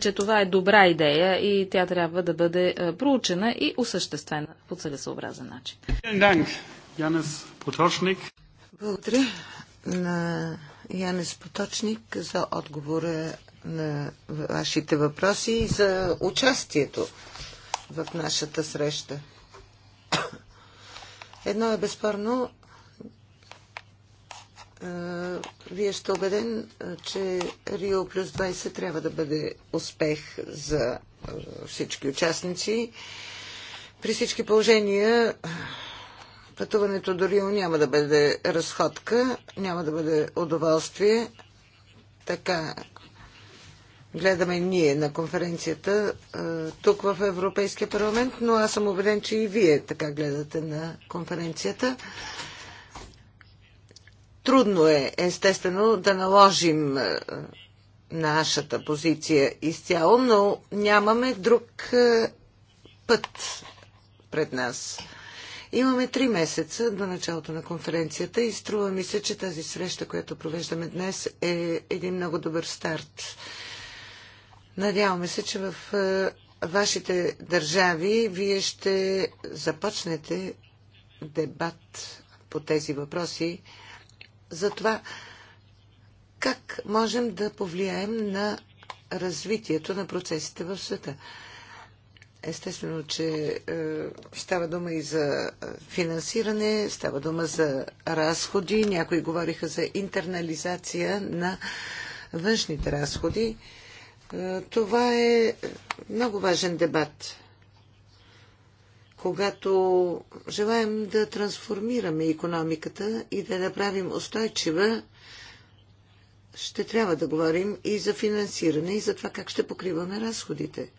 че това е добра идея и тя трябва да бъде е, проучена и осъществена по целесообразен начин. Благодаря на Янес Поточник за отговора на вашите въпроси и за участието в нашата среща. Едно е безспорно, е, вие сте убеден, е, че Рио плюс 20 трябва да бъде успех за е, всички участници. При всички положения пътуването до Рио няма да бъде разходка, няма да бъде удоволствие. Така гледаме ние на конференцията тук в Европейския парламент, но аз съм убеден, че и вие така гледате на конференцията. Трудно е, естествено, да наложим е, нашата позиция изцяло, но нямаме друг е, път пред нас. Имаме три месеца до началото на конференцията и струва ми се, че тази среща, която провеждаме днес, е един много добър старт. Надяваме се, че в е, вашите държави вие ще започнете дебат по тези въпроси за това как можем да повлияем на развитието на процесите в света. Естествено, че е, става дума и за е, финансиране, става дума за разходи. Някои говориха за интернализация на външните разходи. Е, това е много важен дебат когато желаем да трансформираме економиката и да направим устойчива, ще трябва да говорим и за финансиране и за това как ще покриваме разходите.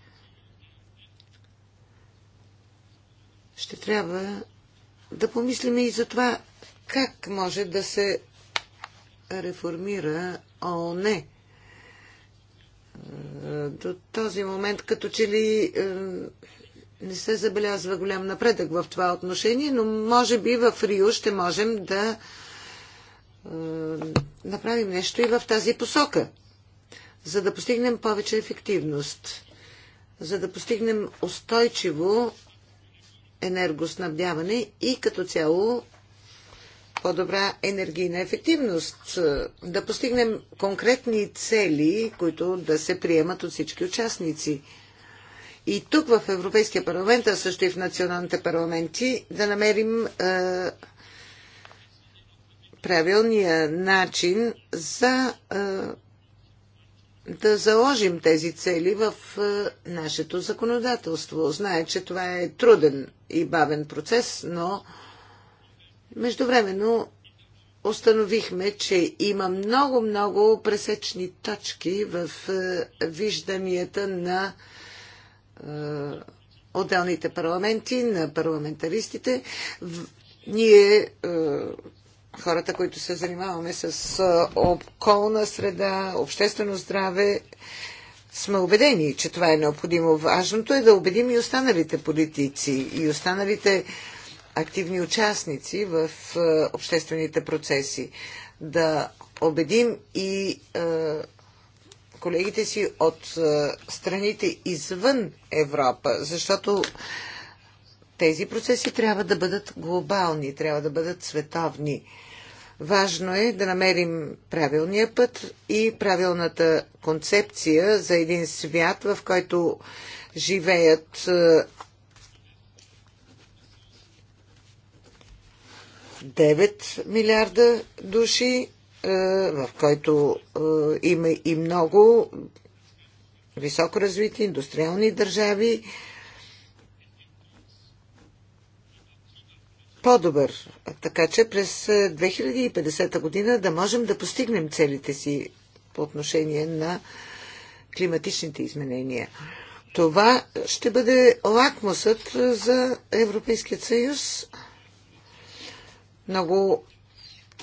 Ще трябва да помислим и за това как може да се реформира ООН. Е, до този момент като че ли е, не се забелязва голям напредък в това отношение, но може би в Рио ще можем да е, направим нещо и в тази посока, за да постигнем повече ефективност, за да постигнем устойчиво енергоснабдяване и като цяло по-добра енергийна ефективност, е, да постигнем конкретни цели, които да се приемат от всички участници – и тук в Европейския парламент, а също и в националните парламенти, да намерим е, правилния начин за е, да заложим тези цели в е, нашето законодателство. Знае, че това е труден и бавен процес, но междувременно установихме, че има много-много пресечни точки в е, вижданията на е, е, отделните парламенти, на парламентаристите. Ние, е, хората, които се занимаваме с е, околна среда, обществено здраве, сме убедени, че това е необходимо. Важното е да убедим и останалите политици, и останалите активни участници в обществените процеси. Да убедим и колегите си от е, страните извън Европа, защото тези процеси трябва да бъдат глобални, трябва да бъдат световни. Важно е да намерим правилния път и правилната концепция за един свят, в който живеят е, Девет милиарда души е, в който е, има и много високо развити индустриални държави, по-добър, така че през 2050 е, година да можем да постигнем целите си по отношение на климатичните изменения. Това ще бъде лакмусът за Европейския съюз. Много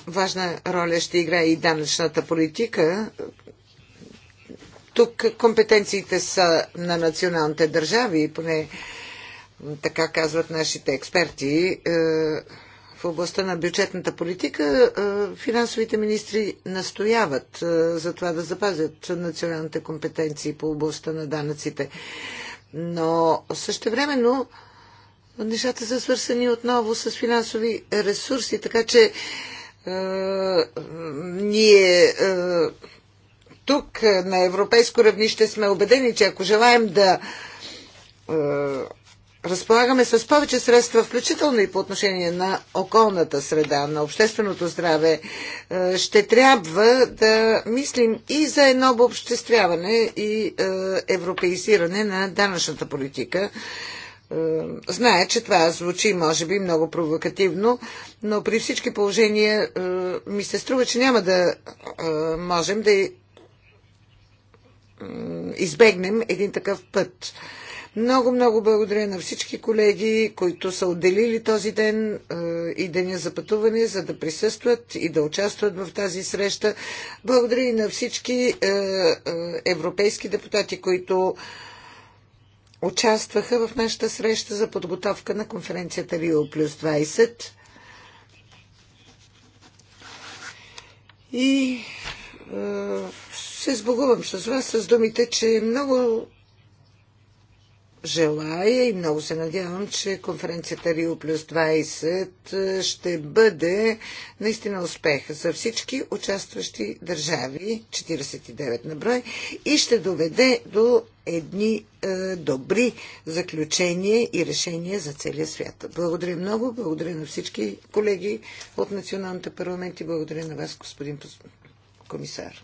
Важна роля ще играе и данъчната политика. Тук компетенциите са на националните държави, поне така казват нашите експерти. Е, в областта на бюджетната политика е, финансовите министри настояват е, за това да запазят националните компетенции по областта на данъците. Но също времено нещата са свързани отново с финансови ресурси, така че е, ние е, тук е, на европейско равнище сме убедени, че ако желаем да разполагаме с повече средства, включително и по отношение на околната среда, на общественото здраве, ще трябва да мислим и за едно обобществяване и европеизиране на данъчната политика е, Зная, че това звучи, може би, много провокативно, но при всички положения е, ми се струва, че няма да е, можем да избегнем един такъв път. Много, много благодаря на всички колеги, които са отделили този ден и деня за пътуване, за да присъстват и да участват в тази среща. Благодаря и на всички европейски депутати, които участваха в нашата среща за подготовка на конференцията Рио плюс 20. И е, се сбогувам с вас с думите, че е много желая и много се надявам, че конференцията Рио плюс 20 е, ще бъде наистина успех за всички участващи държави, 49 на брой, и ще доведе до едни е, добри заключения и решения за целия свят. Благодаря много, благодаря на всички колеги от националните парламенти, благодаря на вас, господин комисар.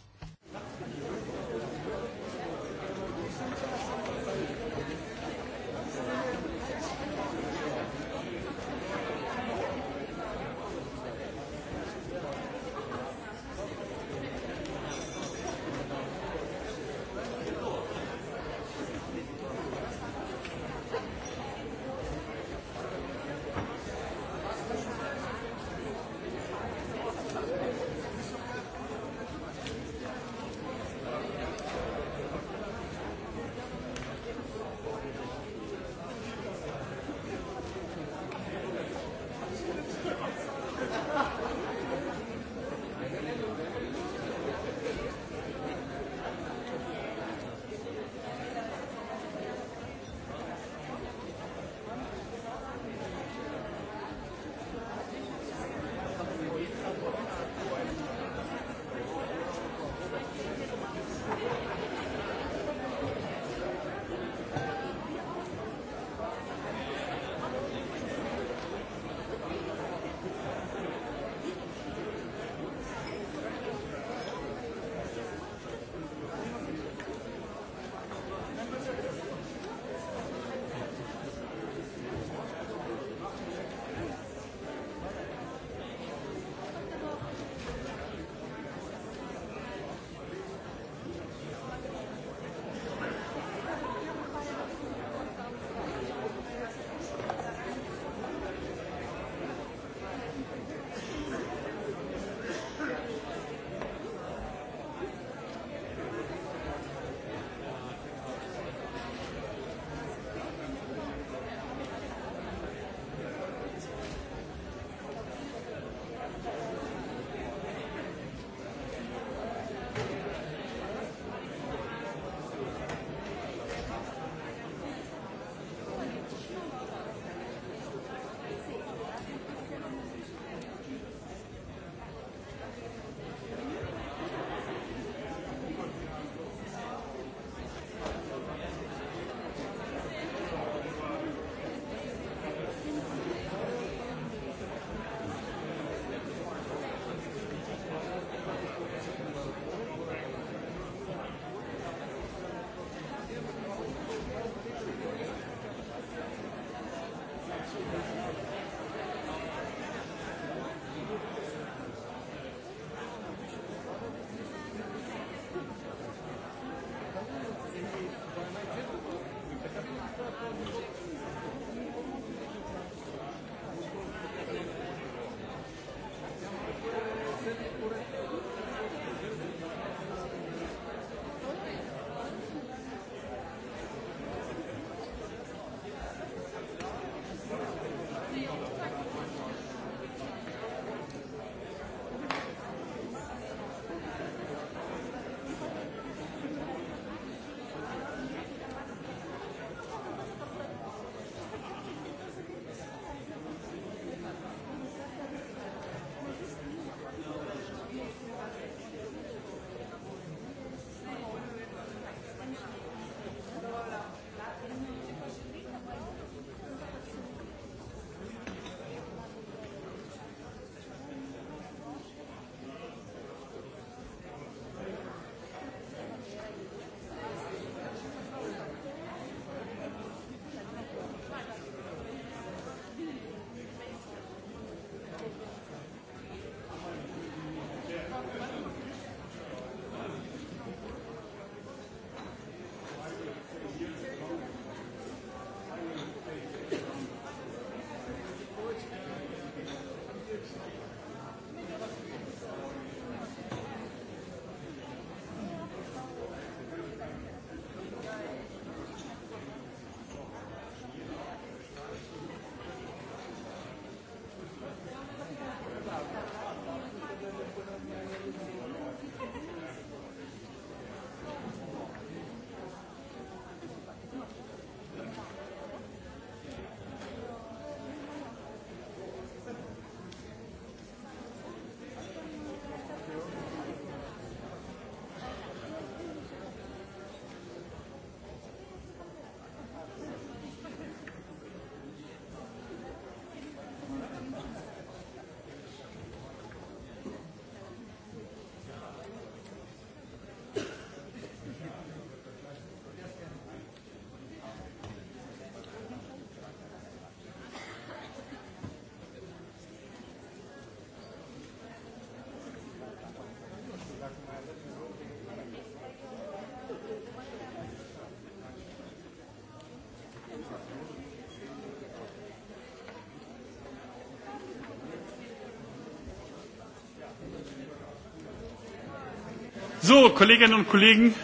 So, Kolleginnen und Kollegen,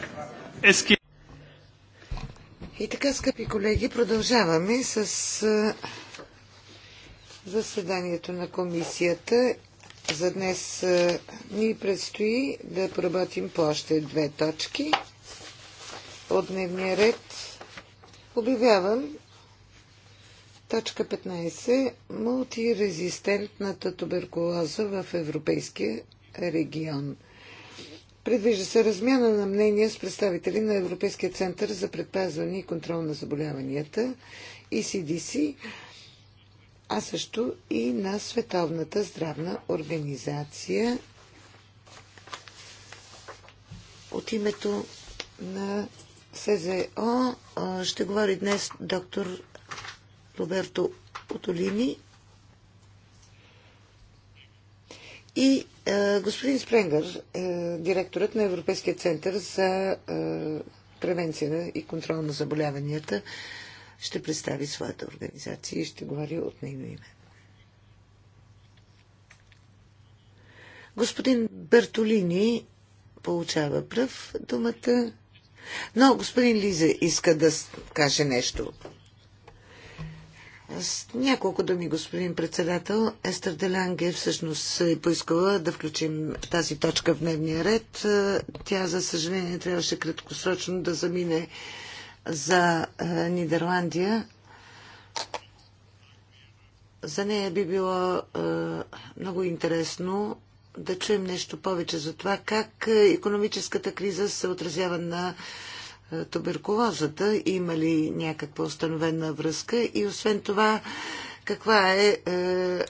es geht... И така, скъпи колеги, продължаваме с заседанието на комисията. За днес ни предстои да проработим по още две точки от дневния ред. Обявявам точка 15 мултирезистентната туберкулоза в Европейския регион – Предвижда се размяна на мнения с представители на Европейския център за предпазване и контрол на заболяванията и CDC, а също и на Световната здравна организация от името на СЗО ще говори днес доктор Роберто Отолини, И е, господин Спренгър, е, директорът на Европейския център за е, превенция на и контрол на заболяванията, ще представи своята организация и ще говори от нейно име. Господин Бертолини получава пръв думата, но господин Лиза иска да каже нещо. С няколко думи, господин председател. Естер Делянге всъщност е поискала да включим тази точка в дневния ред. Е, тя, за съжаление, трябваше краткосрочно да замине за е, Нидерландия. За нея би било е, много интересно да чуем нещо повече за това как економическата криза се отразява на туберкулозата? Има ли някаква установена връзка? И освен това, каква е, е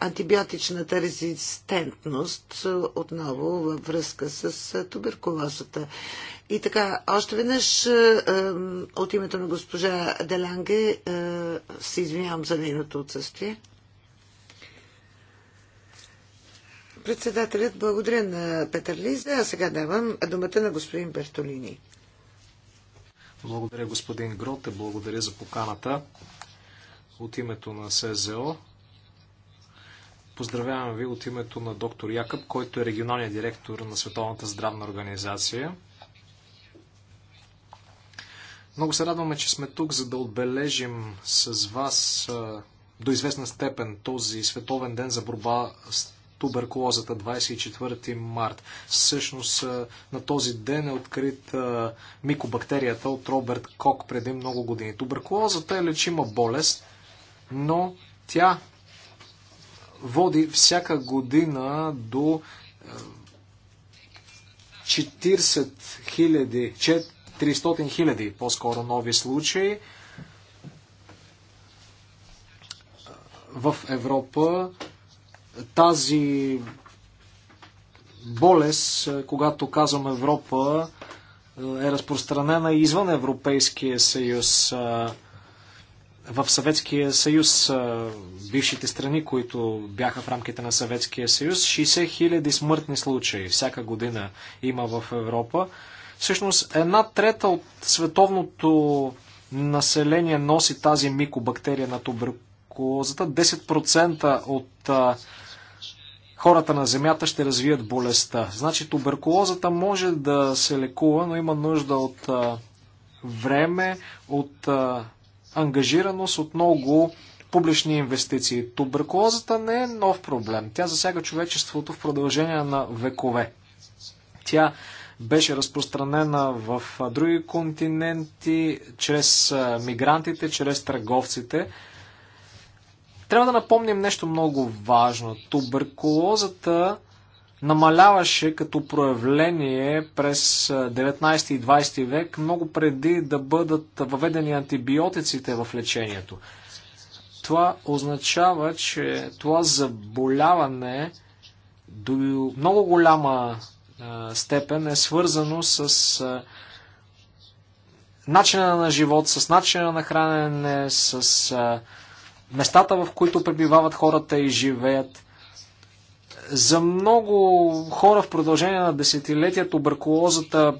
антибиотичната резистентност отново във връзка с е, туберкулозата. И така, още веднъж е, е от името на госпожа Деланге е, се извинявам за нейното отсъствие. Председателят благодаря на Петър Лиза, а сега давам думата на господин Бертолини. Благодаря господин Гроте, благодаря за поканата от името на СЗО. Поздравявам ви от името на доктор Якъб, който е регионалният директор на Световната здравна организация. Много се радваме, че сме тук, за да отбележим с вас до известна степен този Световен ден за борба с туберкулозата 24 март. Всъщност на този ден е открит микобактерията от Роберт Кок преди много години. Туберкулозата е лечима болест, но тя води всяка година до 40 хиляди, 400 хиляди по-скоро нови случаи в Европа тази болест, е, когато казвам Европа, е, е разпространена и извън Европейския съюз. Е, в Съветския съюз, бившите страни, които бяха в рамките на Съветския съюз, 60 хиляди смъртни случаи всяка година има в Европа. Всъщност една трета от световното население носи тази микобактерия на туберкулозата. 10% от хората на Земята ще развият болестта. Значи туберкулозата може да се лекува, но има нужда от а, време, от а, ангажираност, от много публични инвестиции. Туберкулозата не е нов проблем. Тя засяга човечеството в продължение на векове. Тя беше разпространена в други континенти чрез мигрантите, чрез търговците. Трябва да напомним нещо много важно. Туберкулозата намаляваше като проявление през 19 и 20 век, много преди да бъдат въведени антибиотиците в лечението. Това означава, че това заболяване до много голяма степен е свързано с начина на живот, с начина на хранене, с местата, в които пребивават хората и живеят. За много хора в продължение на десетилетия туберкулозата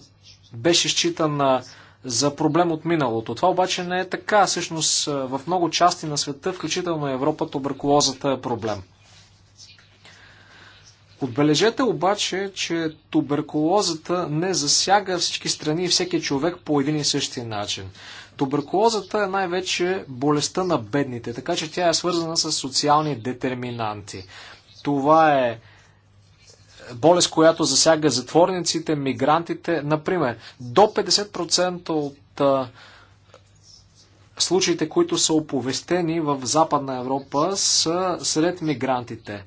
беше считана за проблем от миналото. Това обаче не е така. Всъщност в много части на света, включително Европа, туберкулозата е проблем. Отбележете обаче, че туберкулозата не засяга всички страни и всеки човек по един и същи начин. Туберкулозата е най-вече болестта на бедните, така че тя е свързана с социални детерминанти. Това е болест, която засяга затворниците, мигрантите. Например, до 50% от случаите, които са оповестени в Западна Европа, са сред мигрантите.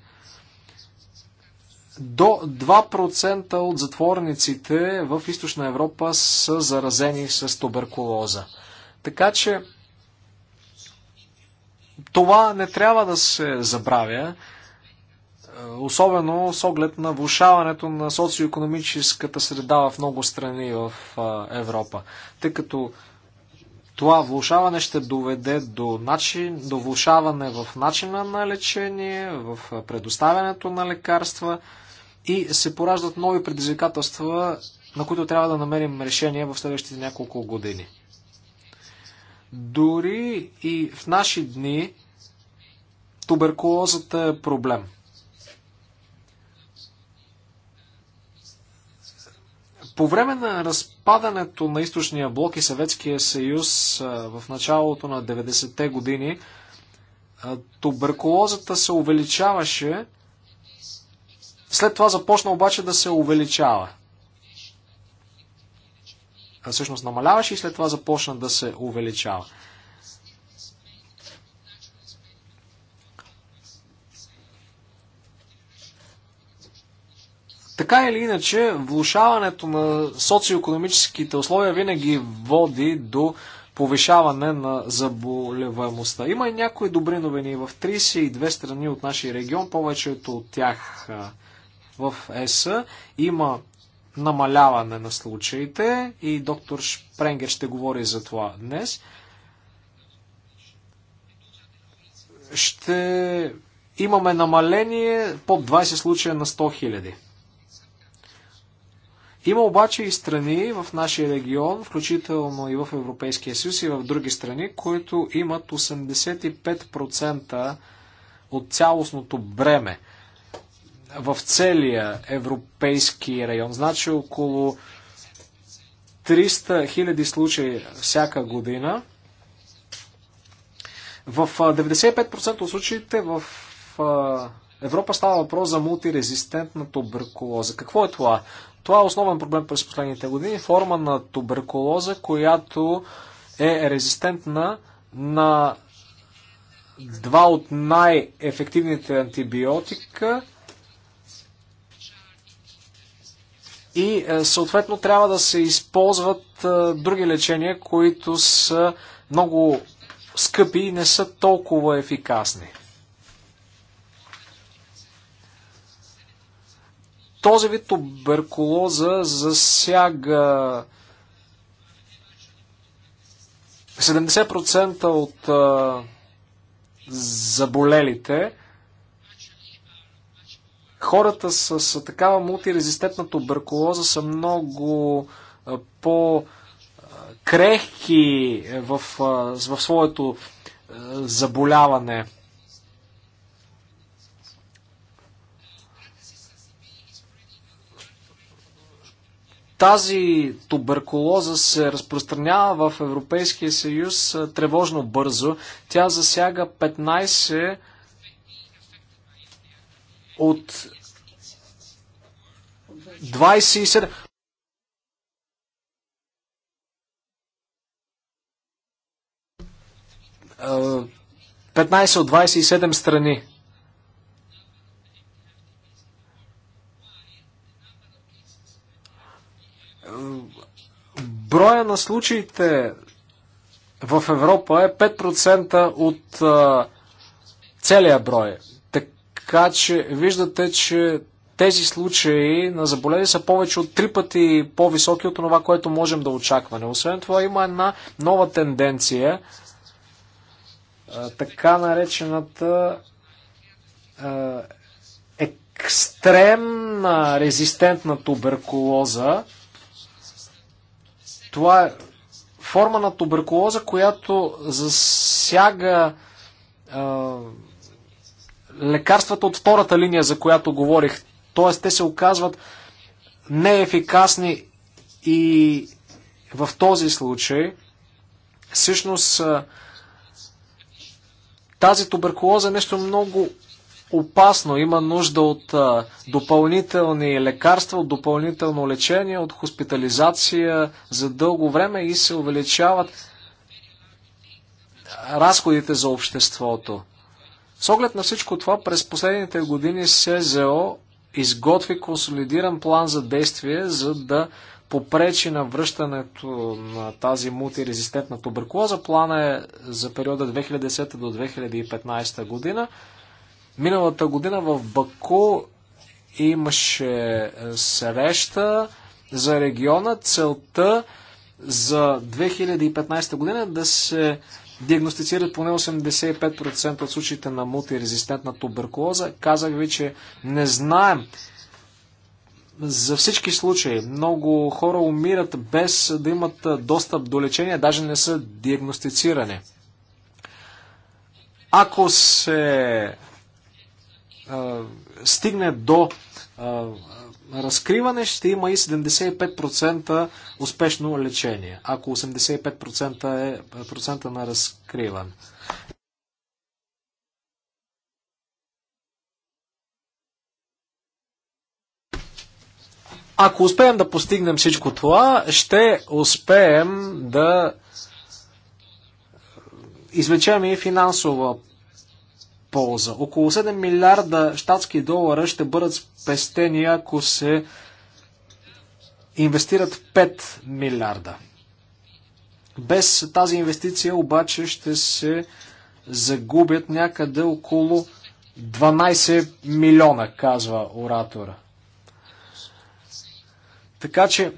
До 2% от затворниците в Източна Европа са заразени с туберкулоза. Така че това не трябва да се забравя, е, особено с оглед на влушаването на социо-економическата среда в много страни в е, Европа, тъй като това влушаване ще доведе до, начин, до влушаване в начина на лечение, в предоставянето на лекарства и се пораждат нови предизвикателства, на които трябва да намерим решение в следващите няколко години. Дори и в наши дни туберкулозата е проблем. По време на разпадането на източния блок и Съветския съюз в началото на 90-те години, туберкулозата се увеличаваше, след това започна обаче да се увеличава всъщност намаляваше и след това започна да се увеличава. Така или иначе, влушаването на социоекономическите условия винаги води до повишаване на заболеваемостта. Има и някои добри новини. В 32 страни от нашия регион, повечето от тях в ЕС, има намаляване на случаите и доктор Шпренгер ще говори за това днес. Ще имаме намаление под 20 случая на 100 хиляди. Има обаче и страни в нашия регион, включително и в Европейския съюз и в други страни, които имат 85% от цялостното бреме в целия европейски район. Значи около 300 000 случаи всяка година. В 95% от случаите в Европа става въпрос за мултирезистентна туберкулоза. Какво е това? Това е основен проблем през последните години. Форма на туберкулоза, която е резистентна на два от най-ефективните антибиотика – и е, съответно трябва да се използват е, други лечения, които са много скъпи и не са толкова ефикасни. Този вид туберкулоза засяга 70% от е, заболелите. Хората с, с такава мултирезистентна туберкулоза са много по- крехки в, в своето заболяване. Тази туберкулоза се разпространява в Европейския съюз тревожно бързо. Тя засяга 15 от 27. 15 е, от 27 страни. Броя на случаите в Европа е 5% от а, е, целия брой. Така че виждате, че тези случаи на заболели са повече от три пъти по-високи от това, което можем да очакваме. Освен това има една нова тенденция, така наречената екстремна резистентна туберкулоза. Това е форма на туберкулоза, която засяга е, лекарствата от втората линия, за която говорих т.е. те се оказват неефикасни и в този случай всъщност тази туберкулоза е нещо много опасно. Има нужда от допълнителни лекарства, от допълнително лечение, от хоспитализация за дълго време и се увеличават разходите за обществото. С оглед на всичко това, през последните години СЗО изготви консолидиран план за действие, за да попречи на връщането на тази мултирезистентна туберкулоза. Плана е за периода 2010 до 2015 година. Миналата година в Баку имаше е, среща за региона. Целта за 2015 година е да се диагностицират поне 85% от случаите на мултирезистентна туберкулоза. Казах ви, че не знаем за всички случаи. Много хора умират без да имат достъп до лечение, даже не са диагностицирани. Ако се стигне до разкриване, ще има и 75% успешно лечение, ако 85% е, е процента на разкриване. Ако успеем да постигнем всичко това, ще успеем да извлечем и финансова полза. Около 7 милиарда щатски долара ще бъдат спестени, ако се инвестират 5 милиарда. Без тази инвестиция обаче ще се загубят някъде около 12 милиона, казва оратора. Така че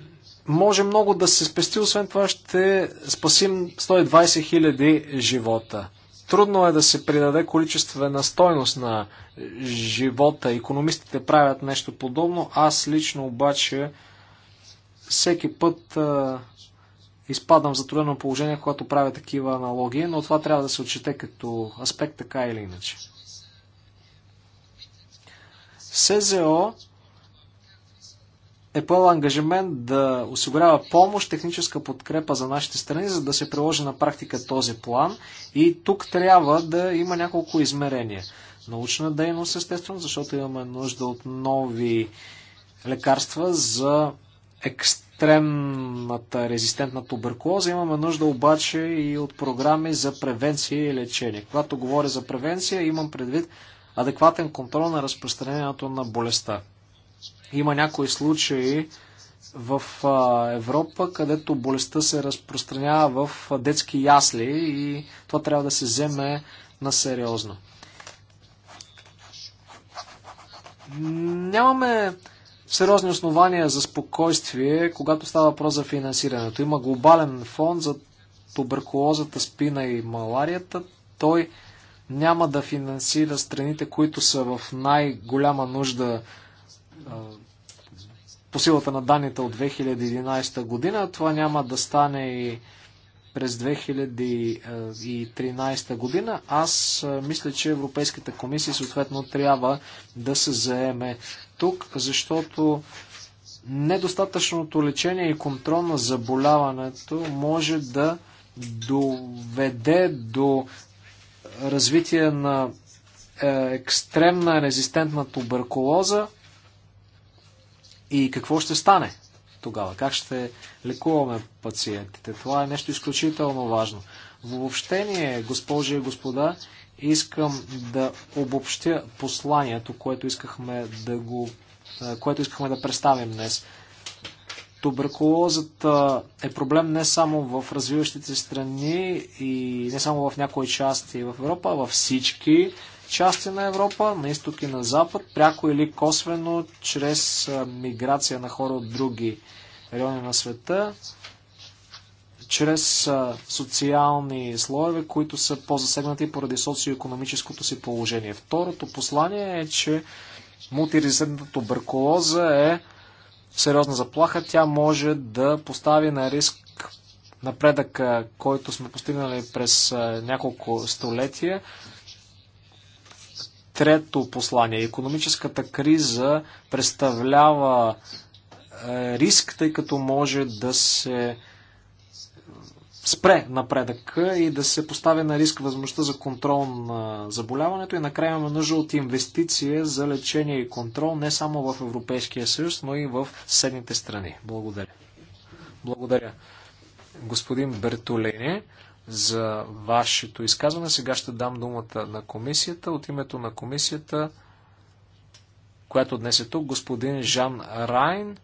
може много да се спести, освен това ще спасим 120 хиляди живота. Трудно е да се придаде количествена стойност на живота. Економистите правят нещо подобно. Аз лично обаче всеки път а, изпадам в затруднено положение, когато правя такива аналогии, но това трябва да се отчете като аспект така или иначе. СЗО е поел ангажимент да осигурява помощ, техническа подкрепа за нашите страни, за да се приложи на практика този план. И тук трябва да има няколко измерения. Научна дейност, естествено, защото имаме нужда от нови лекарства за екстремната резистентна туберкулоза. Имаме нужда обаче и от програми за превенция и лечение. Когато говоря за превенция, имам предвид адекватен контрол на разпространението на болестта. Има някои случаи в Европа, където болестта се разпространява в детски ясли и това трябва да се вземе на сериозно. Нямаме сериозни основания за спокойствие, когато става въпрос за финансирането. Има глобален фонд за туберкулозата, спина и маларията. Той няма да финансира страните, които са в най-голяма нужда по силата на данните от 2011 година. Това няма да стане и през 2013 година. Аз мисля, че Европейската комисия съответно трябва да се заеме тук, защото недостатъчното лечение и контрол на заболяването може да доведе до развитие на е, екстремна резистентна туберкулоза, и какво ще стане тогава? Как ще лекуваме пациентите? Това е нещо изключително важно. В обобщение, е, госпожи и господа, искам да обобщя посланието, което искахме да го е, което искахме да представим днес. Туберкулозата е проблем не само в развиващите страни и не само в някои части в Европа, а във всички части на Европа, на изток и на запад, пряко или косвено, чрез миграция на хора от други райони на света, чрез социални слоеве, които са по-засегнати поради социо-економическото си положение. Второто послание е, че мултирезидентна туберкулоза е сериозна заплаха. Тя може да постави на риск напредъка, който сме постигнали през няколко столетия Трето послание. Економическата криза представлява е, риск, тъй като може да се спре напредъка и да се постави на риск възможността за контрол на заболяването и накрая имаме нужда от инвестиция за лечение и контрол не само в Европейския съюз, но и в съседните страни. Благодаря. Благодаря. Господин Бертолене за вашето изказване. Сега ще дам думата на комисията. От името на комисията, която днес е тук, господин Жан Райн,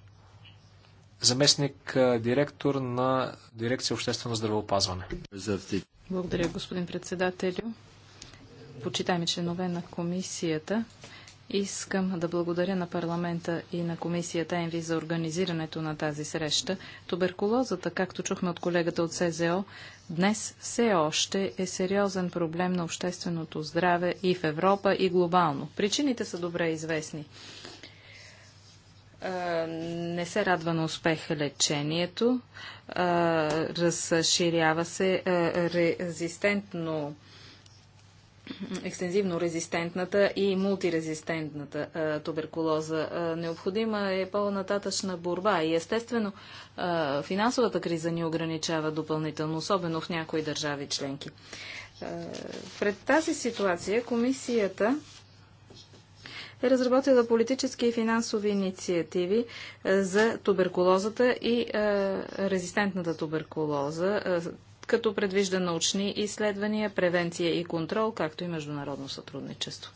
заместник директор на дирекция обществено здравеопазване. Благодаря, господин председателю. Почитаеми членове на комисията, Искам да благодаря на парламента и на комисията ЕНВИ за организирането на тази среща. Туберкулозата, както чухме от колегата от СЗО, днес все още е сериозен проблем на общественото здраве и в Европа, и глобално. Причините са добре известни. Не се радва на успех лечението, разширява се резистентно екстензивно резистентната и мултирезистентната туберкулоза. необходима е по-нататъчна борба и естествено финансовата криза ни ограничава допълнително, особено в някои държави членки. Пред тази ситуация комисията е разработила политически и финансови инициативи за туберкулозата и резистентната туберкулоза като предвижда научни изследвания, превенция и контрол, както и международно сътрудничество.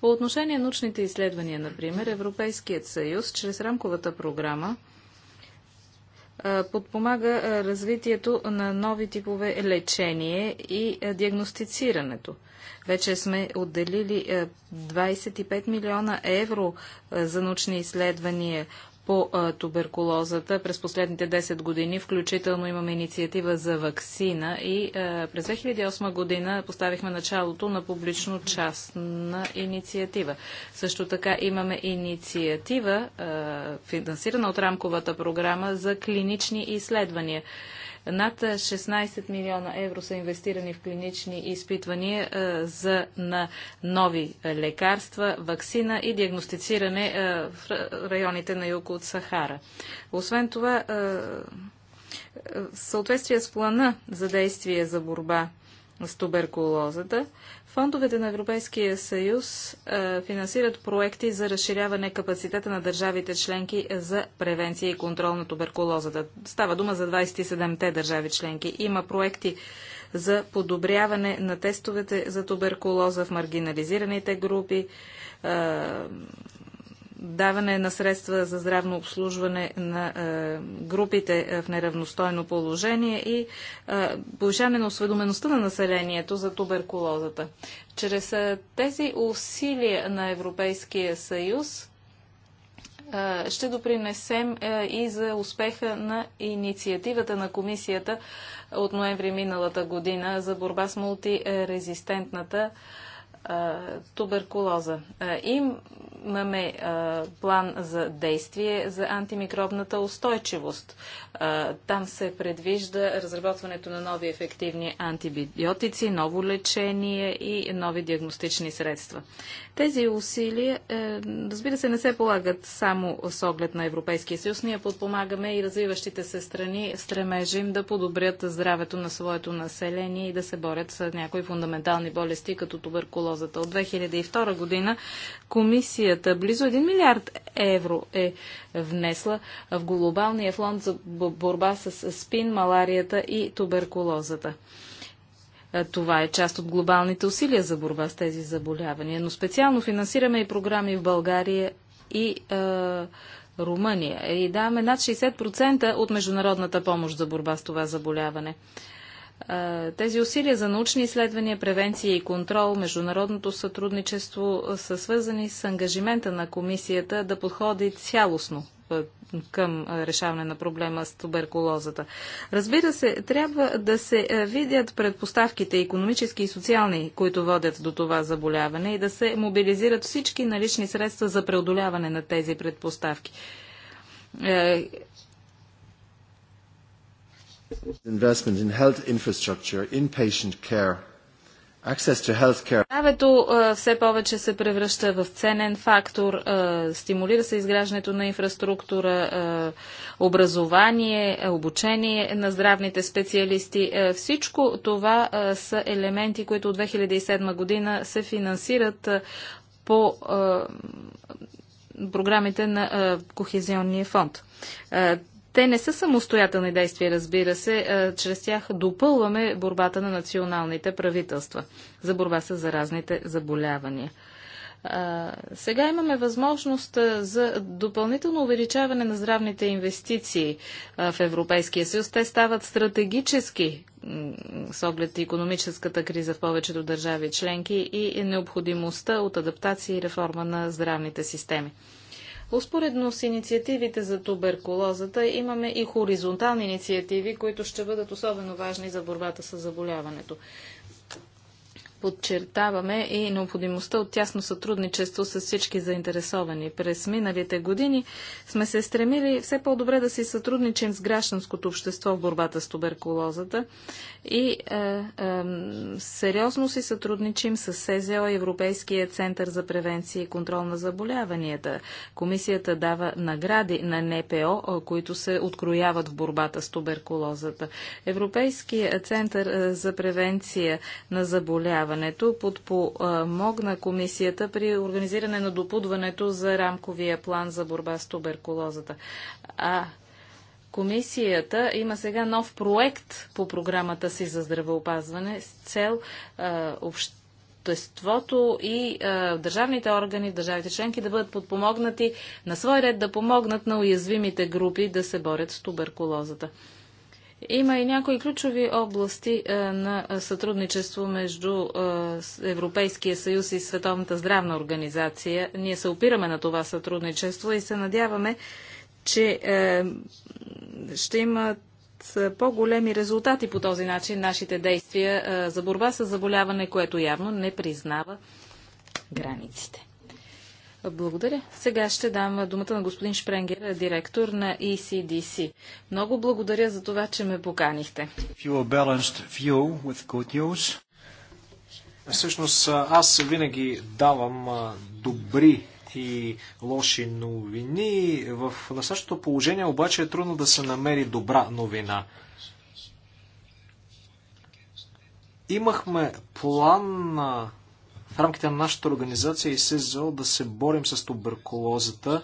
По отношение на научните изследвания, например, Европейският съюз чрез рамковата програма подпомага развитието на нови типове лечение и диагностицирането. Вече сме отделили 25 милиона евро за научни изследвания по туберкулозата през последните 10 години, включително имаме инициатива за вакцина и през 2008 година поставихме началото на публично-частна инициатива. Също така имаме инициатива, финансирана от рамковата програма за клинични изследвания. Над 16 милиона евро са инвестирани в клинични изпитвания е, за на нови лекарства, вакцина и диагностициране е, в районите на юг от Сахара. Освен това, е, в съответствие с плана за действие за борба с туберкулозата, Фондовете на Европейския съюз финансират проекти за разширяване капацитета на държавите членки за превенция и контрол на туберкулозата. Става дума за 27-те държави членки. Има проекти за подобряване на тестовете за туберкулоза в маргинализираните групи, даване на средства за здравно обслужване на е, групите е, в неравностойно положение и е, повишаване на осведомеността на населението за туберкулозата. Чрез тези усилия на Европейския съюз ще допринесем и за успеха на инициативата на комисията от ноември миналата година за борба с мултирезистентната туберкулоза. Имаме план за действие за антимикробната устойчивост. Там се предвижда разработването на нови ефективни антибиотици, ново лечение и нови диагностични средства. Тези усилия, е, разбира се, не се полагат само с оглед на Европейския съюз. Ние подпомагаме и развиващите се страни стремежим да подобрят здравето на своето население и да се борят с някои фундаментални болести, като туберкулоза туберкулозата. От 2002 година комисията близо 1 милиард евро е внесла в глобалния фонд за борба с спин, маларията и туберкулозата. Това е част от глобалните усилия за борба с тези заболявания, но специално финансираме и програми в България и е, Румъния и даваме над 60% от международната помощ за борба с това заболяване. Тези усилия за научни изследвания, превенция и контрол, международното сътрудничество са свързани с ангажимента на комисията да подходи цялостно към решаване на проблема с туберкулозата. Разбира се, трябва да се видят предпоставките економически и социални, които водят до това заболяване и да се мобилизират всички налични средства за преодоляване на тези предпоставки е, Здравето все повече се превръща в ценен фактор, стимулира се изграждането на инфраструктура, образование, обучение на здравните специалисти. Всичко това са елементи, които от 2007 година се финансират по програмите на Кохезионния фонд. Те не са самостоятелни действия, разбира се. Е, чрез тях допълваме борбата на националните правителства за борба с заразните заболявания. Е, сега имаме възможност е, за допълнително увеличаване на здравните инвестиции в Европейския съюз. Те стават стратегически с оглед економическата криза в повечето държави членки и необходимостта от адаптация и реформа на здравните системи. Успоредно с инициативите за туберкулозата имаме и хоризонтални инициативи, които ще бъдат особено важни за борбата с заболяването подчертаваме и необходимостта от тясно сътрудничество с всички заинтересовани. През миналите години сме се стремили все по-добре да си сътрудничим с гражданското общество в борбата с туберкулозата и е, е, сериозно си сътрудничим с СЗО Европейския център за превенция и контрол на заболяванията. Комисията дава награди на НПО, е, които се открояват в борбата с туберкулозата. Европейския център е, за превенция на заболяванията сближаването подпомогна комисията при организиране на допудването за рамковия план за борба с туберкулозата. А Комисията има сега нов проект по програмата си за здравеопазване с цел общ обществото и а, държавните органи, държавите членки да бъдат подпомогнати на свой ред да помогнат на уязвимите групи да се борят с туберкулозата. Има и някои ключови области е, на сътрудничество между е, Европейския съюз и Световната здравна организация. Ние се опираме на това сътрудничество и се надяваме, че е, ще имат по-големи резултати по този начин нашите действия за борба с заболяване, което явно не признава границите. Благодаря. Сега ще дам думата на господин Шпренгер, директор на ECDC. Много благодаря за това, че ме поканихте. Всъщност аз винаги давам добри и лоши новини. В настоящото положение обаче е трудно да се намери добра новина. Имахме план на в рамките на нашата организация и СЗО е да се борим с туберкулозата,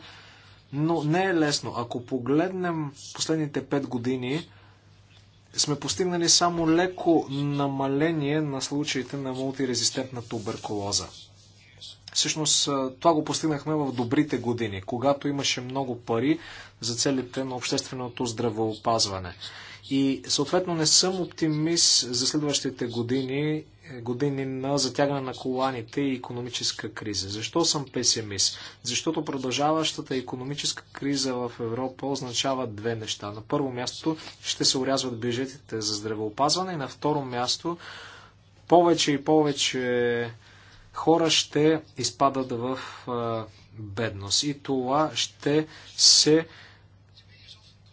но не е лесно. Ако погледнем последните 5 години, сме постигнали само леко намаление на случаите на мултирезистентна туберкулоза. Всъщност това го постигнахме в добрите години, когато имаше много пари за целите на общественото здравеопазване. И съответно не съм оптимист за следващите години години на затягане на коланите и економическа криза. Защо съм песимист? Защото продължаващата економическа криза в Европа означава две неща. На първо място ще се урязват бюджетите за здравеопазване и на второ място повече и повече хора ще изпадат в бедност. И това ще се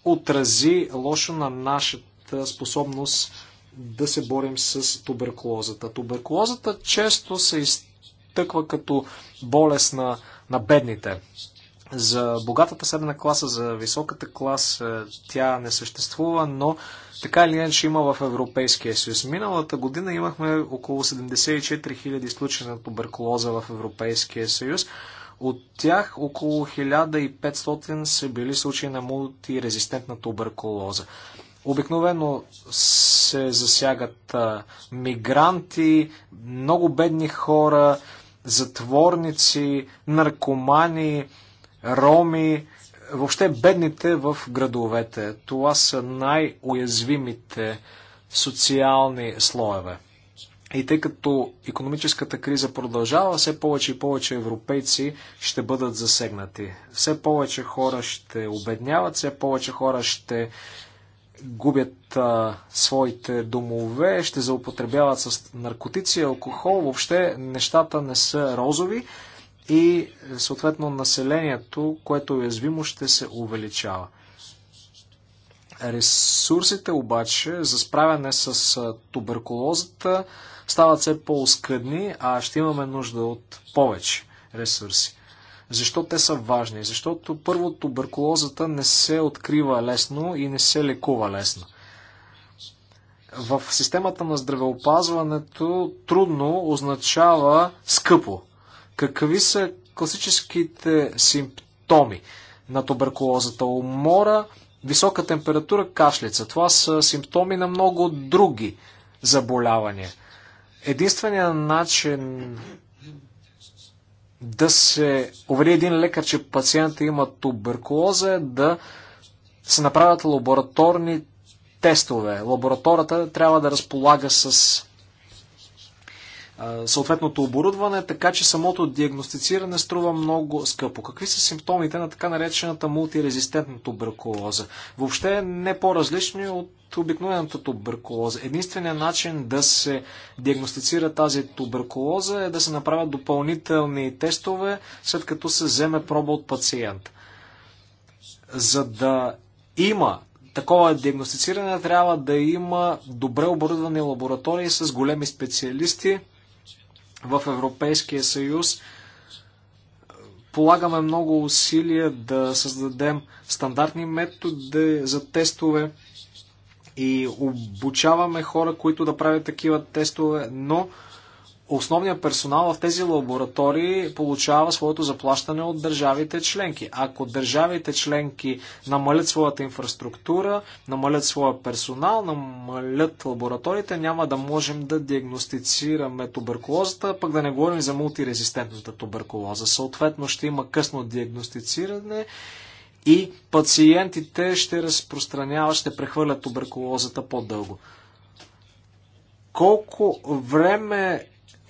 отрази лошо на нашата способност да се борим с туберкулозата. Туберкулозата често се изтъква като болест на, на бедните. За богатата средна класа, за високата клас е, тя не съществува, но така или иначе има в Европейския съюз. Миналата година имахме около 74 000 случаи на туберкулоза в Европейския съюз. От тях около 1500 са били случаи на мултирезистентна туберкулоза. Обикновено се засягат мигранти, много бедни хора, затворници, наркомани, роми, въобще бедните в градовете. Това са най-уязвимите социални слоеве. И тъй като економическата криза продължава, все повече и повече европейци ще бъдат засегнати. Все повече хора ще обедняват, все повече хора ще губят а, своите домове, ще заупотребяват с наркотици, алкохол. Въобще нещата не са розови и съответно населението, което е уязвимо, ще се увеличава. Ресурсите обаче за справяне с туберкулозата стават все по-оскъдни, а ще имаме нужда от повече ресурси. Защо те са важни? Защото първо туберкулозата не се открива лесно и не се лекува лесно. В системата на здравеопазването трудно означава скъпо. Какви са класическите симптоми на туберкулозата? Умора, висока температура, кашлица. Това са симптоми на много други заболявания. Единственият начин да се увери един лекар, че пациента има туберкулоза, да се направят лабораторни тестове. Лабораторията трябва да разполага с съответното оборудване, така че самото диагностициране струва много скъпо. Какви са симптомите на така наречената мултирезистентна туберкулоза? Въобще не по-различни от обикновената туберкулоза. Единственият начин да се диагностицира тази туберкулоза е да се направят допълнителни тестове, след като се вземе проба от пациент. За да има такова диагностициране трябва да има добре оборудвани лаборатории с големи специалисти, в Европейския съюз. Полагаме много усилия да създадем стандартни методи за тестове и обучаваме хора, които да правят такива тестове, но основният персонал в тези лаборатории получава своето заплащане от държавите членки. Ако държавите членки намалят своята инфраструктура, намалят своя персонал, намалят лабораториите, няма да можем да диагностицираме туберкулозата, пък да не говорим за мултирезистентната туберкулоза. Съответно ще има късно диагностициране и пациентите ще разпространяват, ще прехвърлят туберкулозата по-дълго колко време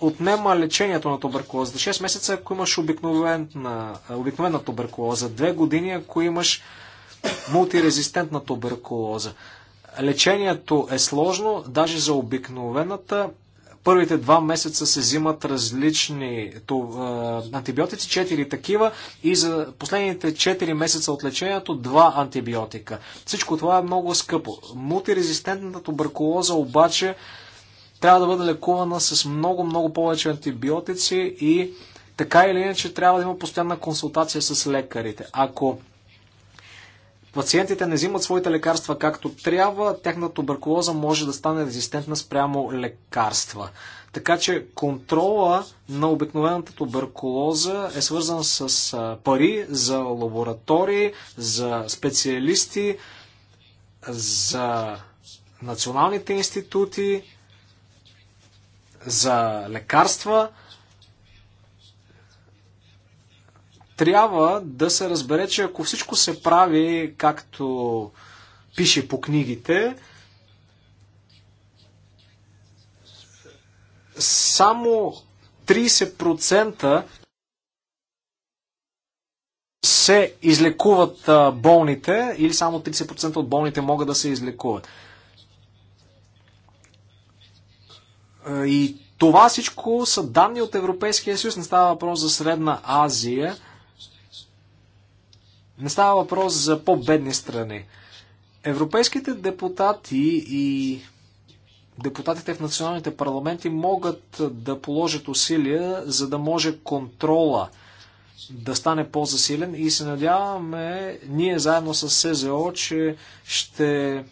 отнема лечението на туберкулоза. 6 месеца, ако имаш обикновена, обикновена туберкулоза. 2 години, ако имаш мултирезистентна туберкулоза. Лечението е сложно, даже за обикновената. Първите 2 месеца се взимат различни антибиотици, 4 такива и за последните 4 месеца от лечението 2 антибиотика. Всичко това е много скъпо. Мултирезистентната туберкулоза обаче трябва да бъде лекувана с много, много повече антибиотици и така или иначе трябва да има постоянна консултация с лекарите. Ако пациентите не взимат своите лекарства както трябва, тяхната туберкулоза може да стане резистентна спрямо лекарства. Така че контрола на обикновената туберкулоза е свързан с пари за лаборатории, за специалисти, за националните институти, за лекарства, трябва да се разбере, че ако всичко се прави както пише по книгите, само 30% се излекуват болните или само 30% от болните могат да се излекуват. И това всичко са данни от Европейския съюз. Не става въпрос за Средна Азия. Не става въпрос за по-бедни страни. Европейските депутати и депутатите в националните парламенти могат да положат усилия, за да може контрола да стане по-засилен и се надяваме ние заедно с СЗО, че ще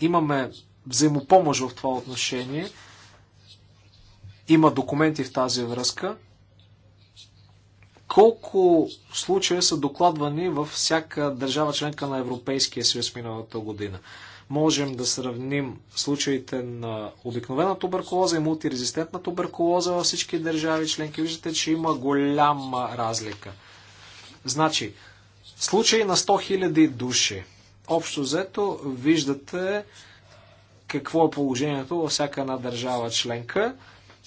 имаме взаимопомощ в това отношение. Има документи в тази връзка. Колко случая са докладвани във всяка държава членка на Европейския съюз миналата година? Можем да сравним случаите на обикновена туберкулоза и мултирезистентна туберкулоза във всички държави членки. Виждате, че има голяма разлика. Значи, случаи на 100 000 души. Общо взето, виждате какво е положението във всяка една държава членка.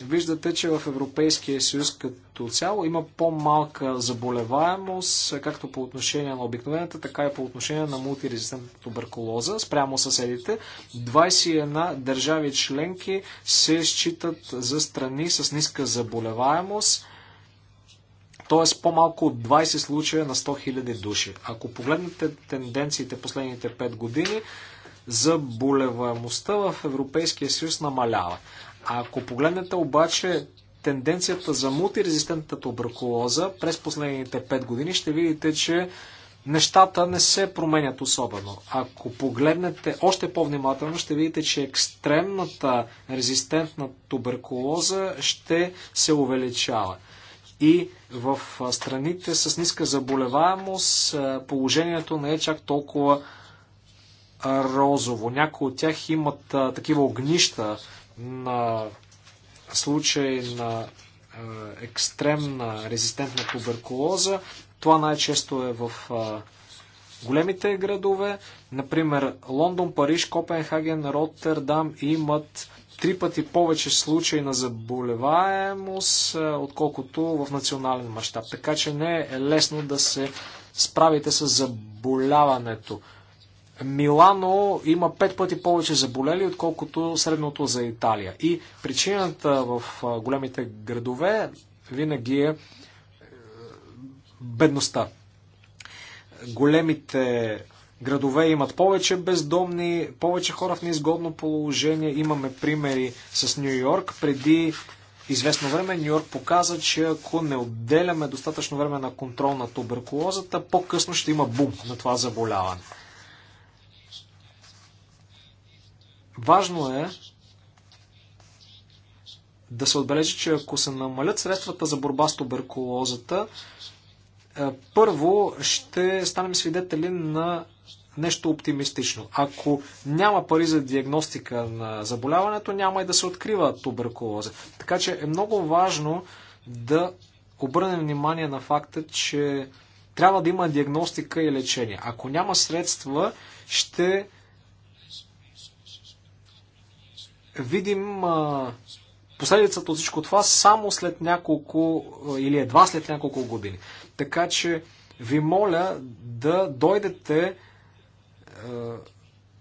Виждате, че в Европейския съюз като цяло има по-малка заболеваемост, както по отношение на обикновената, така и по отношение на мултирезистентната туберкулоза, спрямо съседите. 21 държави членки се считат за страни с ниска заболеваемост, т.е. по-малко от 20 случая на 100 000 души. Ако погледнете тенденциите последните 5 години, заболеваемостта в Европейския съюз намалява. Ако погледнете обаче тенденцията за мултирезистентната туберкулоза през последните 5 години, ще видите, че нещата не се променят особено. Ако погледнете още по-внимателно, ще видите, че екстремната резистентна туберкулоза ще се увеличава. И в страните с ниска заболеваемост е, положението не е чак толкова розово. Някои от тях имат такива огнища на случаи на е, екстремна резистентна туберкулоза. Това най-често е в е, големите градове. Например, Лондон, Париж, Копенхаген, Роттердам имат три пъти повече случаи на заболеваемост, е, отколкото в национален мащаб. Така че не е лесно да се справите с заболяването Милано има пет пъти повече заболели, отколкото средното за Италия. И причината в големите градове винаги е, е бедността. Големите градове имат повече бездомни, повече хора в неизгодно положение. Имаме примери с Нью Йорк. Преди известно време Нью Йорк показа, че ако не отделяме достатъчно време на контрол на туберкулозата, по-късно ще има бум на това заболяване. Важно е да се отбележи, че ако се намалят средствата за борба с туберкулозата, е, първо ще станем свидетели на нещо оптимистично. Ако няма пари за диагностика на заболяването, няма и да се открива туберкулоза. Така че е много важно да обърнем внимание на факта, че трябва да има диагностика и лечение. Ако няма средства, ще видим последицата от всичко това само след няколко или едва след няколко години. Така че ви моля да дойдете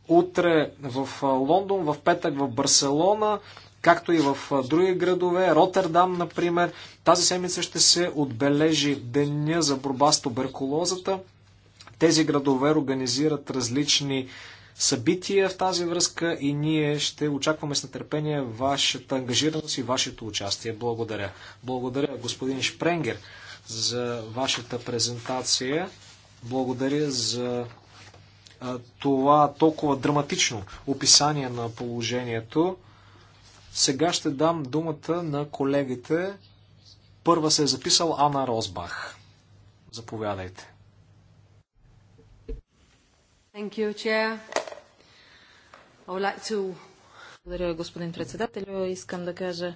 утре в Лондон, в петък в Барселона, както и в други градове, Роттердам, например. Тази седмица ще се отбележи Деня за борба с туберкулозата. Тези градове организират различни събития в тази връзка и ние ще очакваме с нетърпение вашата ангажираност и вашето участие. Благодаря. Благодаря, господин Шпренгер, за вашата презентация. Благодаря за това толкова драматично описание на положението. Сега ще дам думата на колегите. Първа се е записал Ана Розбах. Заповядайте. Thank you, Chair. Благодаря, господин председател. Искам да кажа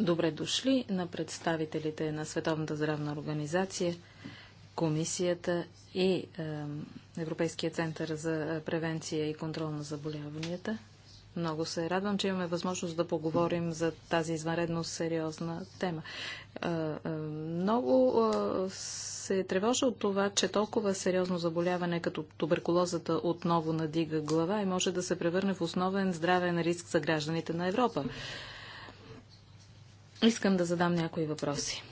добре дошли на представителите на Световната здравна организация, комисията и Европейския център за превенция и контрол на заболяванията. Много се радвам, че имаме възможност да поговорим за тази извънредно сериозна тема. Много се тревожа от това, че толкова сериозно заболяване като туберкулозата отново надига глава и може да се превърне в основен здравен риск за гражданите на Европа. Искам да задам някои въпроси.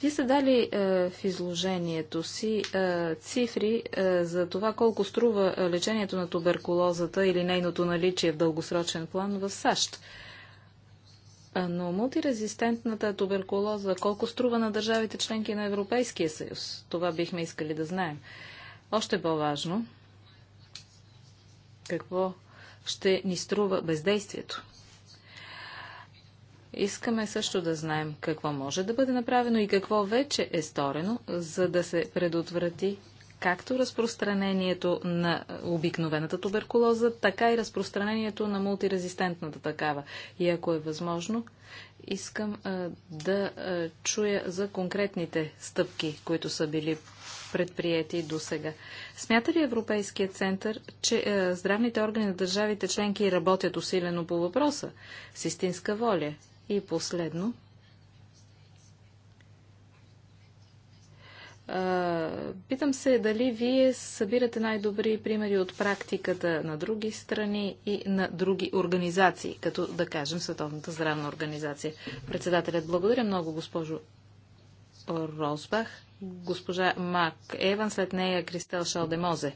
Вие сте дали е, в изложението си е, цифри е, за това колко струва е, лечението на туберкулозата или нейното наличие в дългосрочен план в САЩ. Но мултирезистентната туберкулоза колко струва на държавите членки на Европейския съюз? Това бихме искали да знаем. Още по-важно, какво ще ни струва бездействието? Искаме също да знаем какво може да бъде направено и какво вече е сторено, за да се предотврати както разпространението на обикновената туберкулоза, така и разпространението на мултирезистентната такава. И ако е възможно, искам а, да а, чуя за конкретните стъпки, които са били предприяти до сега. Смята ли Европейския център, че здравните органи на държавите членки работят усилено по въпроса с истинска воля и последно, Питам се дали вие събирате най-добри примери от практиката на други страни и на други организации, като да кажем Световната здравна организация. Председателят, благодаря много, госпожо Розбах. Госпожа Мак Еван, след нея Кристел Шалдемозе.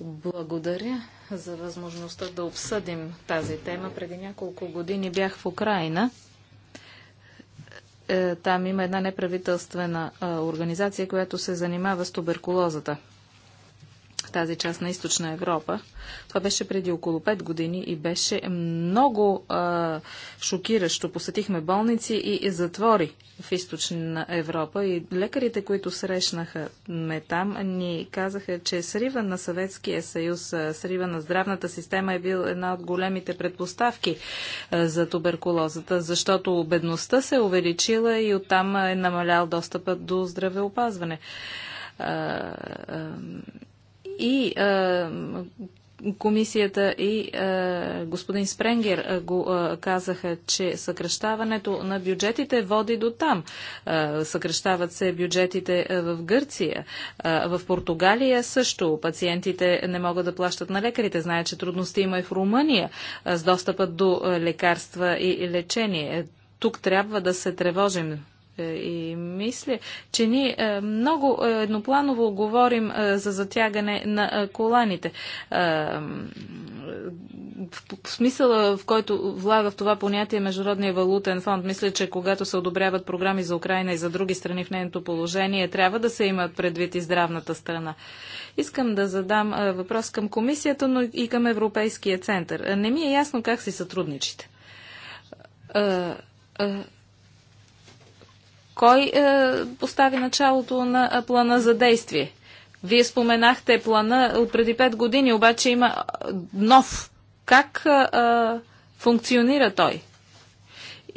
Благодаря за възможността да обсъдим тази тема. Преди няколко години бях в Украина. Е, там има една неправителствена организация, която се занимава с туберкулозата в тази част на източна Европа. Това беше преди около 5 години и беше много а, шокиращо. Посетихме болници и затвори в източна Европа и лекарите, които срещнаха ме там, ни казаха, че срива на Съветския съюз, срива на здравната система е бил една от големите предпоставки за туберкулозата, защото бедността се е увеличила и оттам е намалял достъпът до здравеопазване и е, комисията и е, господин Спренгер е, го казаха, че съкръщаването на бюджетите води до там. Е, съкръщават се бюджетите в Гърция, в Португалия също. Пациентите не могат да плащат на лекарите. Знаят, че трудности има и в Румъния с достъпът до лекарства и лечение. Тук трябва да се тревожим е, и мисля, че ние е, много е, еднопланово говорим за затягане на коланите. В смисъла, в който влага в това понятие Международния валутен фонд, мисля, че когато се одобряват програми за Украина и за други страни в нейното положение, трябва да се имат предвид и здравната страна. Искам да задам въпрос към комисията, но и към Европейския център. Не ми е ясно как си сътрудничите. Кой е, постави началото на е, плана за действие? Вие споменахте плана от преди 5 години, обаче има е, нов. Как е, е функционира той?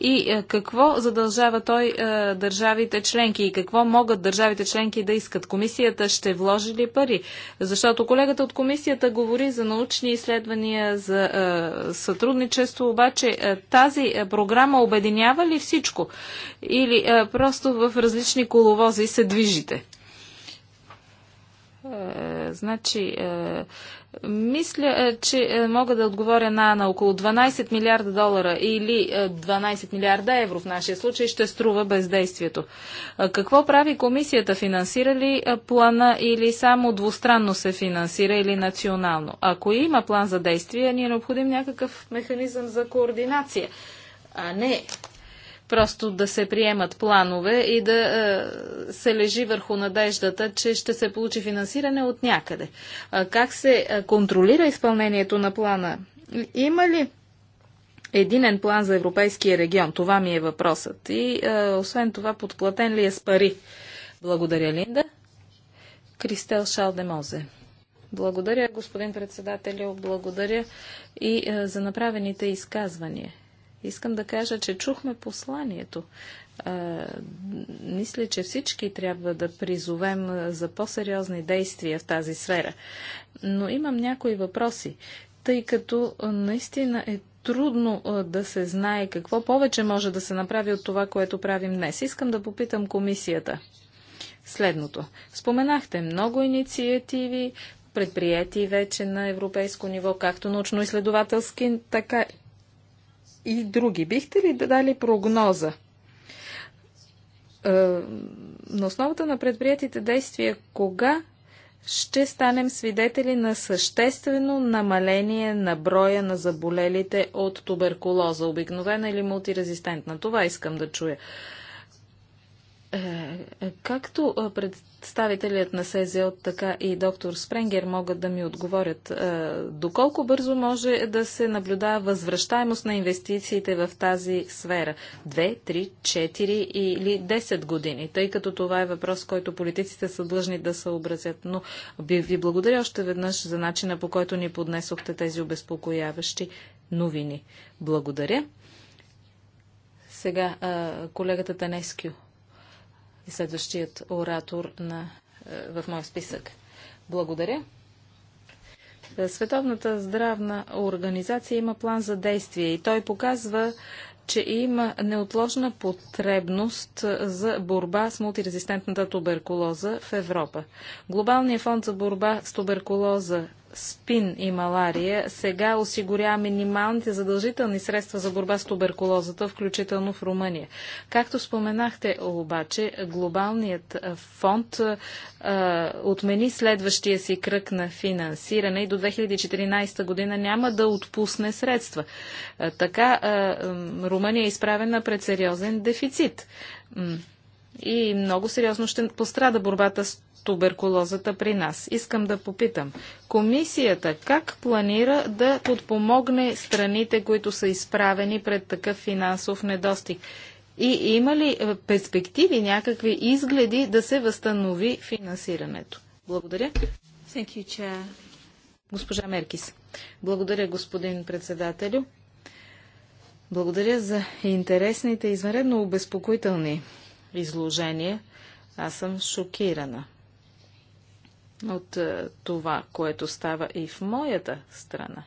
и е, какво задължава той е, държавите членки и какво могат държавите членки да искат. Комисията ще вложи ли пари? Защото колегата от комисията говори за научни изследвания, за е, сътрудничество, обаче тази програма обединява ли всичко? Или просто в различни коловози се движите? Значи, мисля, е, че е, мога да отговоря на, на около 12 милиарда долара или 12 е, милиарда евро в нашия случай ще струва бездействието. Какво прави комисията? Финансира ли плана или само двустранно се финансира или национално? Ако има план за действие, ни е необходим някакъв механизъм за координация, а не просто да се приемат планове и да е, се лежи върху надеждата, че ще се получи финансиране от някъде. А, как се е, контролира изпълнението на плана? Има ли единен план за Европейския регион? Това ми е въпросът. И е, освен това, подплатен ли е с пари? Благодаря, Линда. Кристел Шалдемозе. Благодаря, господин председател, Благодаря и е, за направените изказвания. Искам да кажа, че чухме посланието. А, мисля, че всички трябва да призовем за по-сериозни действия в тази сфера. Но имам някои въпроси, тъй като наистина е трудно да се знае какво повече може да се направи от това, което правим днес. Искам да попитам комисията следното. Споменахте много инициативи, предприяти вече на европейско ниво, както научно-изследователски, така и други. Бихте ли да дали прогноза? Е, на основата на предприятите действия, кога ще станем свидетели на съществено намаление на броя на заболелите от туберкулоза, обикновена или мултирезистентна. Това искам да чуя. Е, е, както е, представителят на СЗО, така и доктор Спренгер могат да ми отговорят доколко бързо може да се наблюдава възвръщаемост на инвестициите в тази сфера? Две, три, четири или десет години? Тъй като това е въпрос, който политиците са длъжни да съобразят. Но би ви благодаря още веднъж за начина по който ни поднесохте тези обезпокояващи новини. Благодаря. Сега колегата Танескио следващият оратор на, е, в моя списък. Благодаря. Е, Световната здравна организация има план за действие и той показва, че има неотложна потребност за борба с мултирезистентната туберкулоза в Европа. Глобалният фонд за борба с туберкулоза спин и малария, сега осигурява минималните задължителни средства за борба с туберкулозата, включително в Румъния. Както споменахте обаче, глобалният фонд а, отмени следващия си кръг на финансиране и до 2014 година няма да отпусне средства. А, така а, Румъния е изправена пред сериозен дефицит. И много сериозно ще пострада борбата с туберкулозата при нас. Искам да попитам, комисията как планира да подпомогне страните, които са изправени пред такъв финансов недостиг? И има ли е, перспективи, някакви изгледи да се възстанови финансирането? Благодаря. You, Госпожа Меркис. Благодаря, господин председателю. Благодаря за интересните, извънредно обезпокоителни изложения. Аз съм шокирана от е, това, което става и в моята страна.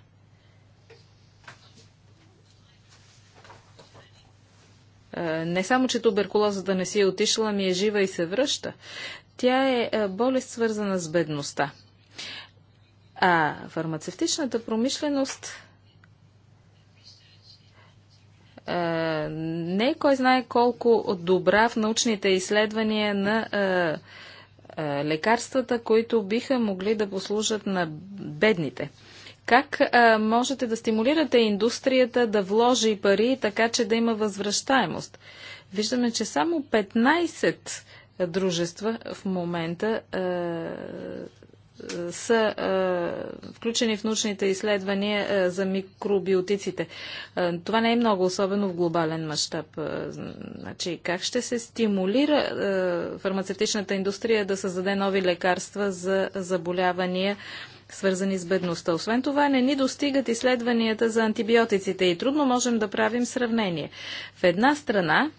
Е, не само, че туберкулозата не си е отишла, ми е жива и се връща. Тя е, е болест свързана с бедността. А фармацевтичната промишленост не е кой знае колко добра в научните изследвания на е, лекарствата, които биха могли да послужат на бедните. Как а, е, можете да стимулирате индустрията да вложи пари, така че да има възвръщаемост? Виждаме, че само 15 дружества в момента е, са включени в научните изследвания за микробиотиците. Това не е много, особено в глобален мащаб. Значи, как ще се стимулира фармацевтичната индустрия да създаде нови лекарства за заболявания? свързани с бедността. Освен това, не ни достигат изследванията за антибиотиците и трудно можем да правим сравнение. В една страна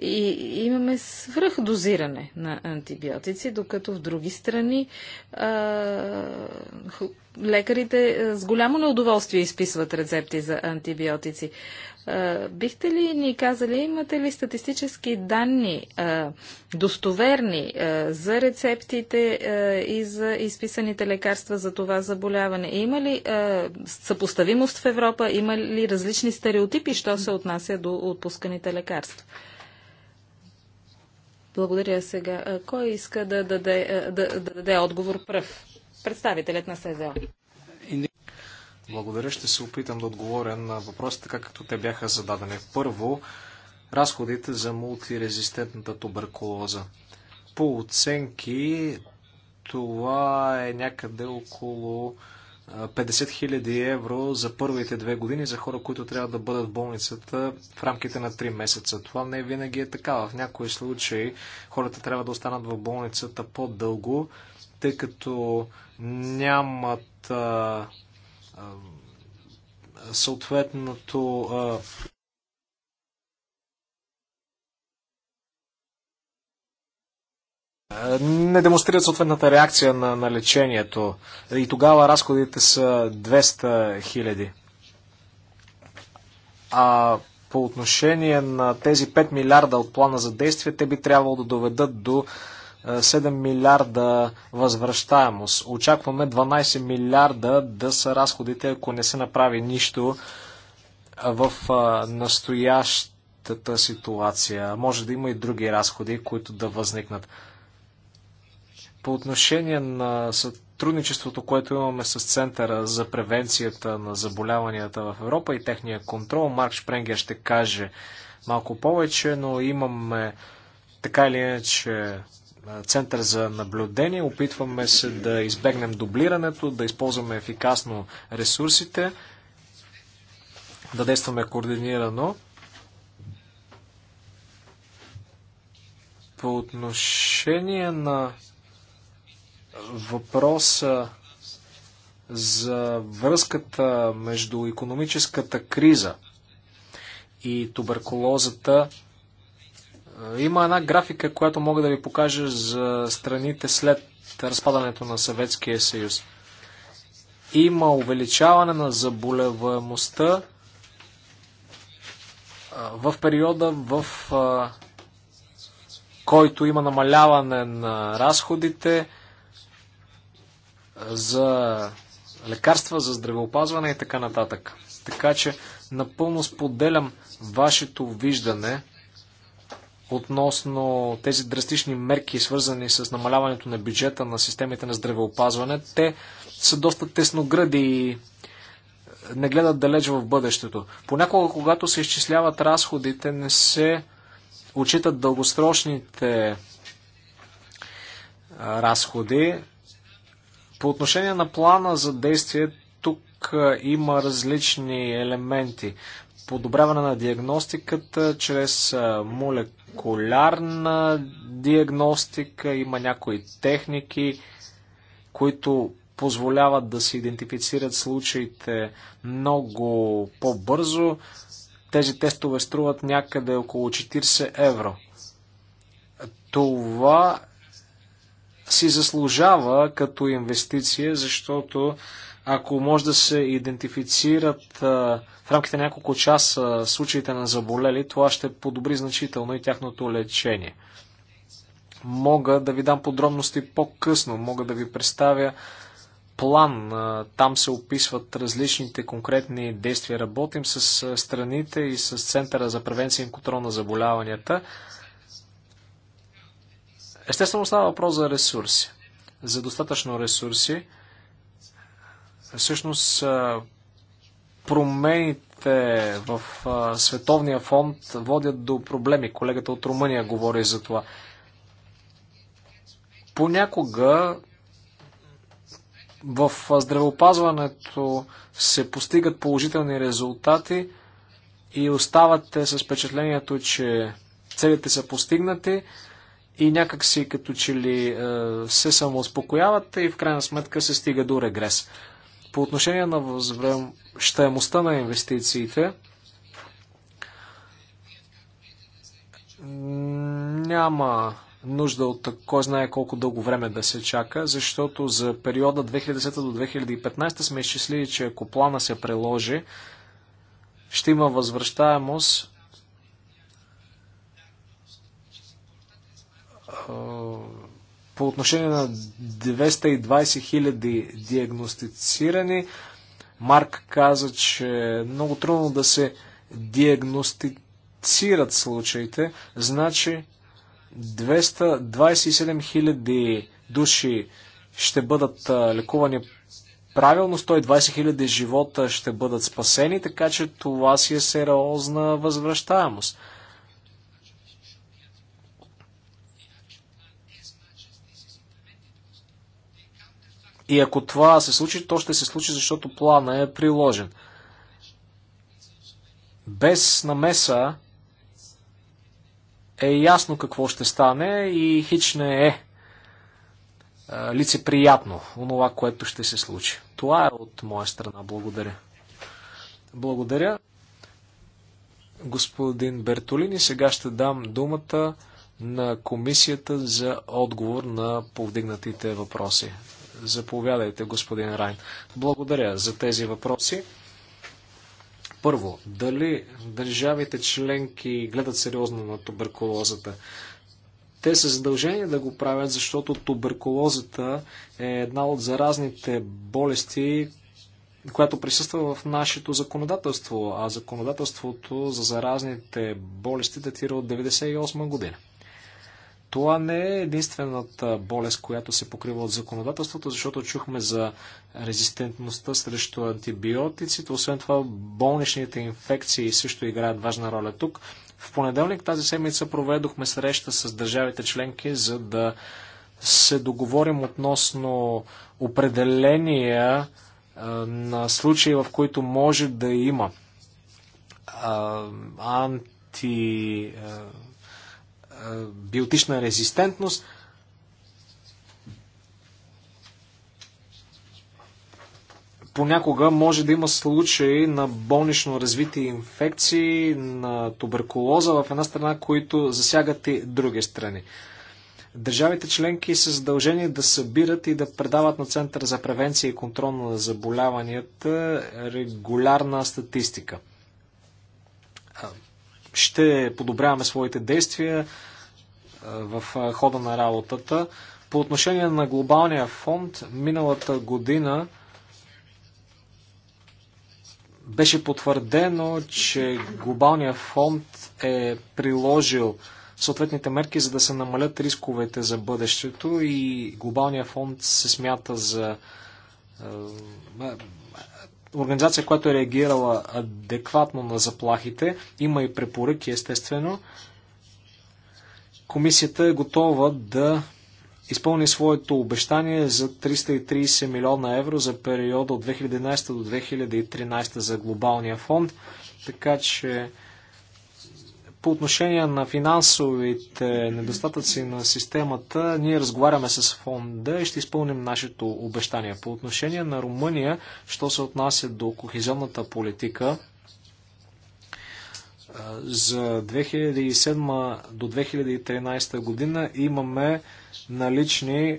и имаме свръхдозиране на антибиотици, докато в други страни а, лекарите с голямо неудоволствие изписват рецепти за антибиотици. А, бихте ли ни казали, имате ли статистически данни, а, достоверни а, за рецептите а, и за изписаните лекарства за това заболяване? Има ли а, съпоставимост в Европа? Има ли различни стереотипи, що се отнася до отпусканите лекарства? Благодаря сега. Кой иска да даде, да, да даде отговор пръв? Представителят на СЗО. Благодаря. Ще се опитам да отговоря на въпросите, така както те бяха зададени. Първо, разходите за мултирезистентната туберкулоза. По оценки, това е някъде около 50 000 евро за първите две години за хора, които трябва да бъдат в болницата в рамките на 3 месеца. Това не винаги е така. В някои случаи хората трябва да останат в болницата по-дълго, тъй като нямат а, а, съответното а, не демонстрират съответната реакция на, на лечението. И тогава разходите са 200 хиляди. А по отношение на тези 5 милиарда от плана за действие, те би трябвало да доведат до 7 милиарда възвръщаемост. Очакваме 12 милиарда да са разходите, ако не се направи нищо в настоящата ситуация. Може да има и други разходи, които да възникнат. По отношение на сътрудничеството, което имаме с Центъра за превенцията на заболяванията в Европа и техния контрол, Марк Шпренгер ще каже малко повече, но имаме така или иначе център за наблюдение. Опитваме се да избегнем дублирането, да използваме ефикасно ресурсите, да действаме координирано. По отношение на въпроса за връзката между економическата криза и туберкулозата, е, има една графика, която мога да ви покажа за страните след разпадането на Съветския съюз. Има увеличаване на заболеваемостта в периода, в който има намаляване на разходите, за лекарства, за здравеопазване и така нататък. Така че напълно споделям вашето виждане относно тези драстични мерки, свързани с намаляването на бюджета на системите на здравеопазване. Те са доста тесногради и не гледат далеч в бъдещето. Понякога, когато се изчисляват разходите, не се отчитат дългосрочните разходи. По отношение на плана за действие, тук има различни елементи. Подобряване на диагностиката чрез молекулярна диагностика, има някои техники, които позволяват да се идентифицират случаите много по-бързо. Тези тестове струват някъде около 40 евро. Това си заслужава като инвестиция, защото ако може да се идентифицират в рамките на няколко часа случаите на заболели, това ще подобри значително и тяхното лечение. Мога да ви дам подробности по-късно, мога да ви представя план. Там се описват различните конкретни действия. Работим с страните и с Центъра за превенция и контрол на заболяванията. Естествено става въпрос за ресурси, за достатъчно ресурси. Всъщност промените в Световния фонд водят до проблеми. Колегата от Румъния говори за това. Понякога в здравеопазването се постигат положителни резултати и оставате с впечатлението, че целите са постигнати, и някак си като че ли е, се самоуспокояват и в крайна сметка се стига до регрес. По отношение на възвръщаемостта на инвестициите, няма нужда от кой знае колко дълго време да се чака, защото за периода 2010 до 2015 сме изчислили, че ако плана се преложи, ще има възвръщаемост по отношение на 220 хиляди диагностицирани. Марк каза, че е много трудно да се диагностицират случаите. Значи 227 хиляди души ще бъдат лекувани правилно, 120 хиляди живота ще бъдат спасени, така че това си е сериозна възвръщаемост. И ако това се случи, то ще се случи, защото плана е приложен. Без намеса е ясно какво ще стане и хич не е, е лицеприятно онова, което ще се случи. Това е от моя страна. Благодаря. Благодаря. Господин Бертолини, сега ще дам думата на комисията за отговор на повдигнатите въпроси. Заповядайте, господин Райн. Благодаря за тези въпроси. Първо, дали държавите членки гледат сериозно на туберкулозата? Те са задължени да го правят, защото туберкулозата е една от заразните болести, която присъства в нашето законодателство, а законодателството за заразните болести датира от 1998 година. Това не е единствената болест, която се покрива от законодателството, защото чухме за резистентността срещу антибиотиците. Освен това, болничните инфекции също играят важна роля тук. В понеделник тази седмица проведохме среща с държавите членки, за да се договорим относно определения на случаи, в които може да има анти биотична резистентност. Понякога може да има случаи на болнично развити инфекции, на туберкулоза в една страна, които засягат и други страни. Държавите членки са задължени да събират и да предават на Център за превенция и контрол на заболяванията регулярна статистика. Ще подобряваме своите действия в хода на работата. По отношение на глобалния фонд, миналата година беше потвърдено, че глобалния фонд е приложил съответните мерки, за да се намалят рисковете за бъдещето и глобалния фонд се смята за организация, която е реагирала адекватно на заплахите. Има и препоръки, естествено. Комисията е готова да изпълни своето обещание за 330 милиона евро за периода от 2011 до 2013 за глобалния фонд. Така че по отношение на финансовите недостатъци на системата, ние разговаряме с фонда и ще изпълним нашето обещание. По отношение на Румъния, що се отнася до кохезионната политика, за 2007 до 2013 година имаме налични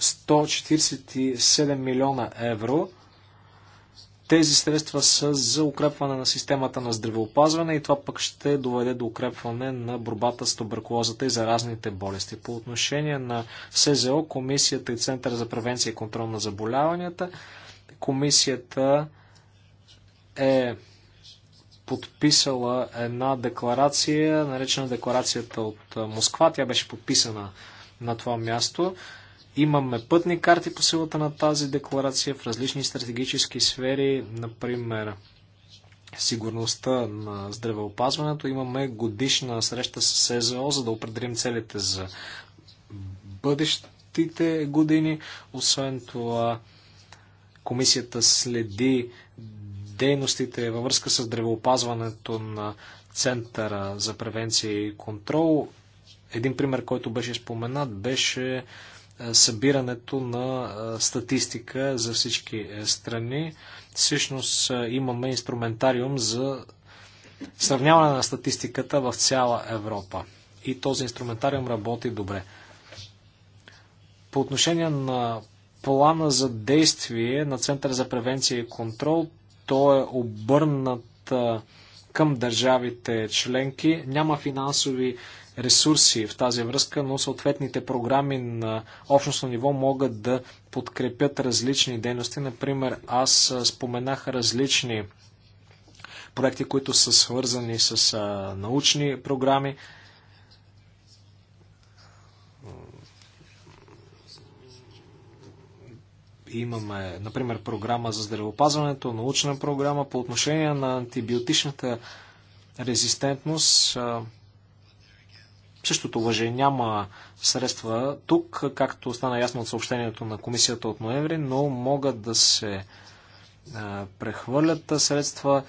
147 милиона евро. Тези средства са за укрепване на системата на здравеопазване и това пък ще доведе до укрепване на борбата с туберкулозата и заразните болести. По отношение на СЗО, Комисията и Центъра за превенция и контрол на заболяванията, Комисията е подписала една декларация, наречена декларацията от Москва. Тя беше подписана на това място. Имаме пътни карти по силата на тази декларация в различни стратегически сфери, например сигурността на здравеопазването. Имаме годишна среща с СЗО, за да определим целите за бъдещите години. Освен това, комисията следи дейностите във връзка с древоопазването на Центъра за превенция и контрол. Един пример, който беше споменат, беше е, събирането на е, статистика за всички е, страни. Всъщност имаме инструментариум за сравняване на статистиката в цяла Европа. И този инструментариум работи добре. По отношение на плана за действие на Центъра за превенция и контрол, той е обърнат към държавите членки. Няма финансови ресурси в тази връзка, но съответните програми на общностно ниво могат да подкрепят различни дейности. Например, аз споменах различни проекти, които са свързани с научни програми. имаме, например, програма за здравеопазването, научна програма по отношение на антибиотичната резистентност. Същото въже няма средства тук, както стана ясно от съобщението на комисията от ноември, но могат да се прехвърлят средства.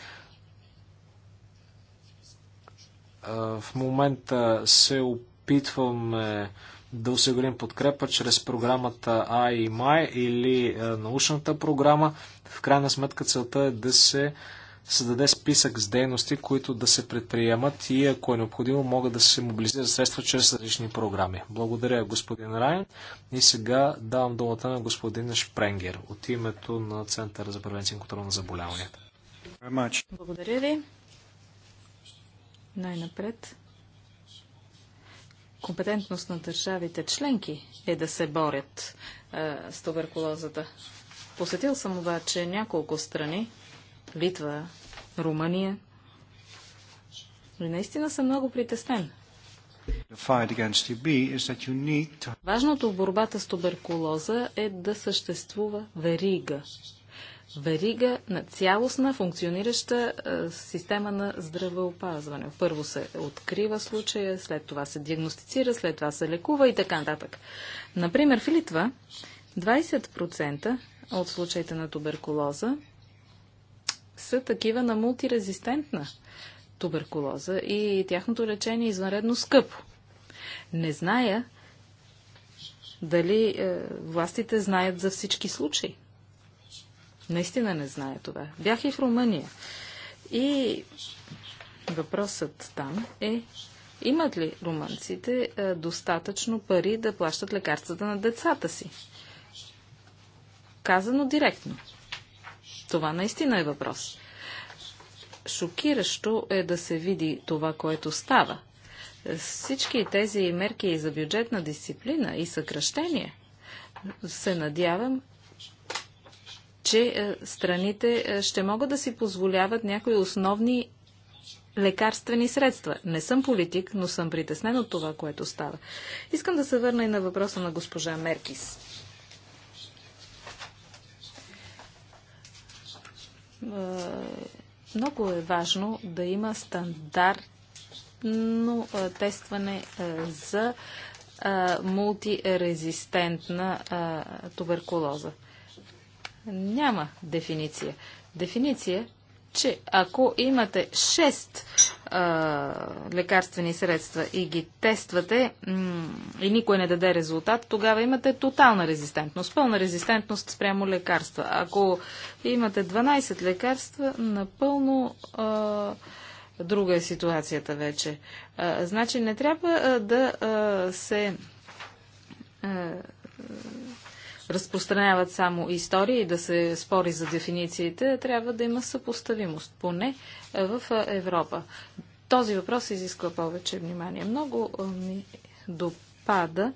В момента се опитваме да осигурим подкрепа чрез програмата AIMI или е, научната програма. В крайна сметка целта е да се създаде списък с дейности, които да се предприемат и ако е необходимо могат да се мобилизират средства чрез различни програми. Благодаря господин Райн. и сега давам думата на господин Шпренгер от името на Центъра за превенция и контрол на заболяванията. Благодаря ви. Най-напред компетентност на държавите членки е да се борят а, с туберкулозата. Посетил съм обаче няколко страни Литва, Румъния. И наистина съм много притеснен. Важното в борбата с туберкулоза е да съществува верига верига на цялостна функционираща е, система на здравеопазване. Първо се открива случая, след това се диагностицира, след това се лекува и така нататък. Например, в Литва 20% от случаите на туберкулоза са такива на мултирезистентна туберкулоза и тяхното лечение е извънредно скъпо. Не зная дали е, властите знаят за всички случаи. Наистина не знае това. Бях и в Румъния. И въпросът там е имат ли румънците е, достатъчно пари да плащат лекарствата на децата си? Казано директно. Това наистина е въпрос. Шокиращо е да се види това, което става. Всички тези мерки за бюджетна дисциплина и съкръщение се надявам, че е, страните е, ще могат да си позволяват някои основни лекарствени средства. Не съм политик, но съм притеснен от това, което става. Искам да се върна и на въпроса на госпожа Меркис. Е, много е важно да има стандартно тестване за мултирезистентна туберкулоза няма дефиниция. Дефиниция, че ако имате 6 а, лекарствени средства и ги тествате и никой не даде резултат, тогава имате тотална резистентност, пълна резистентност спрямо лекарства. Ако имате 12 лекарства, напълно. А, друга е ситуацията вече. А, значи не трябва а, да а, се. А, разпространяват само истории и да се спори за дефинициите, трябва да има съпоставимост, поне е, в е, Европа. Този въпрос изисква повече внимание. Много е, ми допада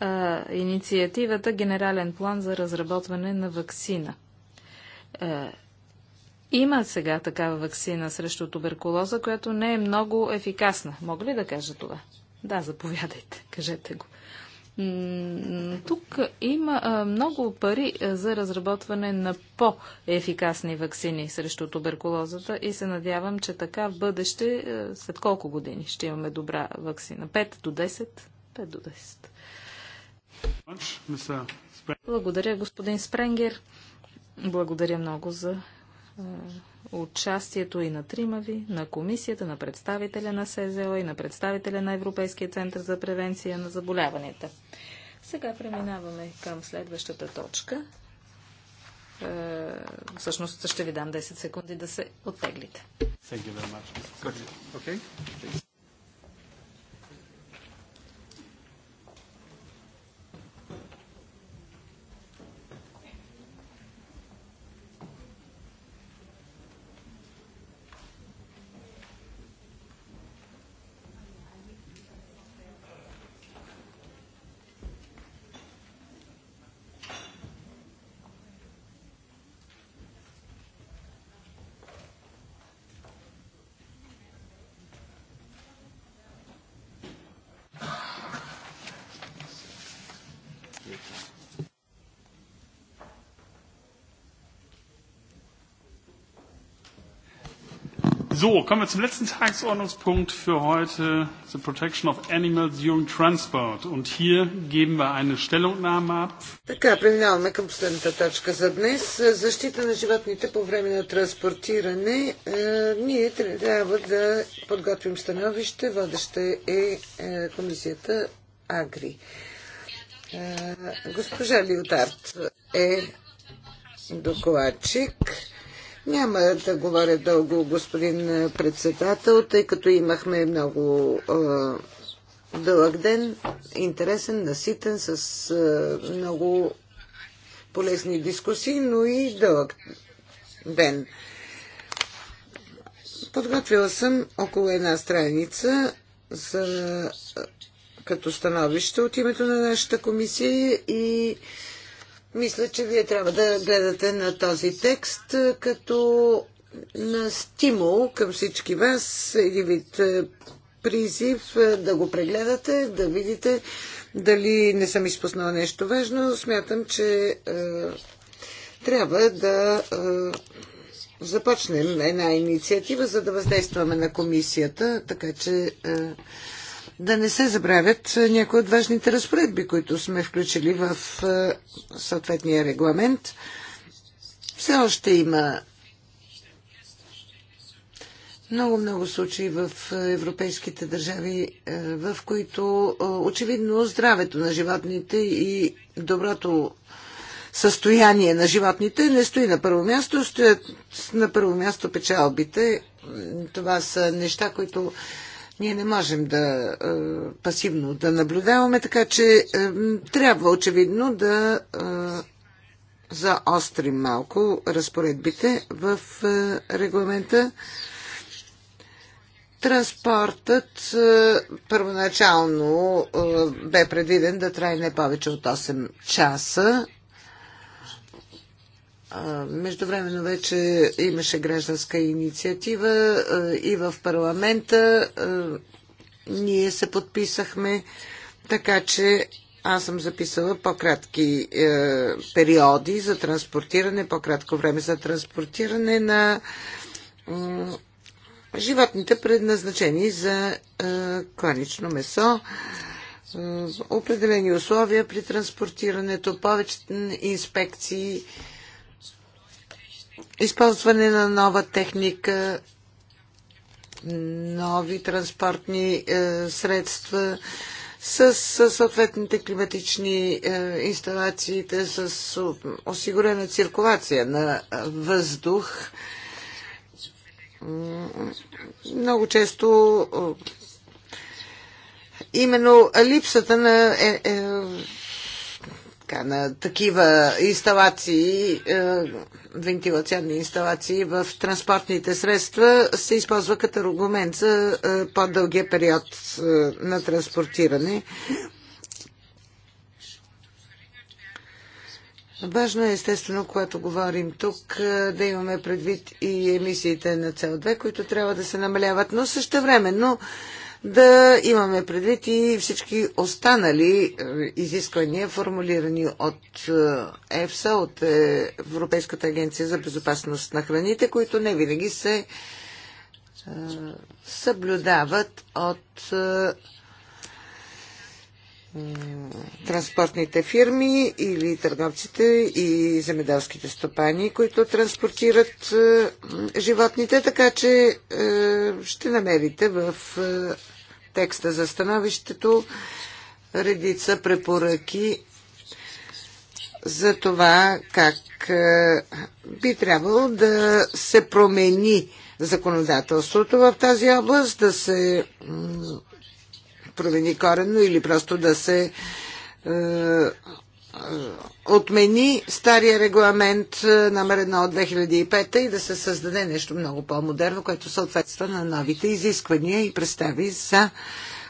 а, инициативата Генерален план за разработване на вакцина. А, има сега такава вакцина срещу туберкулоза, която не е много ефикасна. Мога ли да кажа това? Да, заповядайте, кажете го. Тук има много пари за разработване на по-ефикасни вакцини срещу туберкулозата и се надявам, че така в бъдеще, след колко години ще имаме добра вакцина? 5 до 10? 5 до 10. Благодаря, господин Спренгер. Благодаря много за участието и на трима ви, на комисията, на представителя на СЗО и на представителя на Европейския център за превенция на заболяванията. Сега преминаваме към следващата точка. Е, всъщност ще ви дам 10 секунди да се оттеглите. Thank you very much. Okay. So, kommen wir zum letzten Tagesordnungspunkt für heute, the protection of animals during transport. Und hier geben wir eine Stellungnahme ab. Така, преминаваме към последната точка за днес. Защита на животните по време на транспортиране. Е, ние трябва да подготвим становище. Водеща е, е комисията Агри. Е, госпожа Лиотарт е докладчик. Няма да говоря дълго, господин председател, тъй като имахме много е, дълъг ден, интересен, наситен, с е, много полезни дискусии, но и дълъг ден. Подготвила съм около една страница за, като становище от името на нашата комисия и мисля, че вие трябва да гледате на този текст е, като на стимул към всички вас, един вид е, призив е, да го прегледате, да видите дали не съм изпуснала нещо важно. Смятам, че е, трябва да е, започнем една инициатива, за да въздействаме на комисията, така че е, да не се забравят е, някои от важните разпоредби, които сме включили в е, съответния регламент. Все още има много-много случаи в е, европейските държави, в които очевидно здравето на животните и доброто състояние на животните не стои на първо място, стоят на първо място печалбите. Това са неща, които ние не можем да е, пасивно да наблюдаваме, така че е, трябва очевидно да е, заострим малко разпоредбите в регламента. Транспортът първоначално бе предвиден да трае не повече от 8 часа. Междувременно вече имаше гражданска инициатива и в парламента ние се подписахме, така че аз съм записала по-кратки е, периоди за транспортиране, по-кратко време за транспортиране на е, животните, предназначени за е, кланично месо. Е, определени условия при транспортирането, повече инспекции. Е, използване на нова техника, нови транспортни е, средства, с съответните климатични е, инсталациите, с осигурена циркулация на е, въздух. Много често именно липсата на така, на такива инсталации, е, вентилационни инсталации в транспортните средства се използва като аргумент за е, по-дългия период е, на транспортиране. Важно е, естествено, когато говорим тук, да имаме предвид и емисиите на CO2, които трябва да се намаляват, но също време, но да имаме предвид и всички останали е, изисквания, формулирани от е, ЕФСА, от е, Европейската агенция за безопасност на храните, които не винаги се съблюдават от транспортните фирми или търговците и земеделските стопани, които транспортират животните, така че ще намерите в текста за становището редица препоръки за това как е, би трябвало да се промени законодателството в тази област, да се промени коренно или просто да се е, отмени стария регламент е, номер 1 от 2005 и да се създаде нещо много по-модерно, което съответства на новите изисквания и представи за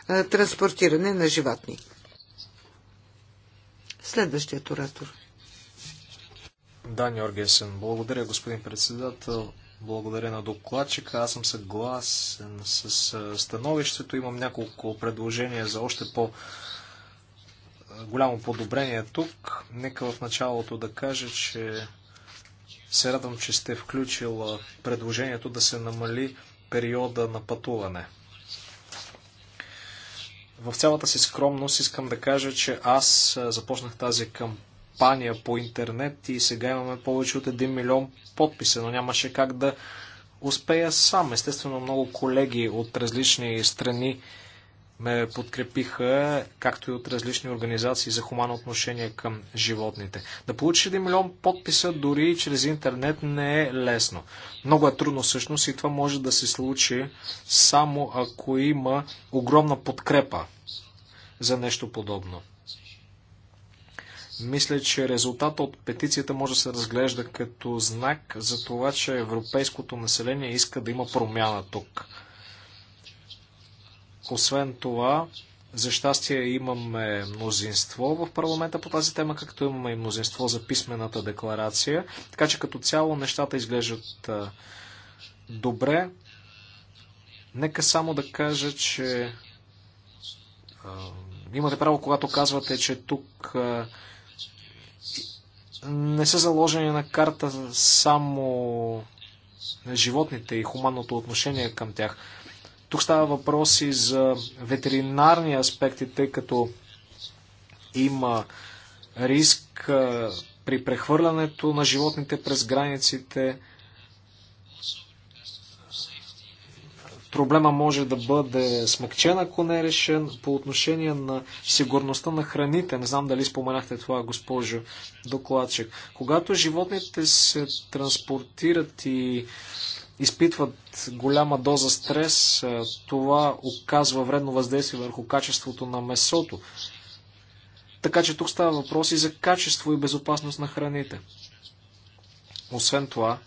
е, транспортиране на животни. Следващият оратор. Дан Йоргесен, благодаря господин председател. Благодаря на докладчика. Аз съм съгласен с е, становището. Имам няколко предложения за още по- голямо подобрение тук. Нека в началото да кажа, че се радвам, че сте включил предложението да се намали периода на пътуване. В цялата си скромност искам да кажа, че аз започнах тази кампания по интернет и сега имаме повече от 1 милион подписа, но нямаше как да успея сам. Естествено, много колеги от различни страни ме подкрепиха, както и от различни организации за хумано отношение към животните. Да получиш 1 милион подписа дори чрез интернет не е лесно. Много е трудно всъщност и това може да се случи само ако има огромна подкрепа за нещо подобно. Мисля, че резултата от петицията може да се разглежда като знак за това, че европейското население иска да има промяна тук. Освен това, за щастие имаме мнозинство в парламента по тази тема, както имаме и мнозинство за писмената декларация. Така че като цяло нещата изглеждат добре. Нека само да кажа, че имате право, когато казвате, че тук не са заложени на карта само животните и хуманното отношение към тях. Тук става въпроси за ветеринарни аспекти, тъй като има риск при прехвърлянето на животните през границите. Проблема може да бъде смъкчен, ако не е решен. По отношение на сигурността на храните, не знам дали споменахте това, госпожо докладчик. Когато животните се транспортират и изпитват голяма доза стрес, е, това оказва вредно въздействие върху качеството на месото. Така че тук става въпрос и за качество и безопасност на храните. Освен това,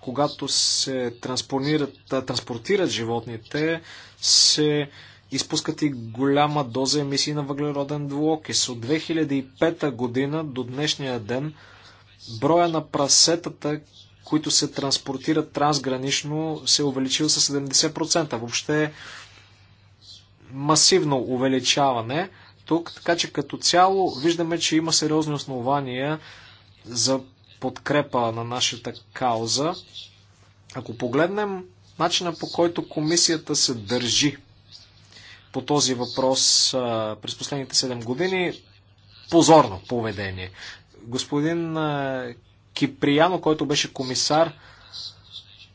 когато се транспонират, транспортират животните, се изпускат и голяма доза емисии на въглероден двуокис. От 2005 година до днешния ден броя на прасетата, които се транспортират трансгранично, се е увеличил с 70%. Въобще масивно увеличаване тук, така че като цяло виждаме, че има сериозни основания за подкрепа на нашата кауза. Ако погледнем начина по който комисията се държи по този въпрос през последните 7 години, позорно поведение. Господин Киприяно, който беше комисар,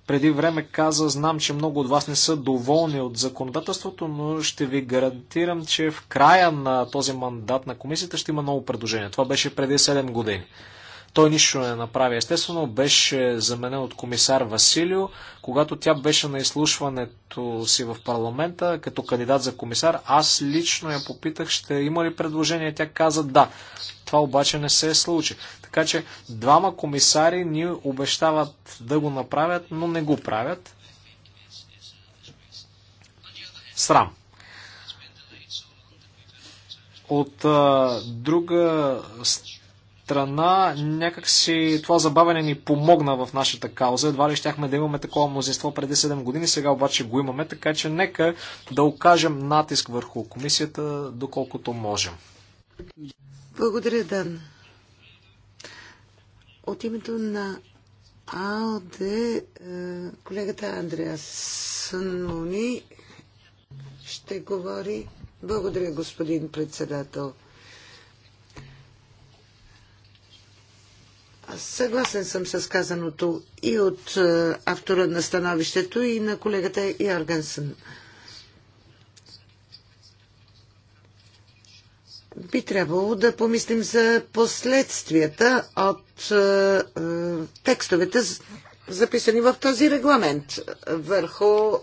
преди време каза, знам, че много от вас не са доволни от законодателството, но ще ви гарантирам, че в края на този мандат на комисията ще има ново предложение. Това беше преди 7 години. Той нищо не направи. Естествено, беше заменен от комисар Василио, когато тя беше на изслушването си в парламента като кандидат за комисар. Аз лично я попитах, ще има ли предложение. Тя каза да. Това обаче не се е случи. Така че двама комисари ни обещават да го направят, но не го правят. Срам. От а, друга страна, някакси това забавене ни помогна в нашата кауза. Едва ли щяхме да имаме такова мнозинство преди 7 години, сега обаче го имаме, така че нека да окажем натиск върху комисията, доколкото можем. Благодаря, Дан. От името на АЛДЕ, колегата Андреас Сънмони ще говори. Благодаря, господин председател. Съгласен съм с казаното и от е, автора на становището и на колегата Йоргансън. Би трябвало да помислим за последствията от е, е текстовете, записани в този регламент върху е,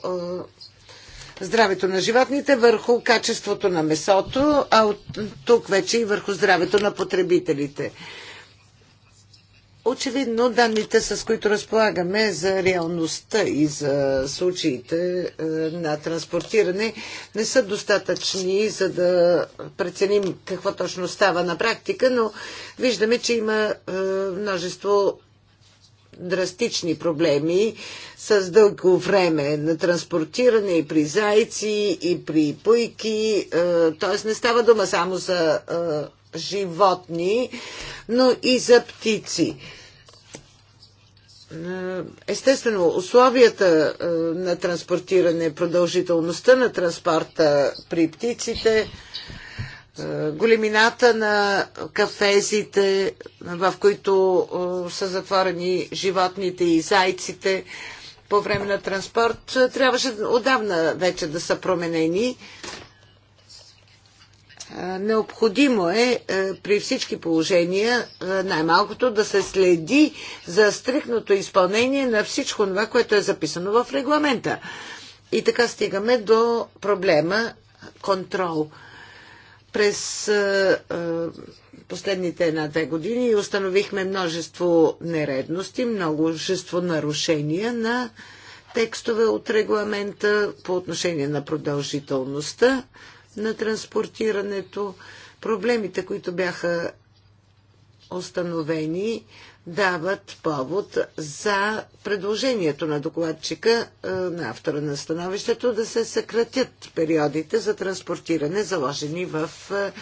здравето на животните, върху качеството на месото, а от тук вече и върху здравето на потребителите. Очевидно, данните, с които разполагаме за реалността и за случаите е, на транспортиране, не са достатъчни, за да преценим какво точно става на практика, но виждаме, че има е, множество драстични проблеми с дълго време на транспортиране и при зайци, и при пуйки. т.е. не става дума само за е, животни, но и за птици. Е, естествено, условията е, на транспортиране, продължителността на транспорта при птиците, е, големината на кафезите, в които са затворени животните и зайците по време на транспорт, трябваше отдавна вече да са променени Необходимо е, е при всички положения е, най-малкото да се следи за стрикното изпълнение на всичко това, което е записано в регламента. И така стигаме до проблема контрол. През е, последните една-две години установихме множество нередности, множество нарушения на текстове от регламента по отношение на продължителността на транспортирането, проблемите, които бяха установени, дават повод за предложението на докладчика, е, на автора на становището, да се съкратят периодите за транспортиране, заложени в е,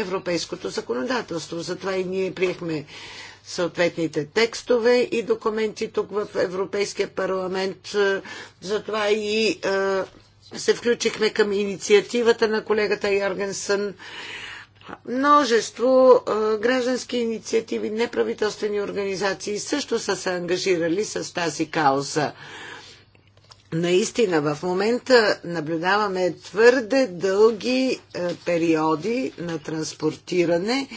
европейското законодателство. Затова и ние приехме съответните текстове и документи тук в Европейския парламент. Е, затова и се включихме към инициативата на колегата Йоргенсън. Множество граждански инициативи, неправителствени организации също са се ангажирали с тази кауза. Наистина, в момента наблюдаваме твърде дълги периоди на транспортиране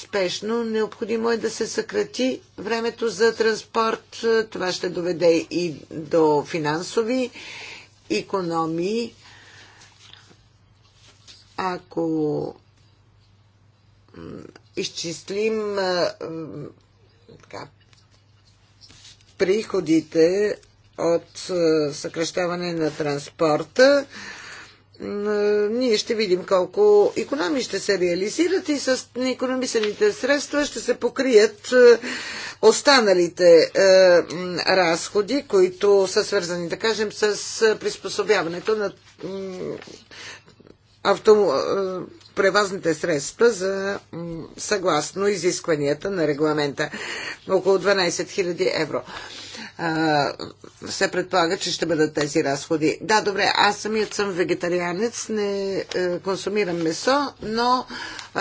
спешно. Необходимо е да се съкрати времето за транспорт. Това ще доведе и до финансови економии. Ако изчислим така, приходите от съкръщаване на транспорта, ние ще видим колко економи ще се реализират и с економисаните средства ще се покрият останалите разходи, които са свързани, да кажем, с приспособяването на авто, превазните средства за съгласно изискванията на регламента. Около 12 000 евро се предполага, че ще бъдат тези разходи. Да, добре, аз самият съм вегетарианец, не е, консумирам месо, но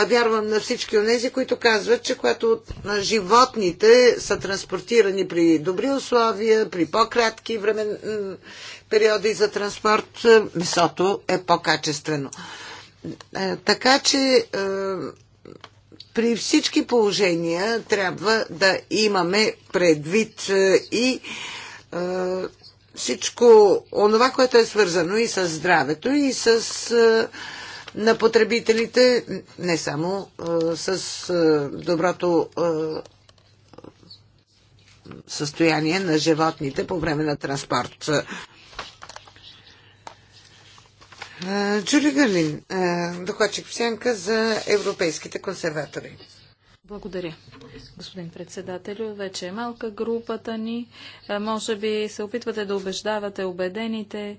вярвам на всички от тези, които казват, че когато животните са транспортирани при добри условия, при по-кратки времен, периоди за транспорт, е, месото е по-качествено. Е, така че при всички положения трябва да имаме предвид е, и е, всичко онова, което е свързано и с здравето, и с е, на потребителите, не само с доброто състояние на животните по време на транспорт. Джули Гърлин, докладчик в сянка за европейските консерватори. Благодаря, господин председателю. Вече е малка групата ни. Може би се опитвате да убеждавате убедените.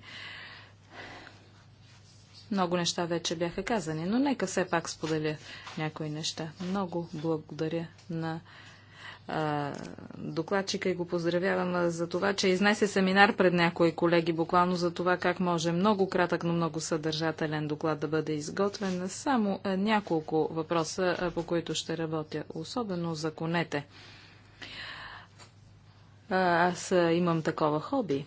Много неща вече бяха казани, но нека все пак споделя някои неща. Много благодаря на докладчика и го поздравявам за това, че изнесе семинар пред някои колеги, буквално за това как може много кратък, но много съдържателен доклад да бъде изготвен. Само няколко въпроса, по които ще работя, особено за конете. Аз имам такова хоби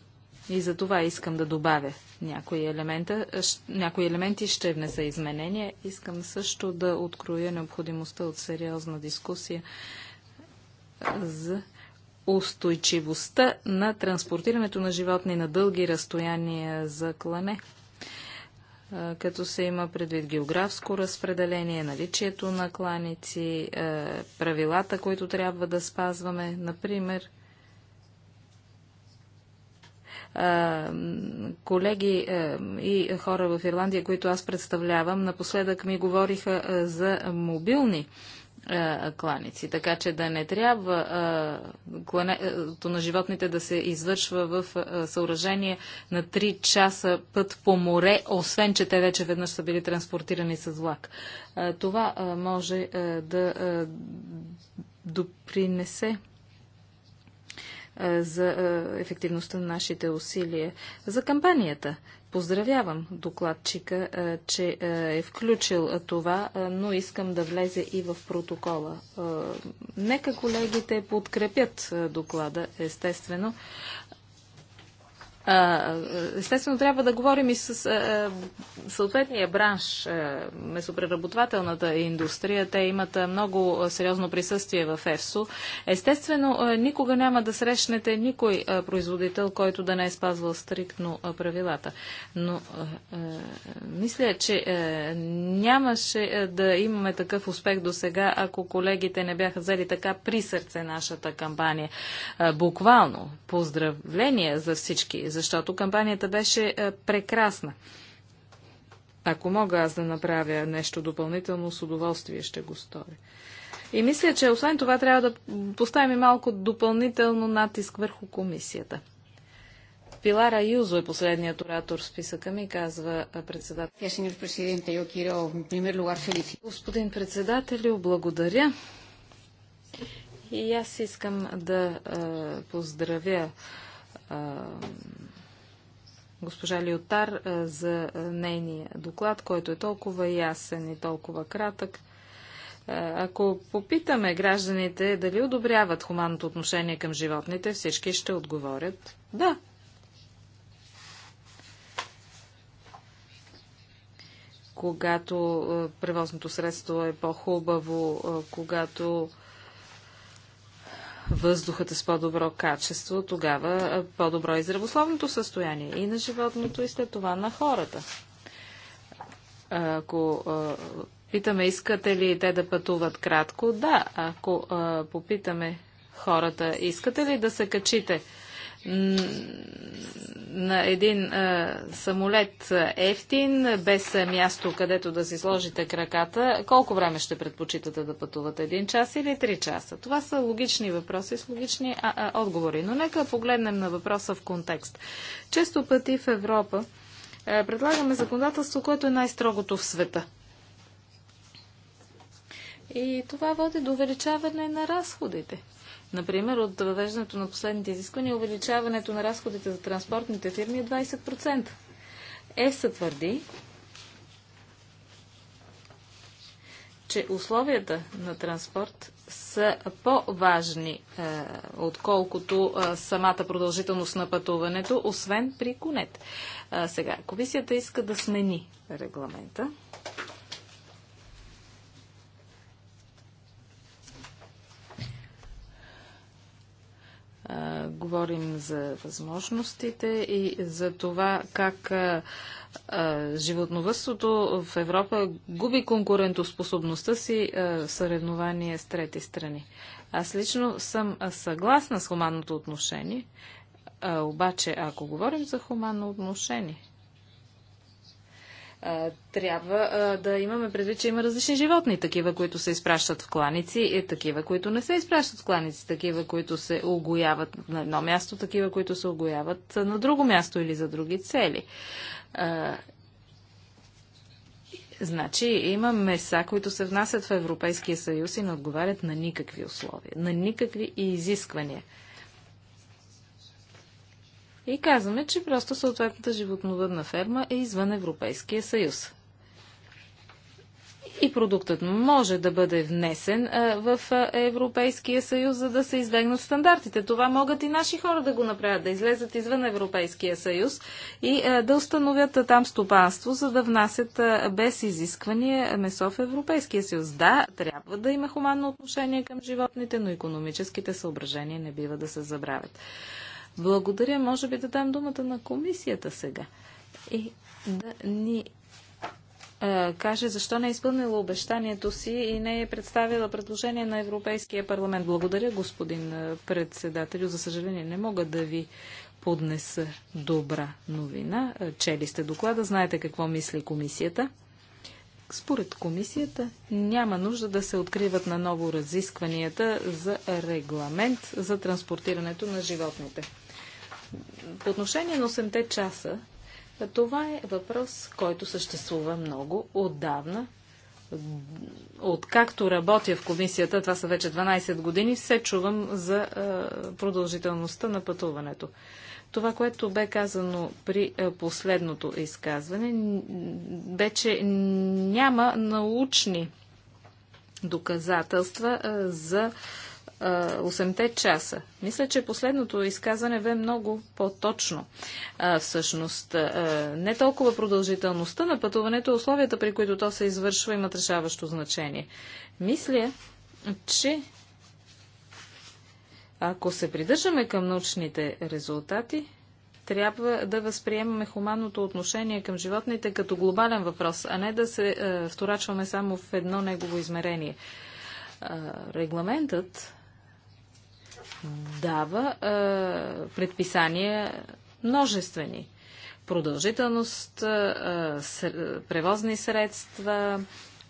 и за това искам да добавя някои, елемента, някои елементи, ще внеса изменения. Искам също да откроя необходимостта от сериозна дискусия за устойчивостта на транспортирането на животни на дълги разстояния за клане, като се има предвид географско разпределение, наличието на кланици, правилата, които трябва да спазваме, например – колеги и хора в Ирландия, които аз представлявам, напоследък ми говориха за мобилни е, кланици. Така че да не трябва е, клането е, на животните да се извършва в съоръжение на 3 часа път по море, освен че те вече веднъж са били транспортирани с влак. Това може да допринесе за ефективността на нашите усилия. За кампанията. Поздравявам докладчика, че е включил това, но искам да влезе и в протокола. Нека колегите подкрепят доклада, естествено. Естествено, трябва да говорим и с съответния бранш, месопреработвателната индустрия. Те имат много сериозно присъствие в ЕФСО. Естествено, никога няма да срещнете никой производител, който да не е спазвал стриктно правилата. Но мисля, че нямаше да имаме такъв успех до сега, ако колегите не бяха взели така при сърце нашата кампания. Буквално, поздравления за всички защото кампанията беше е, прекрасна. Ако мога аз да направя нещо допълнително, с удоволствие ще го сторя. И мисля, че освен това трябва да поставим и малко допълнително натиск върху комисията. Пилара Юзо е последният оратор в списъка ми, казва е, председател. Е, Господин председател, благодаря. И аз искам да а, поздравя а, госпожа Лиотар за нейния доклад, който е толкова ясен и толкова кратък. Ако попитаме гражданите дали одобряват хуманното отношение към животните, всички ще отговорят да. Когато превозното средство е по-хубаво, когато въздухът е с по-добро качество, тогава по-добро е здравословното състояние и на животното, и след това на хората. Ако питаме искате ли те да пътуват кратко, да. Ако попитаме хората искате ли да се качите на един а, самолет ефтин, без място където да си сложите краката, колко време ще предпочитате да пътувате? Един час или три часа? Това са логични въпроси с логични а, а, отговори. Но нека погледнем на въпроса в контекст. Често пъти в Европа а, предлагаме законодателство, което е най-строгото в света. И това води до увеличаване на разходите. Например, от въвеждането на последните изисквания, увеличаването на разходите за транспортните фирми е 20%. ЕСА твърди, че условията на транспорт са по-важни, е, отколкото е, самата продължителност на пътуването, освен при конет. Е, сега, комисията иска да смени регламента. говорим за възможностите и за това как животновъдството животновътството в Европа губи конкурентоспособността си в съревнование с трети страни. Аз лично съм съгласна с хуманното отношение, обаче ако говорим за хуманно отношение, трябва а, да имаме предвид, че има различни животни. Такива, които се изпращат в кланици, и такива, които не се изпращат в кланици, такива, които се огояват на едно място, такива, които се огояват на друго място или за други цели. А, значи има меса, които се внасят в Европейския съюз и не отговарят на никакви условия, на никакви изисквания. И казваме, че просто съответната животновъдна ферма е извън Европейския съюз. И продуктът може да бъде внесен а, в Европейския съюз, за да се избегнат стандартите. Това могат и наши хора да го направят, да излезат извън Европейския съюз и а, да установят а, там стопанство, за да внасят без изисквания месо в Европейския съюз. Да, трябва да има хуманно отношение към животните, но економическите съображения не бива да се забравят. Благодаря. Може би да дам думата на комисията сега и да ни а, каже защо не е изпълнила обещанието си и не е представила предложение на Европейския парламент. Благодаря, господин председателю. За съжаление, не мога да ви поднеса добра новина. Чели сте доклада, знаете какво мисли комисията. Според комисията няма нужда да се откриват на ново разискванията за регламент за транспортирането на животните. По отношение на 8-те часа, това е въпрос, който съществува много отдавна. Откакто работя в комисията, това са вече 12 години, се чувам за продължителността на пътуването. Това, което бе казано при последното изказване, бе, че няма научни доказателства за 8-те часа. Мисля, че последното изказване бе много по-точно. Всъщност, а, не толкова продължителността на пътуването, условията, при които то се извършва, имат решаващо значение. Мисля, че ако се придържаме към научните резултати, трябва да възприемаме хуманното отношение към животните като глобален въпрос, а не да се е, вторачваме само в едно негово измерение. регламентът дава а, предписания множествени. Продължителност, с, превозни средства,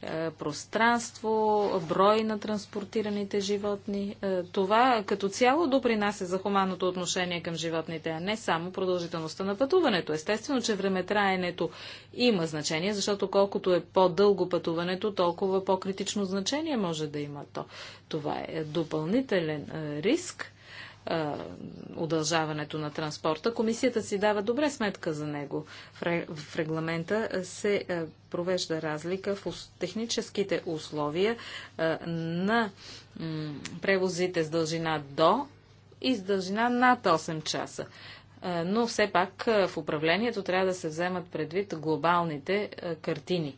е, пространство, брой на транспортираните животни. Е, това като цяло допринася за хуманното отношение към животните, а не само продължителността на пътуването. Естествено, че времетраенето има значение, защото колкото е по-дълго пътуването, толкова по-критично значение може да има то. Това е допълнителен е, риск удължаването на транспорта. Комисията си дава добре сметка за него. В регламента се провежда разлика в техническите условия на превозите с дължина до и с дължина над 8 часа. Но все пак в управлението трябва да се вземат предвид глобалните картини.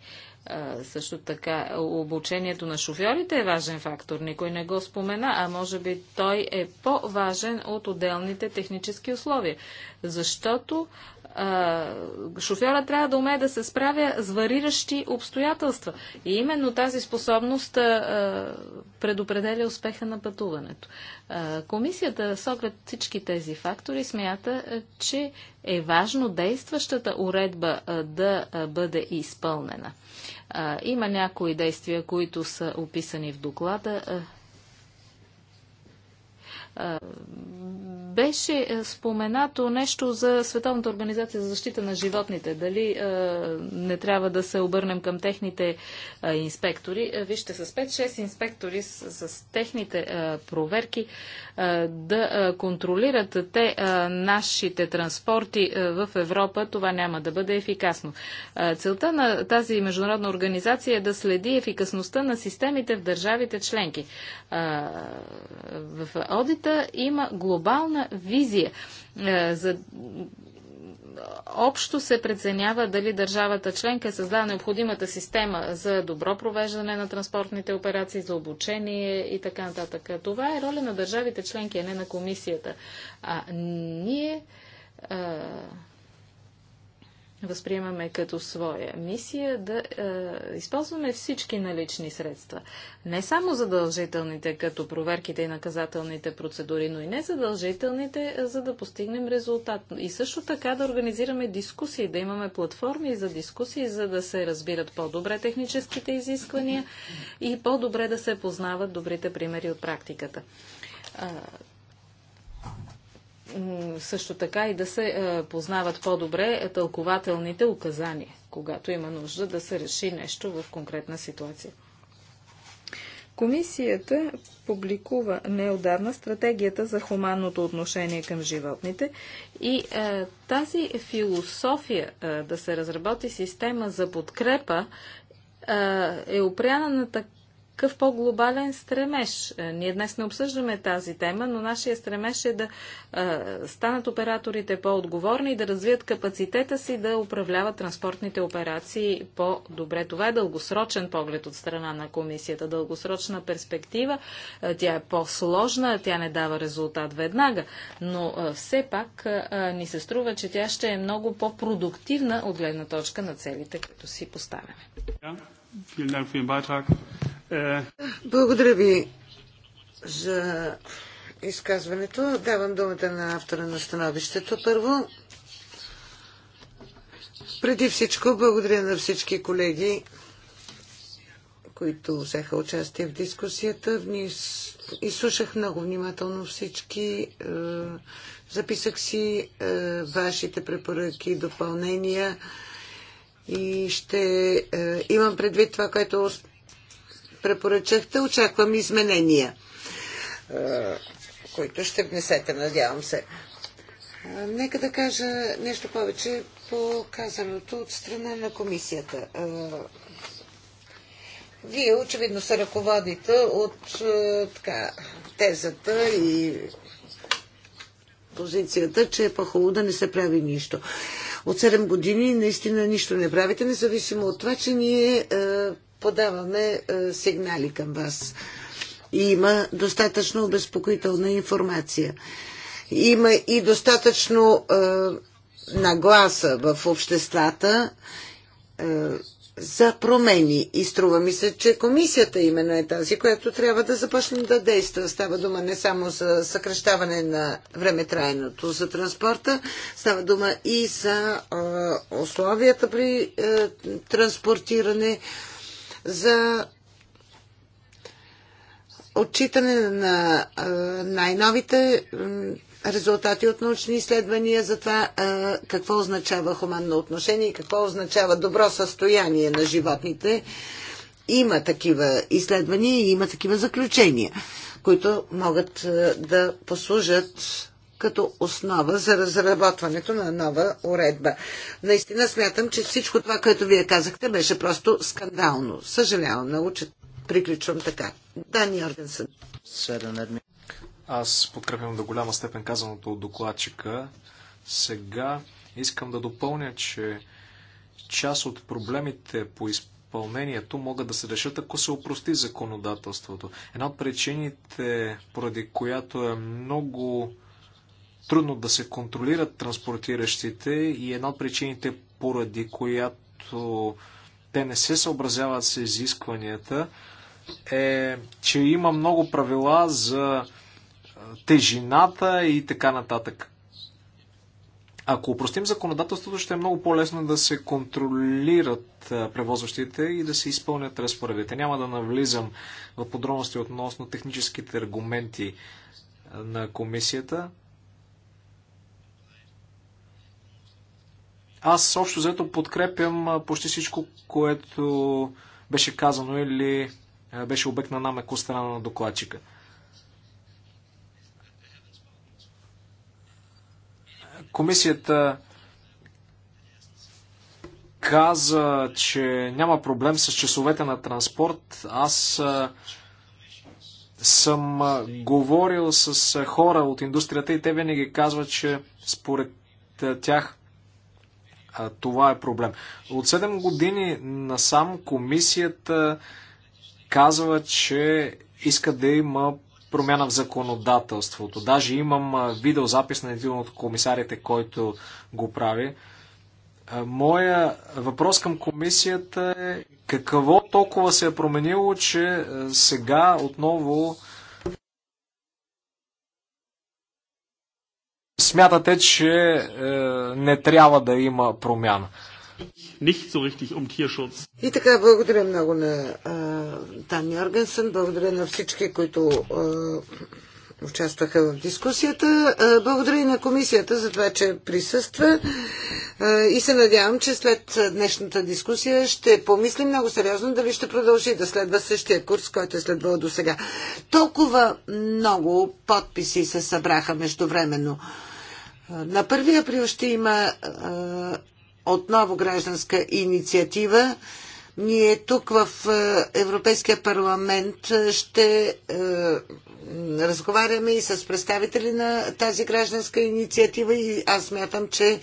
Също така обучението на шофьорите е важен фактор. Никой не го спомена, а може би той е по-важен от отделните технически условия. Защото шофьора трябва да умее да се справя с вариращи обстоятелства. И именно тази способност предопределя успеха на пътуването. комисията, с оглед всички тези фактори, смята, че е важно действащата уредба да бъде изпълнена има някои действия, които са описани в доклада. Беше е, споменато нещо за Световната организация за защита на животните. Дали е, не трябва да се обърнем към техните е, инспектори? Вижте, с 5-6 инспектори, с, с техните проверки, да контролират те нашите транспорти в Европа, това няма да бъде ефикасно. Целта на тази международна организация е да следи ефикасността на системите в държавите членки. В одита парламента има глобална визия е, за общо се преценява дали държавата членка е създава необходимата система за добро провеждане на транспортните операции, за обучение и така нататък. Това е роля на държавите членки, а не на комисията. А ние а, е, възприемаме като своя мисия да е, използваме всички налични средства. Не само задължителните, като проверките и наказателните процедури, но и не задължителните, е, за да постигнем резултат. И също така да организираме дискусии, да имаме платформи за дискусии, за да се разбират по-добре техническите изисквания и по-добре да се познават добрите примери от практиката също така и да се е, познават по-добре тълкователните указания, когато има нужда да се реши нещо в конкретна ситуация. Комисията публикува неодавна стратегията за хуманното отношение към животните и е, тази философия е, да се разработи система за подкрепа е, е опряна на так какъв по-глобален стремеж. Е, ние днес не обсъждаме тази тема, но нашия стремеж е да станат операторите по-отговорни и да развият капацитета си да управляват транспортните операции по-добре. Това е дългосрочен поглед от страна на комисията, дългосрочна перспектива. Е, тя е по-сложна, тя не дава резултат веднага, но е, все пак ни се струва, че тя ще е много по-продуктивна от гледна точка на целите, които си поставяме. Благодаря ви за изказването. Давам думата на автора на становището първо. Преди всичко, благодаря на всички колеги, които взеха участие в дискусията. Ние изслушах много внимателно всички. Е, записах си е, вашите препоръки, допълнения и ще е, имам предвид това, което препоръчахте. Очаквам изменения, които ще внесете, надявам се. Нека да кажа нещо повече по казаното от страна на комисията. Вие очевидно се ръководите от така, тезата и позицията, че е по-хубаво да не се прави нищо. От 7 години наистина нищо не правите, независимо от това, че ние е, подаваме е, сигнали към вас. И има достатъчно обезпокоителна информация. Има и достатъчно е, нагласа в обществата е, за промени. И струва ми се, че комисията именно е тази, която трябва да започне да действа. Става дума не само за съкръщаване на времетрайното за транспорта, става дума и за е, условията при е, транспортиране, за отчитане на най-новите резултати от научни изследвания за това какво означава хуманно отношение и какво означава добро състояние на животните. Има такива изследвания и има такива заключения, които могат да послужат като основа за разработването на нова уредба. Наистина смятам, че всичко това, което вие казахте, беше просто скандално. Съжалявам много, че приключвам така. Дани Орденсън. Аз подкрепям до голяма степен казаното от докладчика. Сега искам да допълня, че част от проблемите по изпълнението могат да се решат, ако се опрости законодателството. Една от причините, поради която е много трудно да се контролират транспортиращите и една от причините, поради която те не се съобразяват с изискванията, е, че има много правила за тежината и така нататък. Ако упростим законодателството, ще е много по-лесно да се контролират превозващите и да се изпълнят разпоредите. Няма да навлизам в подробности относно техническите аргументи на комисията. Аз общо взето подкрепям почти всичко, което беше казано или беше обект на намек от страна на докладчика. Комисията каза, че няма проблем с часовете на транспорт. Аз съм говорил с хора от индустрията и те винаги казват, че според тях това е проблем. От 7 години насам комисията казва, че иска да има промяна в законодателството. Даже имам видеозапис на един от комисарите, който го прави. Моя въпрос към комисията е какво толкова се е променило, че сега отново смятате, че е, не трябва да има промяна. Um и така, благодаря много на Тан Йоргенсен, благодаря на всички, които е, участваха в дискусията. благодаря и на комисията за това, че присъства и се надявам, че след днешната дискусия ще помислим много сериозно дали ще продължи да следва същия курс, който е следвал до сега. Толкова много подписи се събраха междувременно. времено на 1 април ще има отново гражданска инициатива. Ние тук в Европейския парламент ще разговаряме и с представители на тази гражданска инициатива и аз мятам, че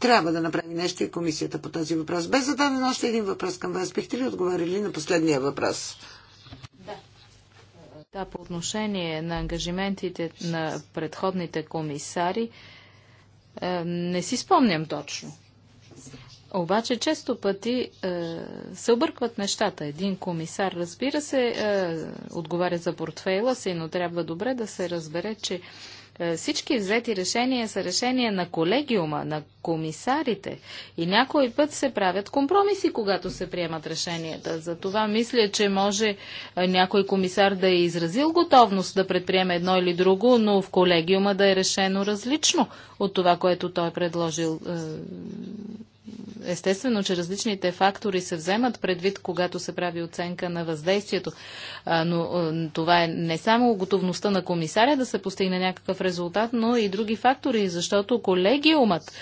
трябва да направи нещо и комисията по този въпрос. Бе зададен още един въпрос към вас. Бихте ли отговорили на последния въпрос? Да, по отношение на ангажиментите на предходните комисари, е, не си спомням точно. Обаче често пъти е, се объркват нещата. Един комисар, разбира се, е, отговаря за портфейла си, но трябва добре да се разбере, че е, всички взети решения са решения на колегиума, на комисарите. И някой път се правят компромиси, когато се приемат решенията. За това мисля, че може е, някой комисар да е изразил готовност да предприеме едно или друго, но в колегиума да е решено различно от това, което той е предложил е, Естествено, че различните фактори се вземат предвид, когато се прави оценка на въздействието, но това е не само готовността на комисаря да се постигне някакъв резултат, но и други фактори, защото колегиумът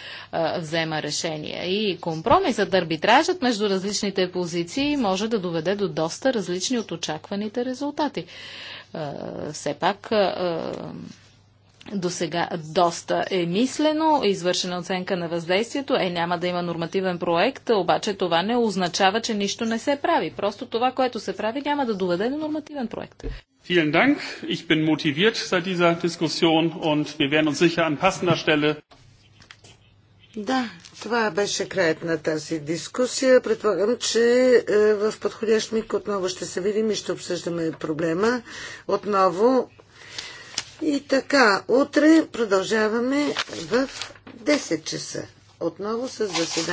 взема решение и компромисът, арбитражът между различните позиции може да доведе до доста различни от очакваните резултати. Все пак до сега доста е мислено, извършена оценка на въздействието. Е, няма да има нормативен проект, обаче това не означава, че нищо не се прави. Просто това, което се прави, няма да доведе до нормативен проект. Vielen Dank. Ich bin motiviert seit dieser Diskussion und wir werden uns sicher an passender Stelle. Да, това беше краят на тази дискусия. Предполагам, че е, в подходящ миг отново ще се видим и ще обсъждаме проблема. Отново и така, утре продължаваме в 10 часа. Отново с заседание.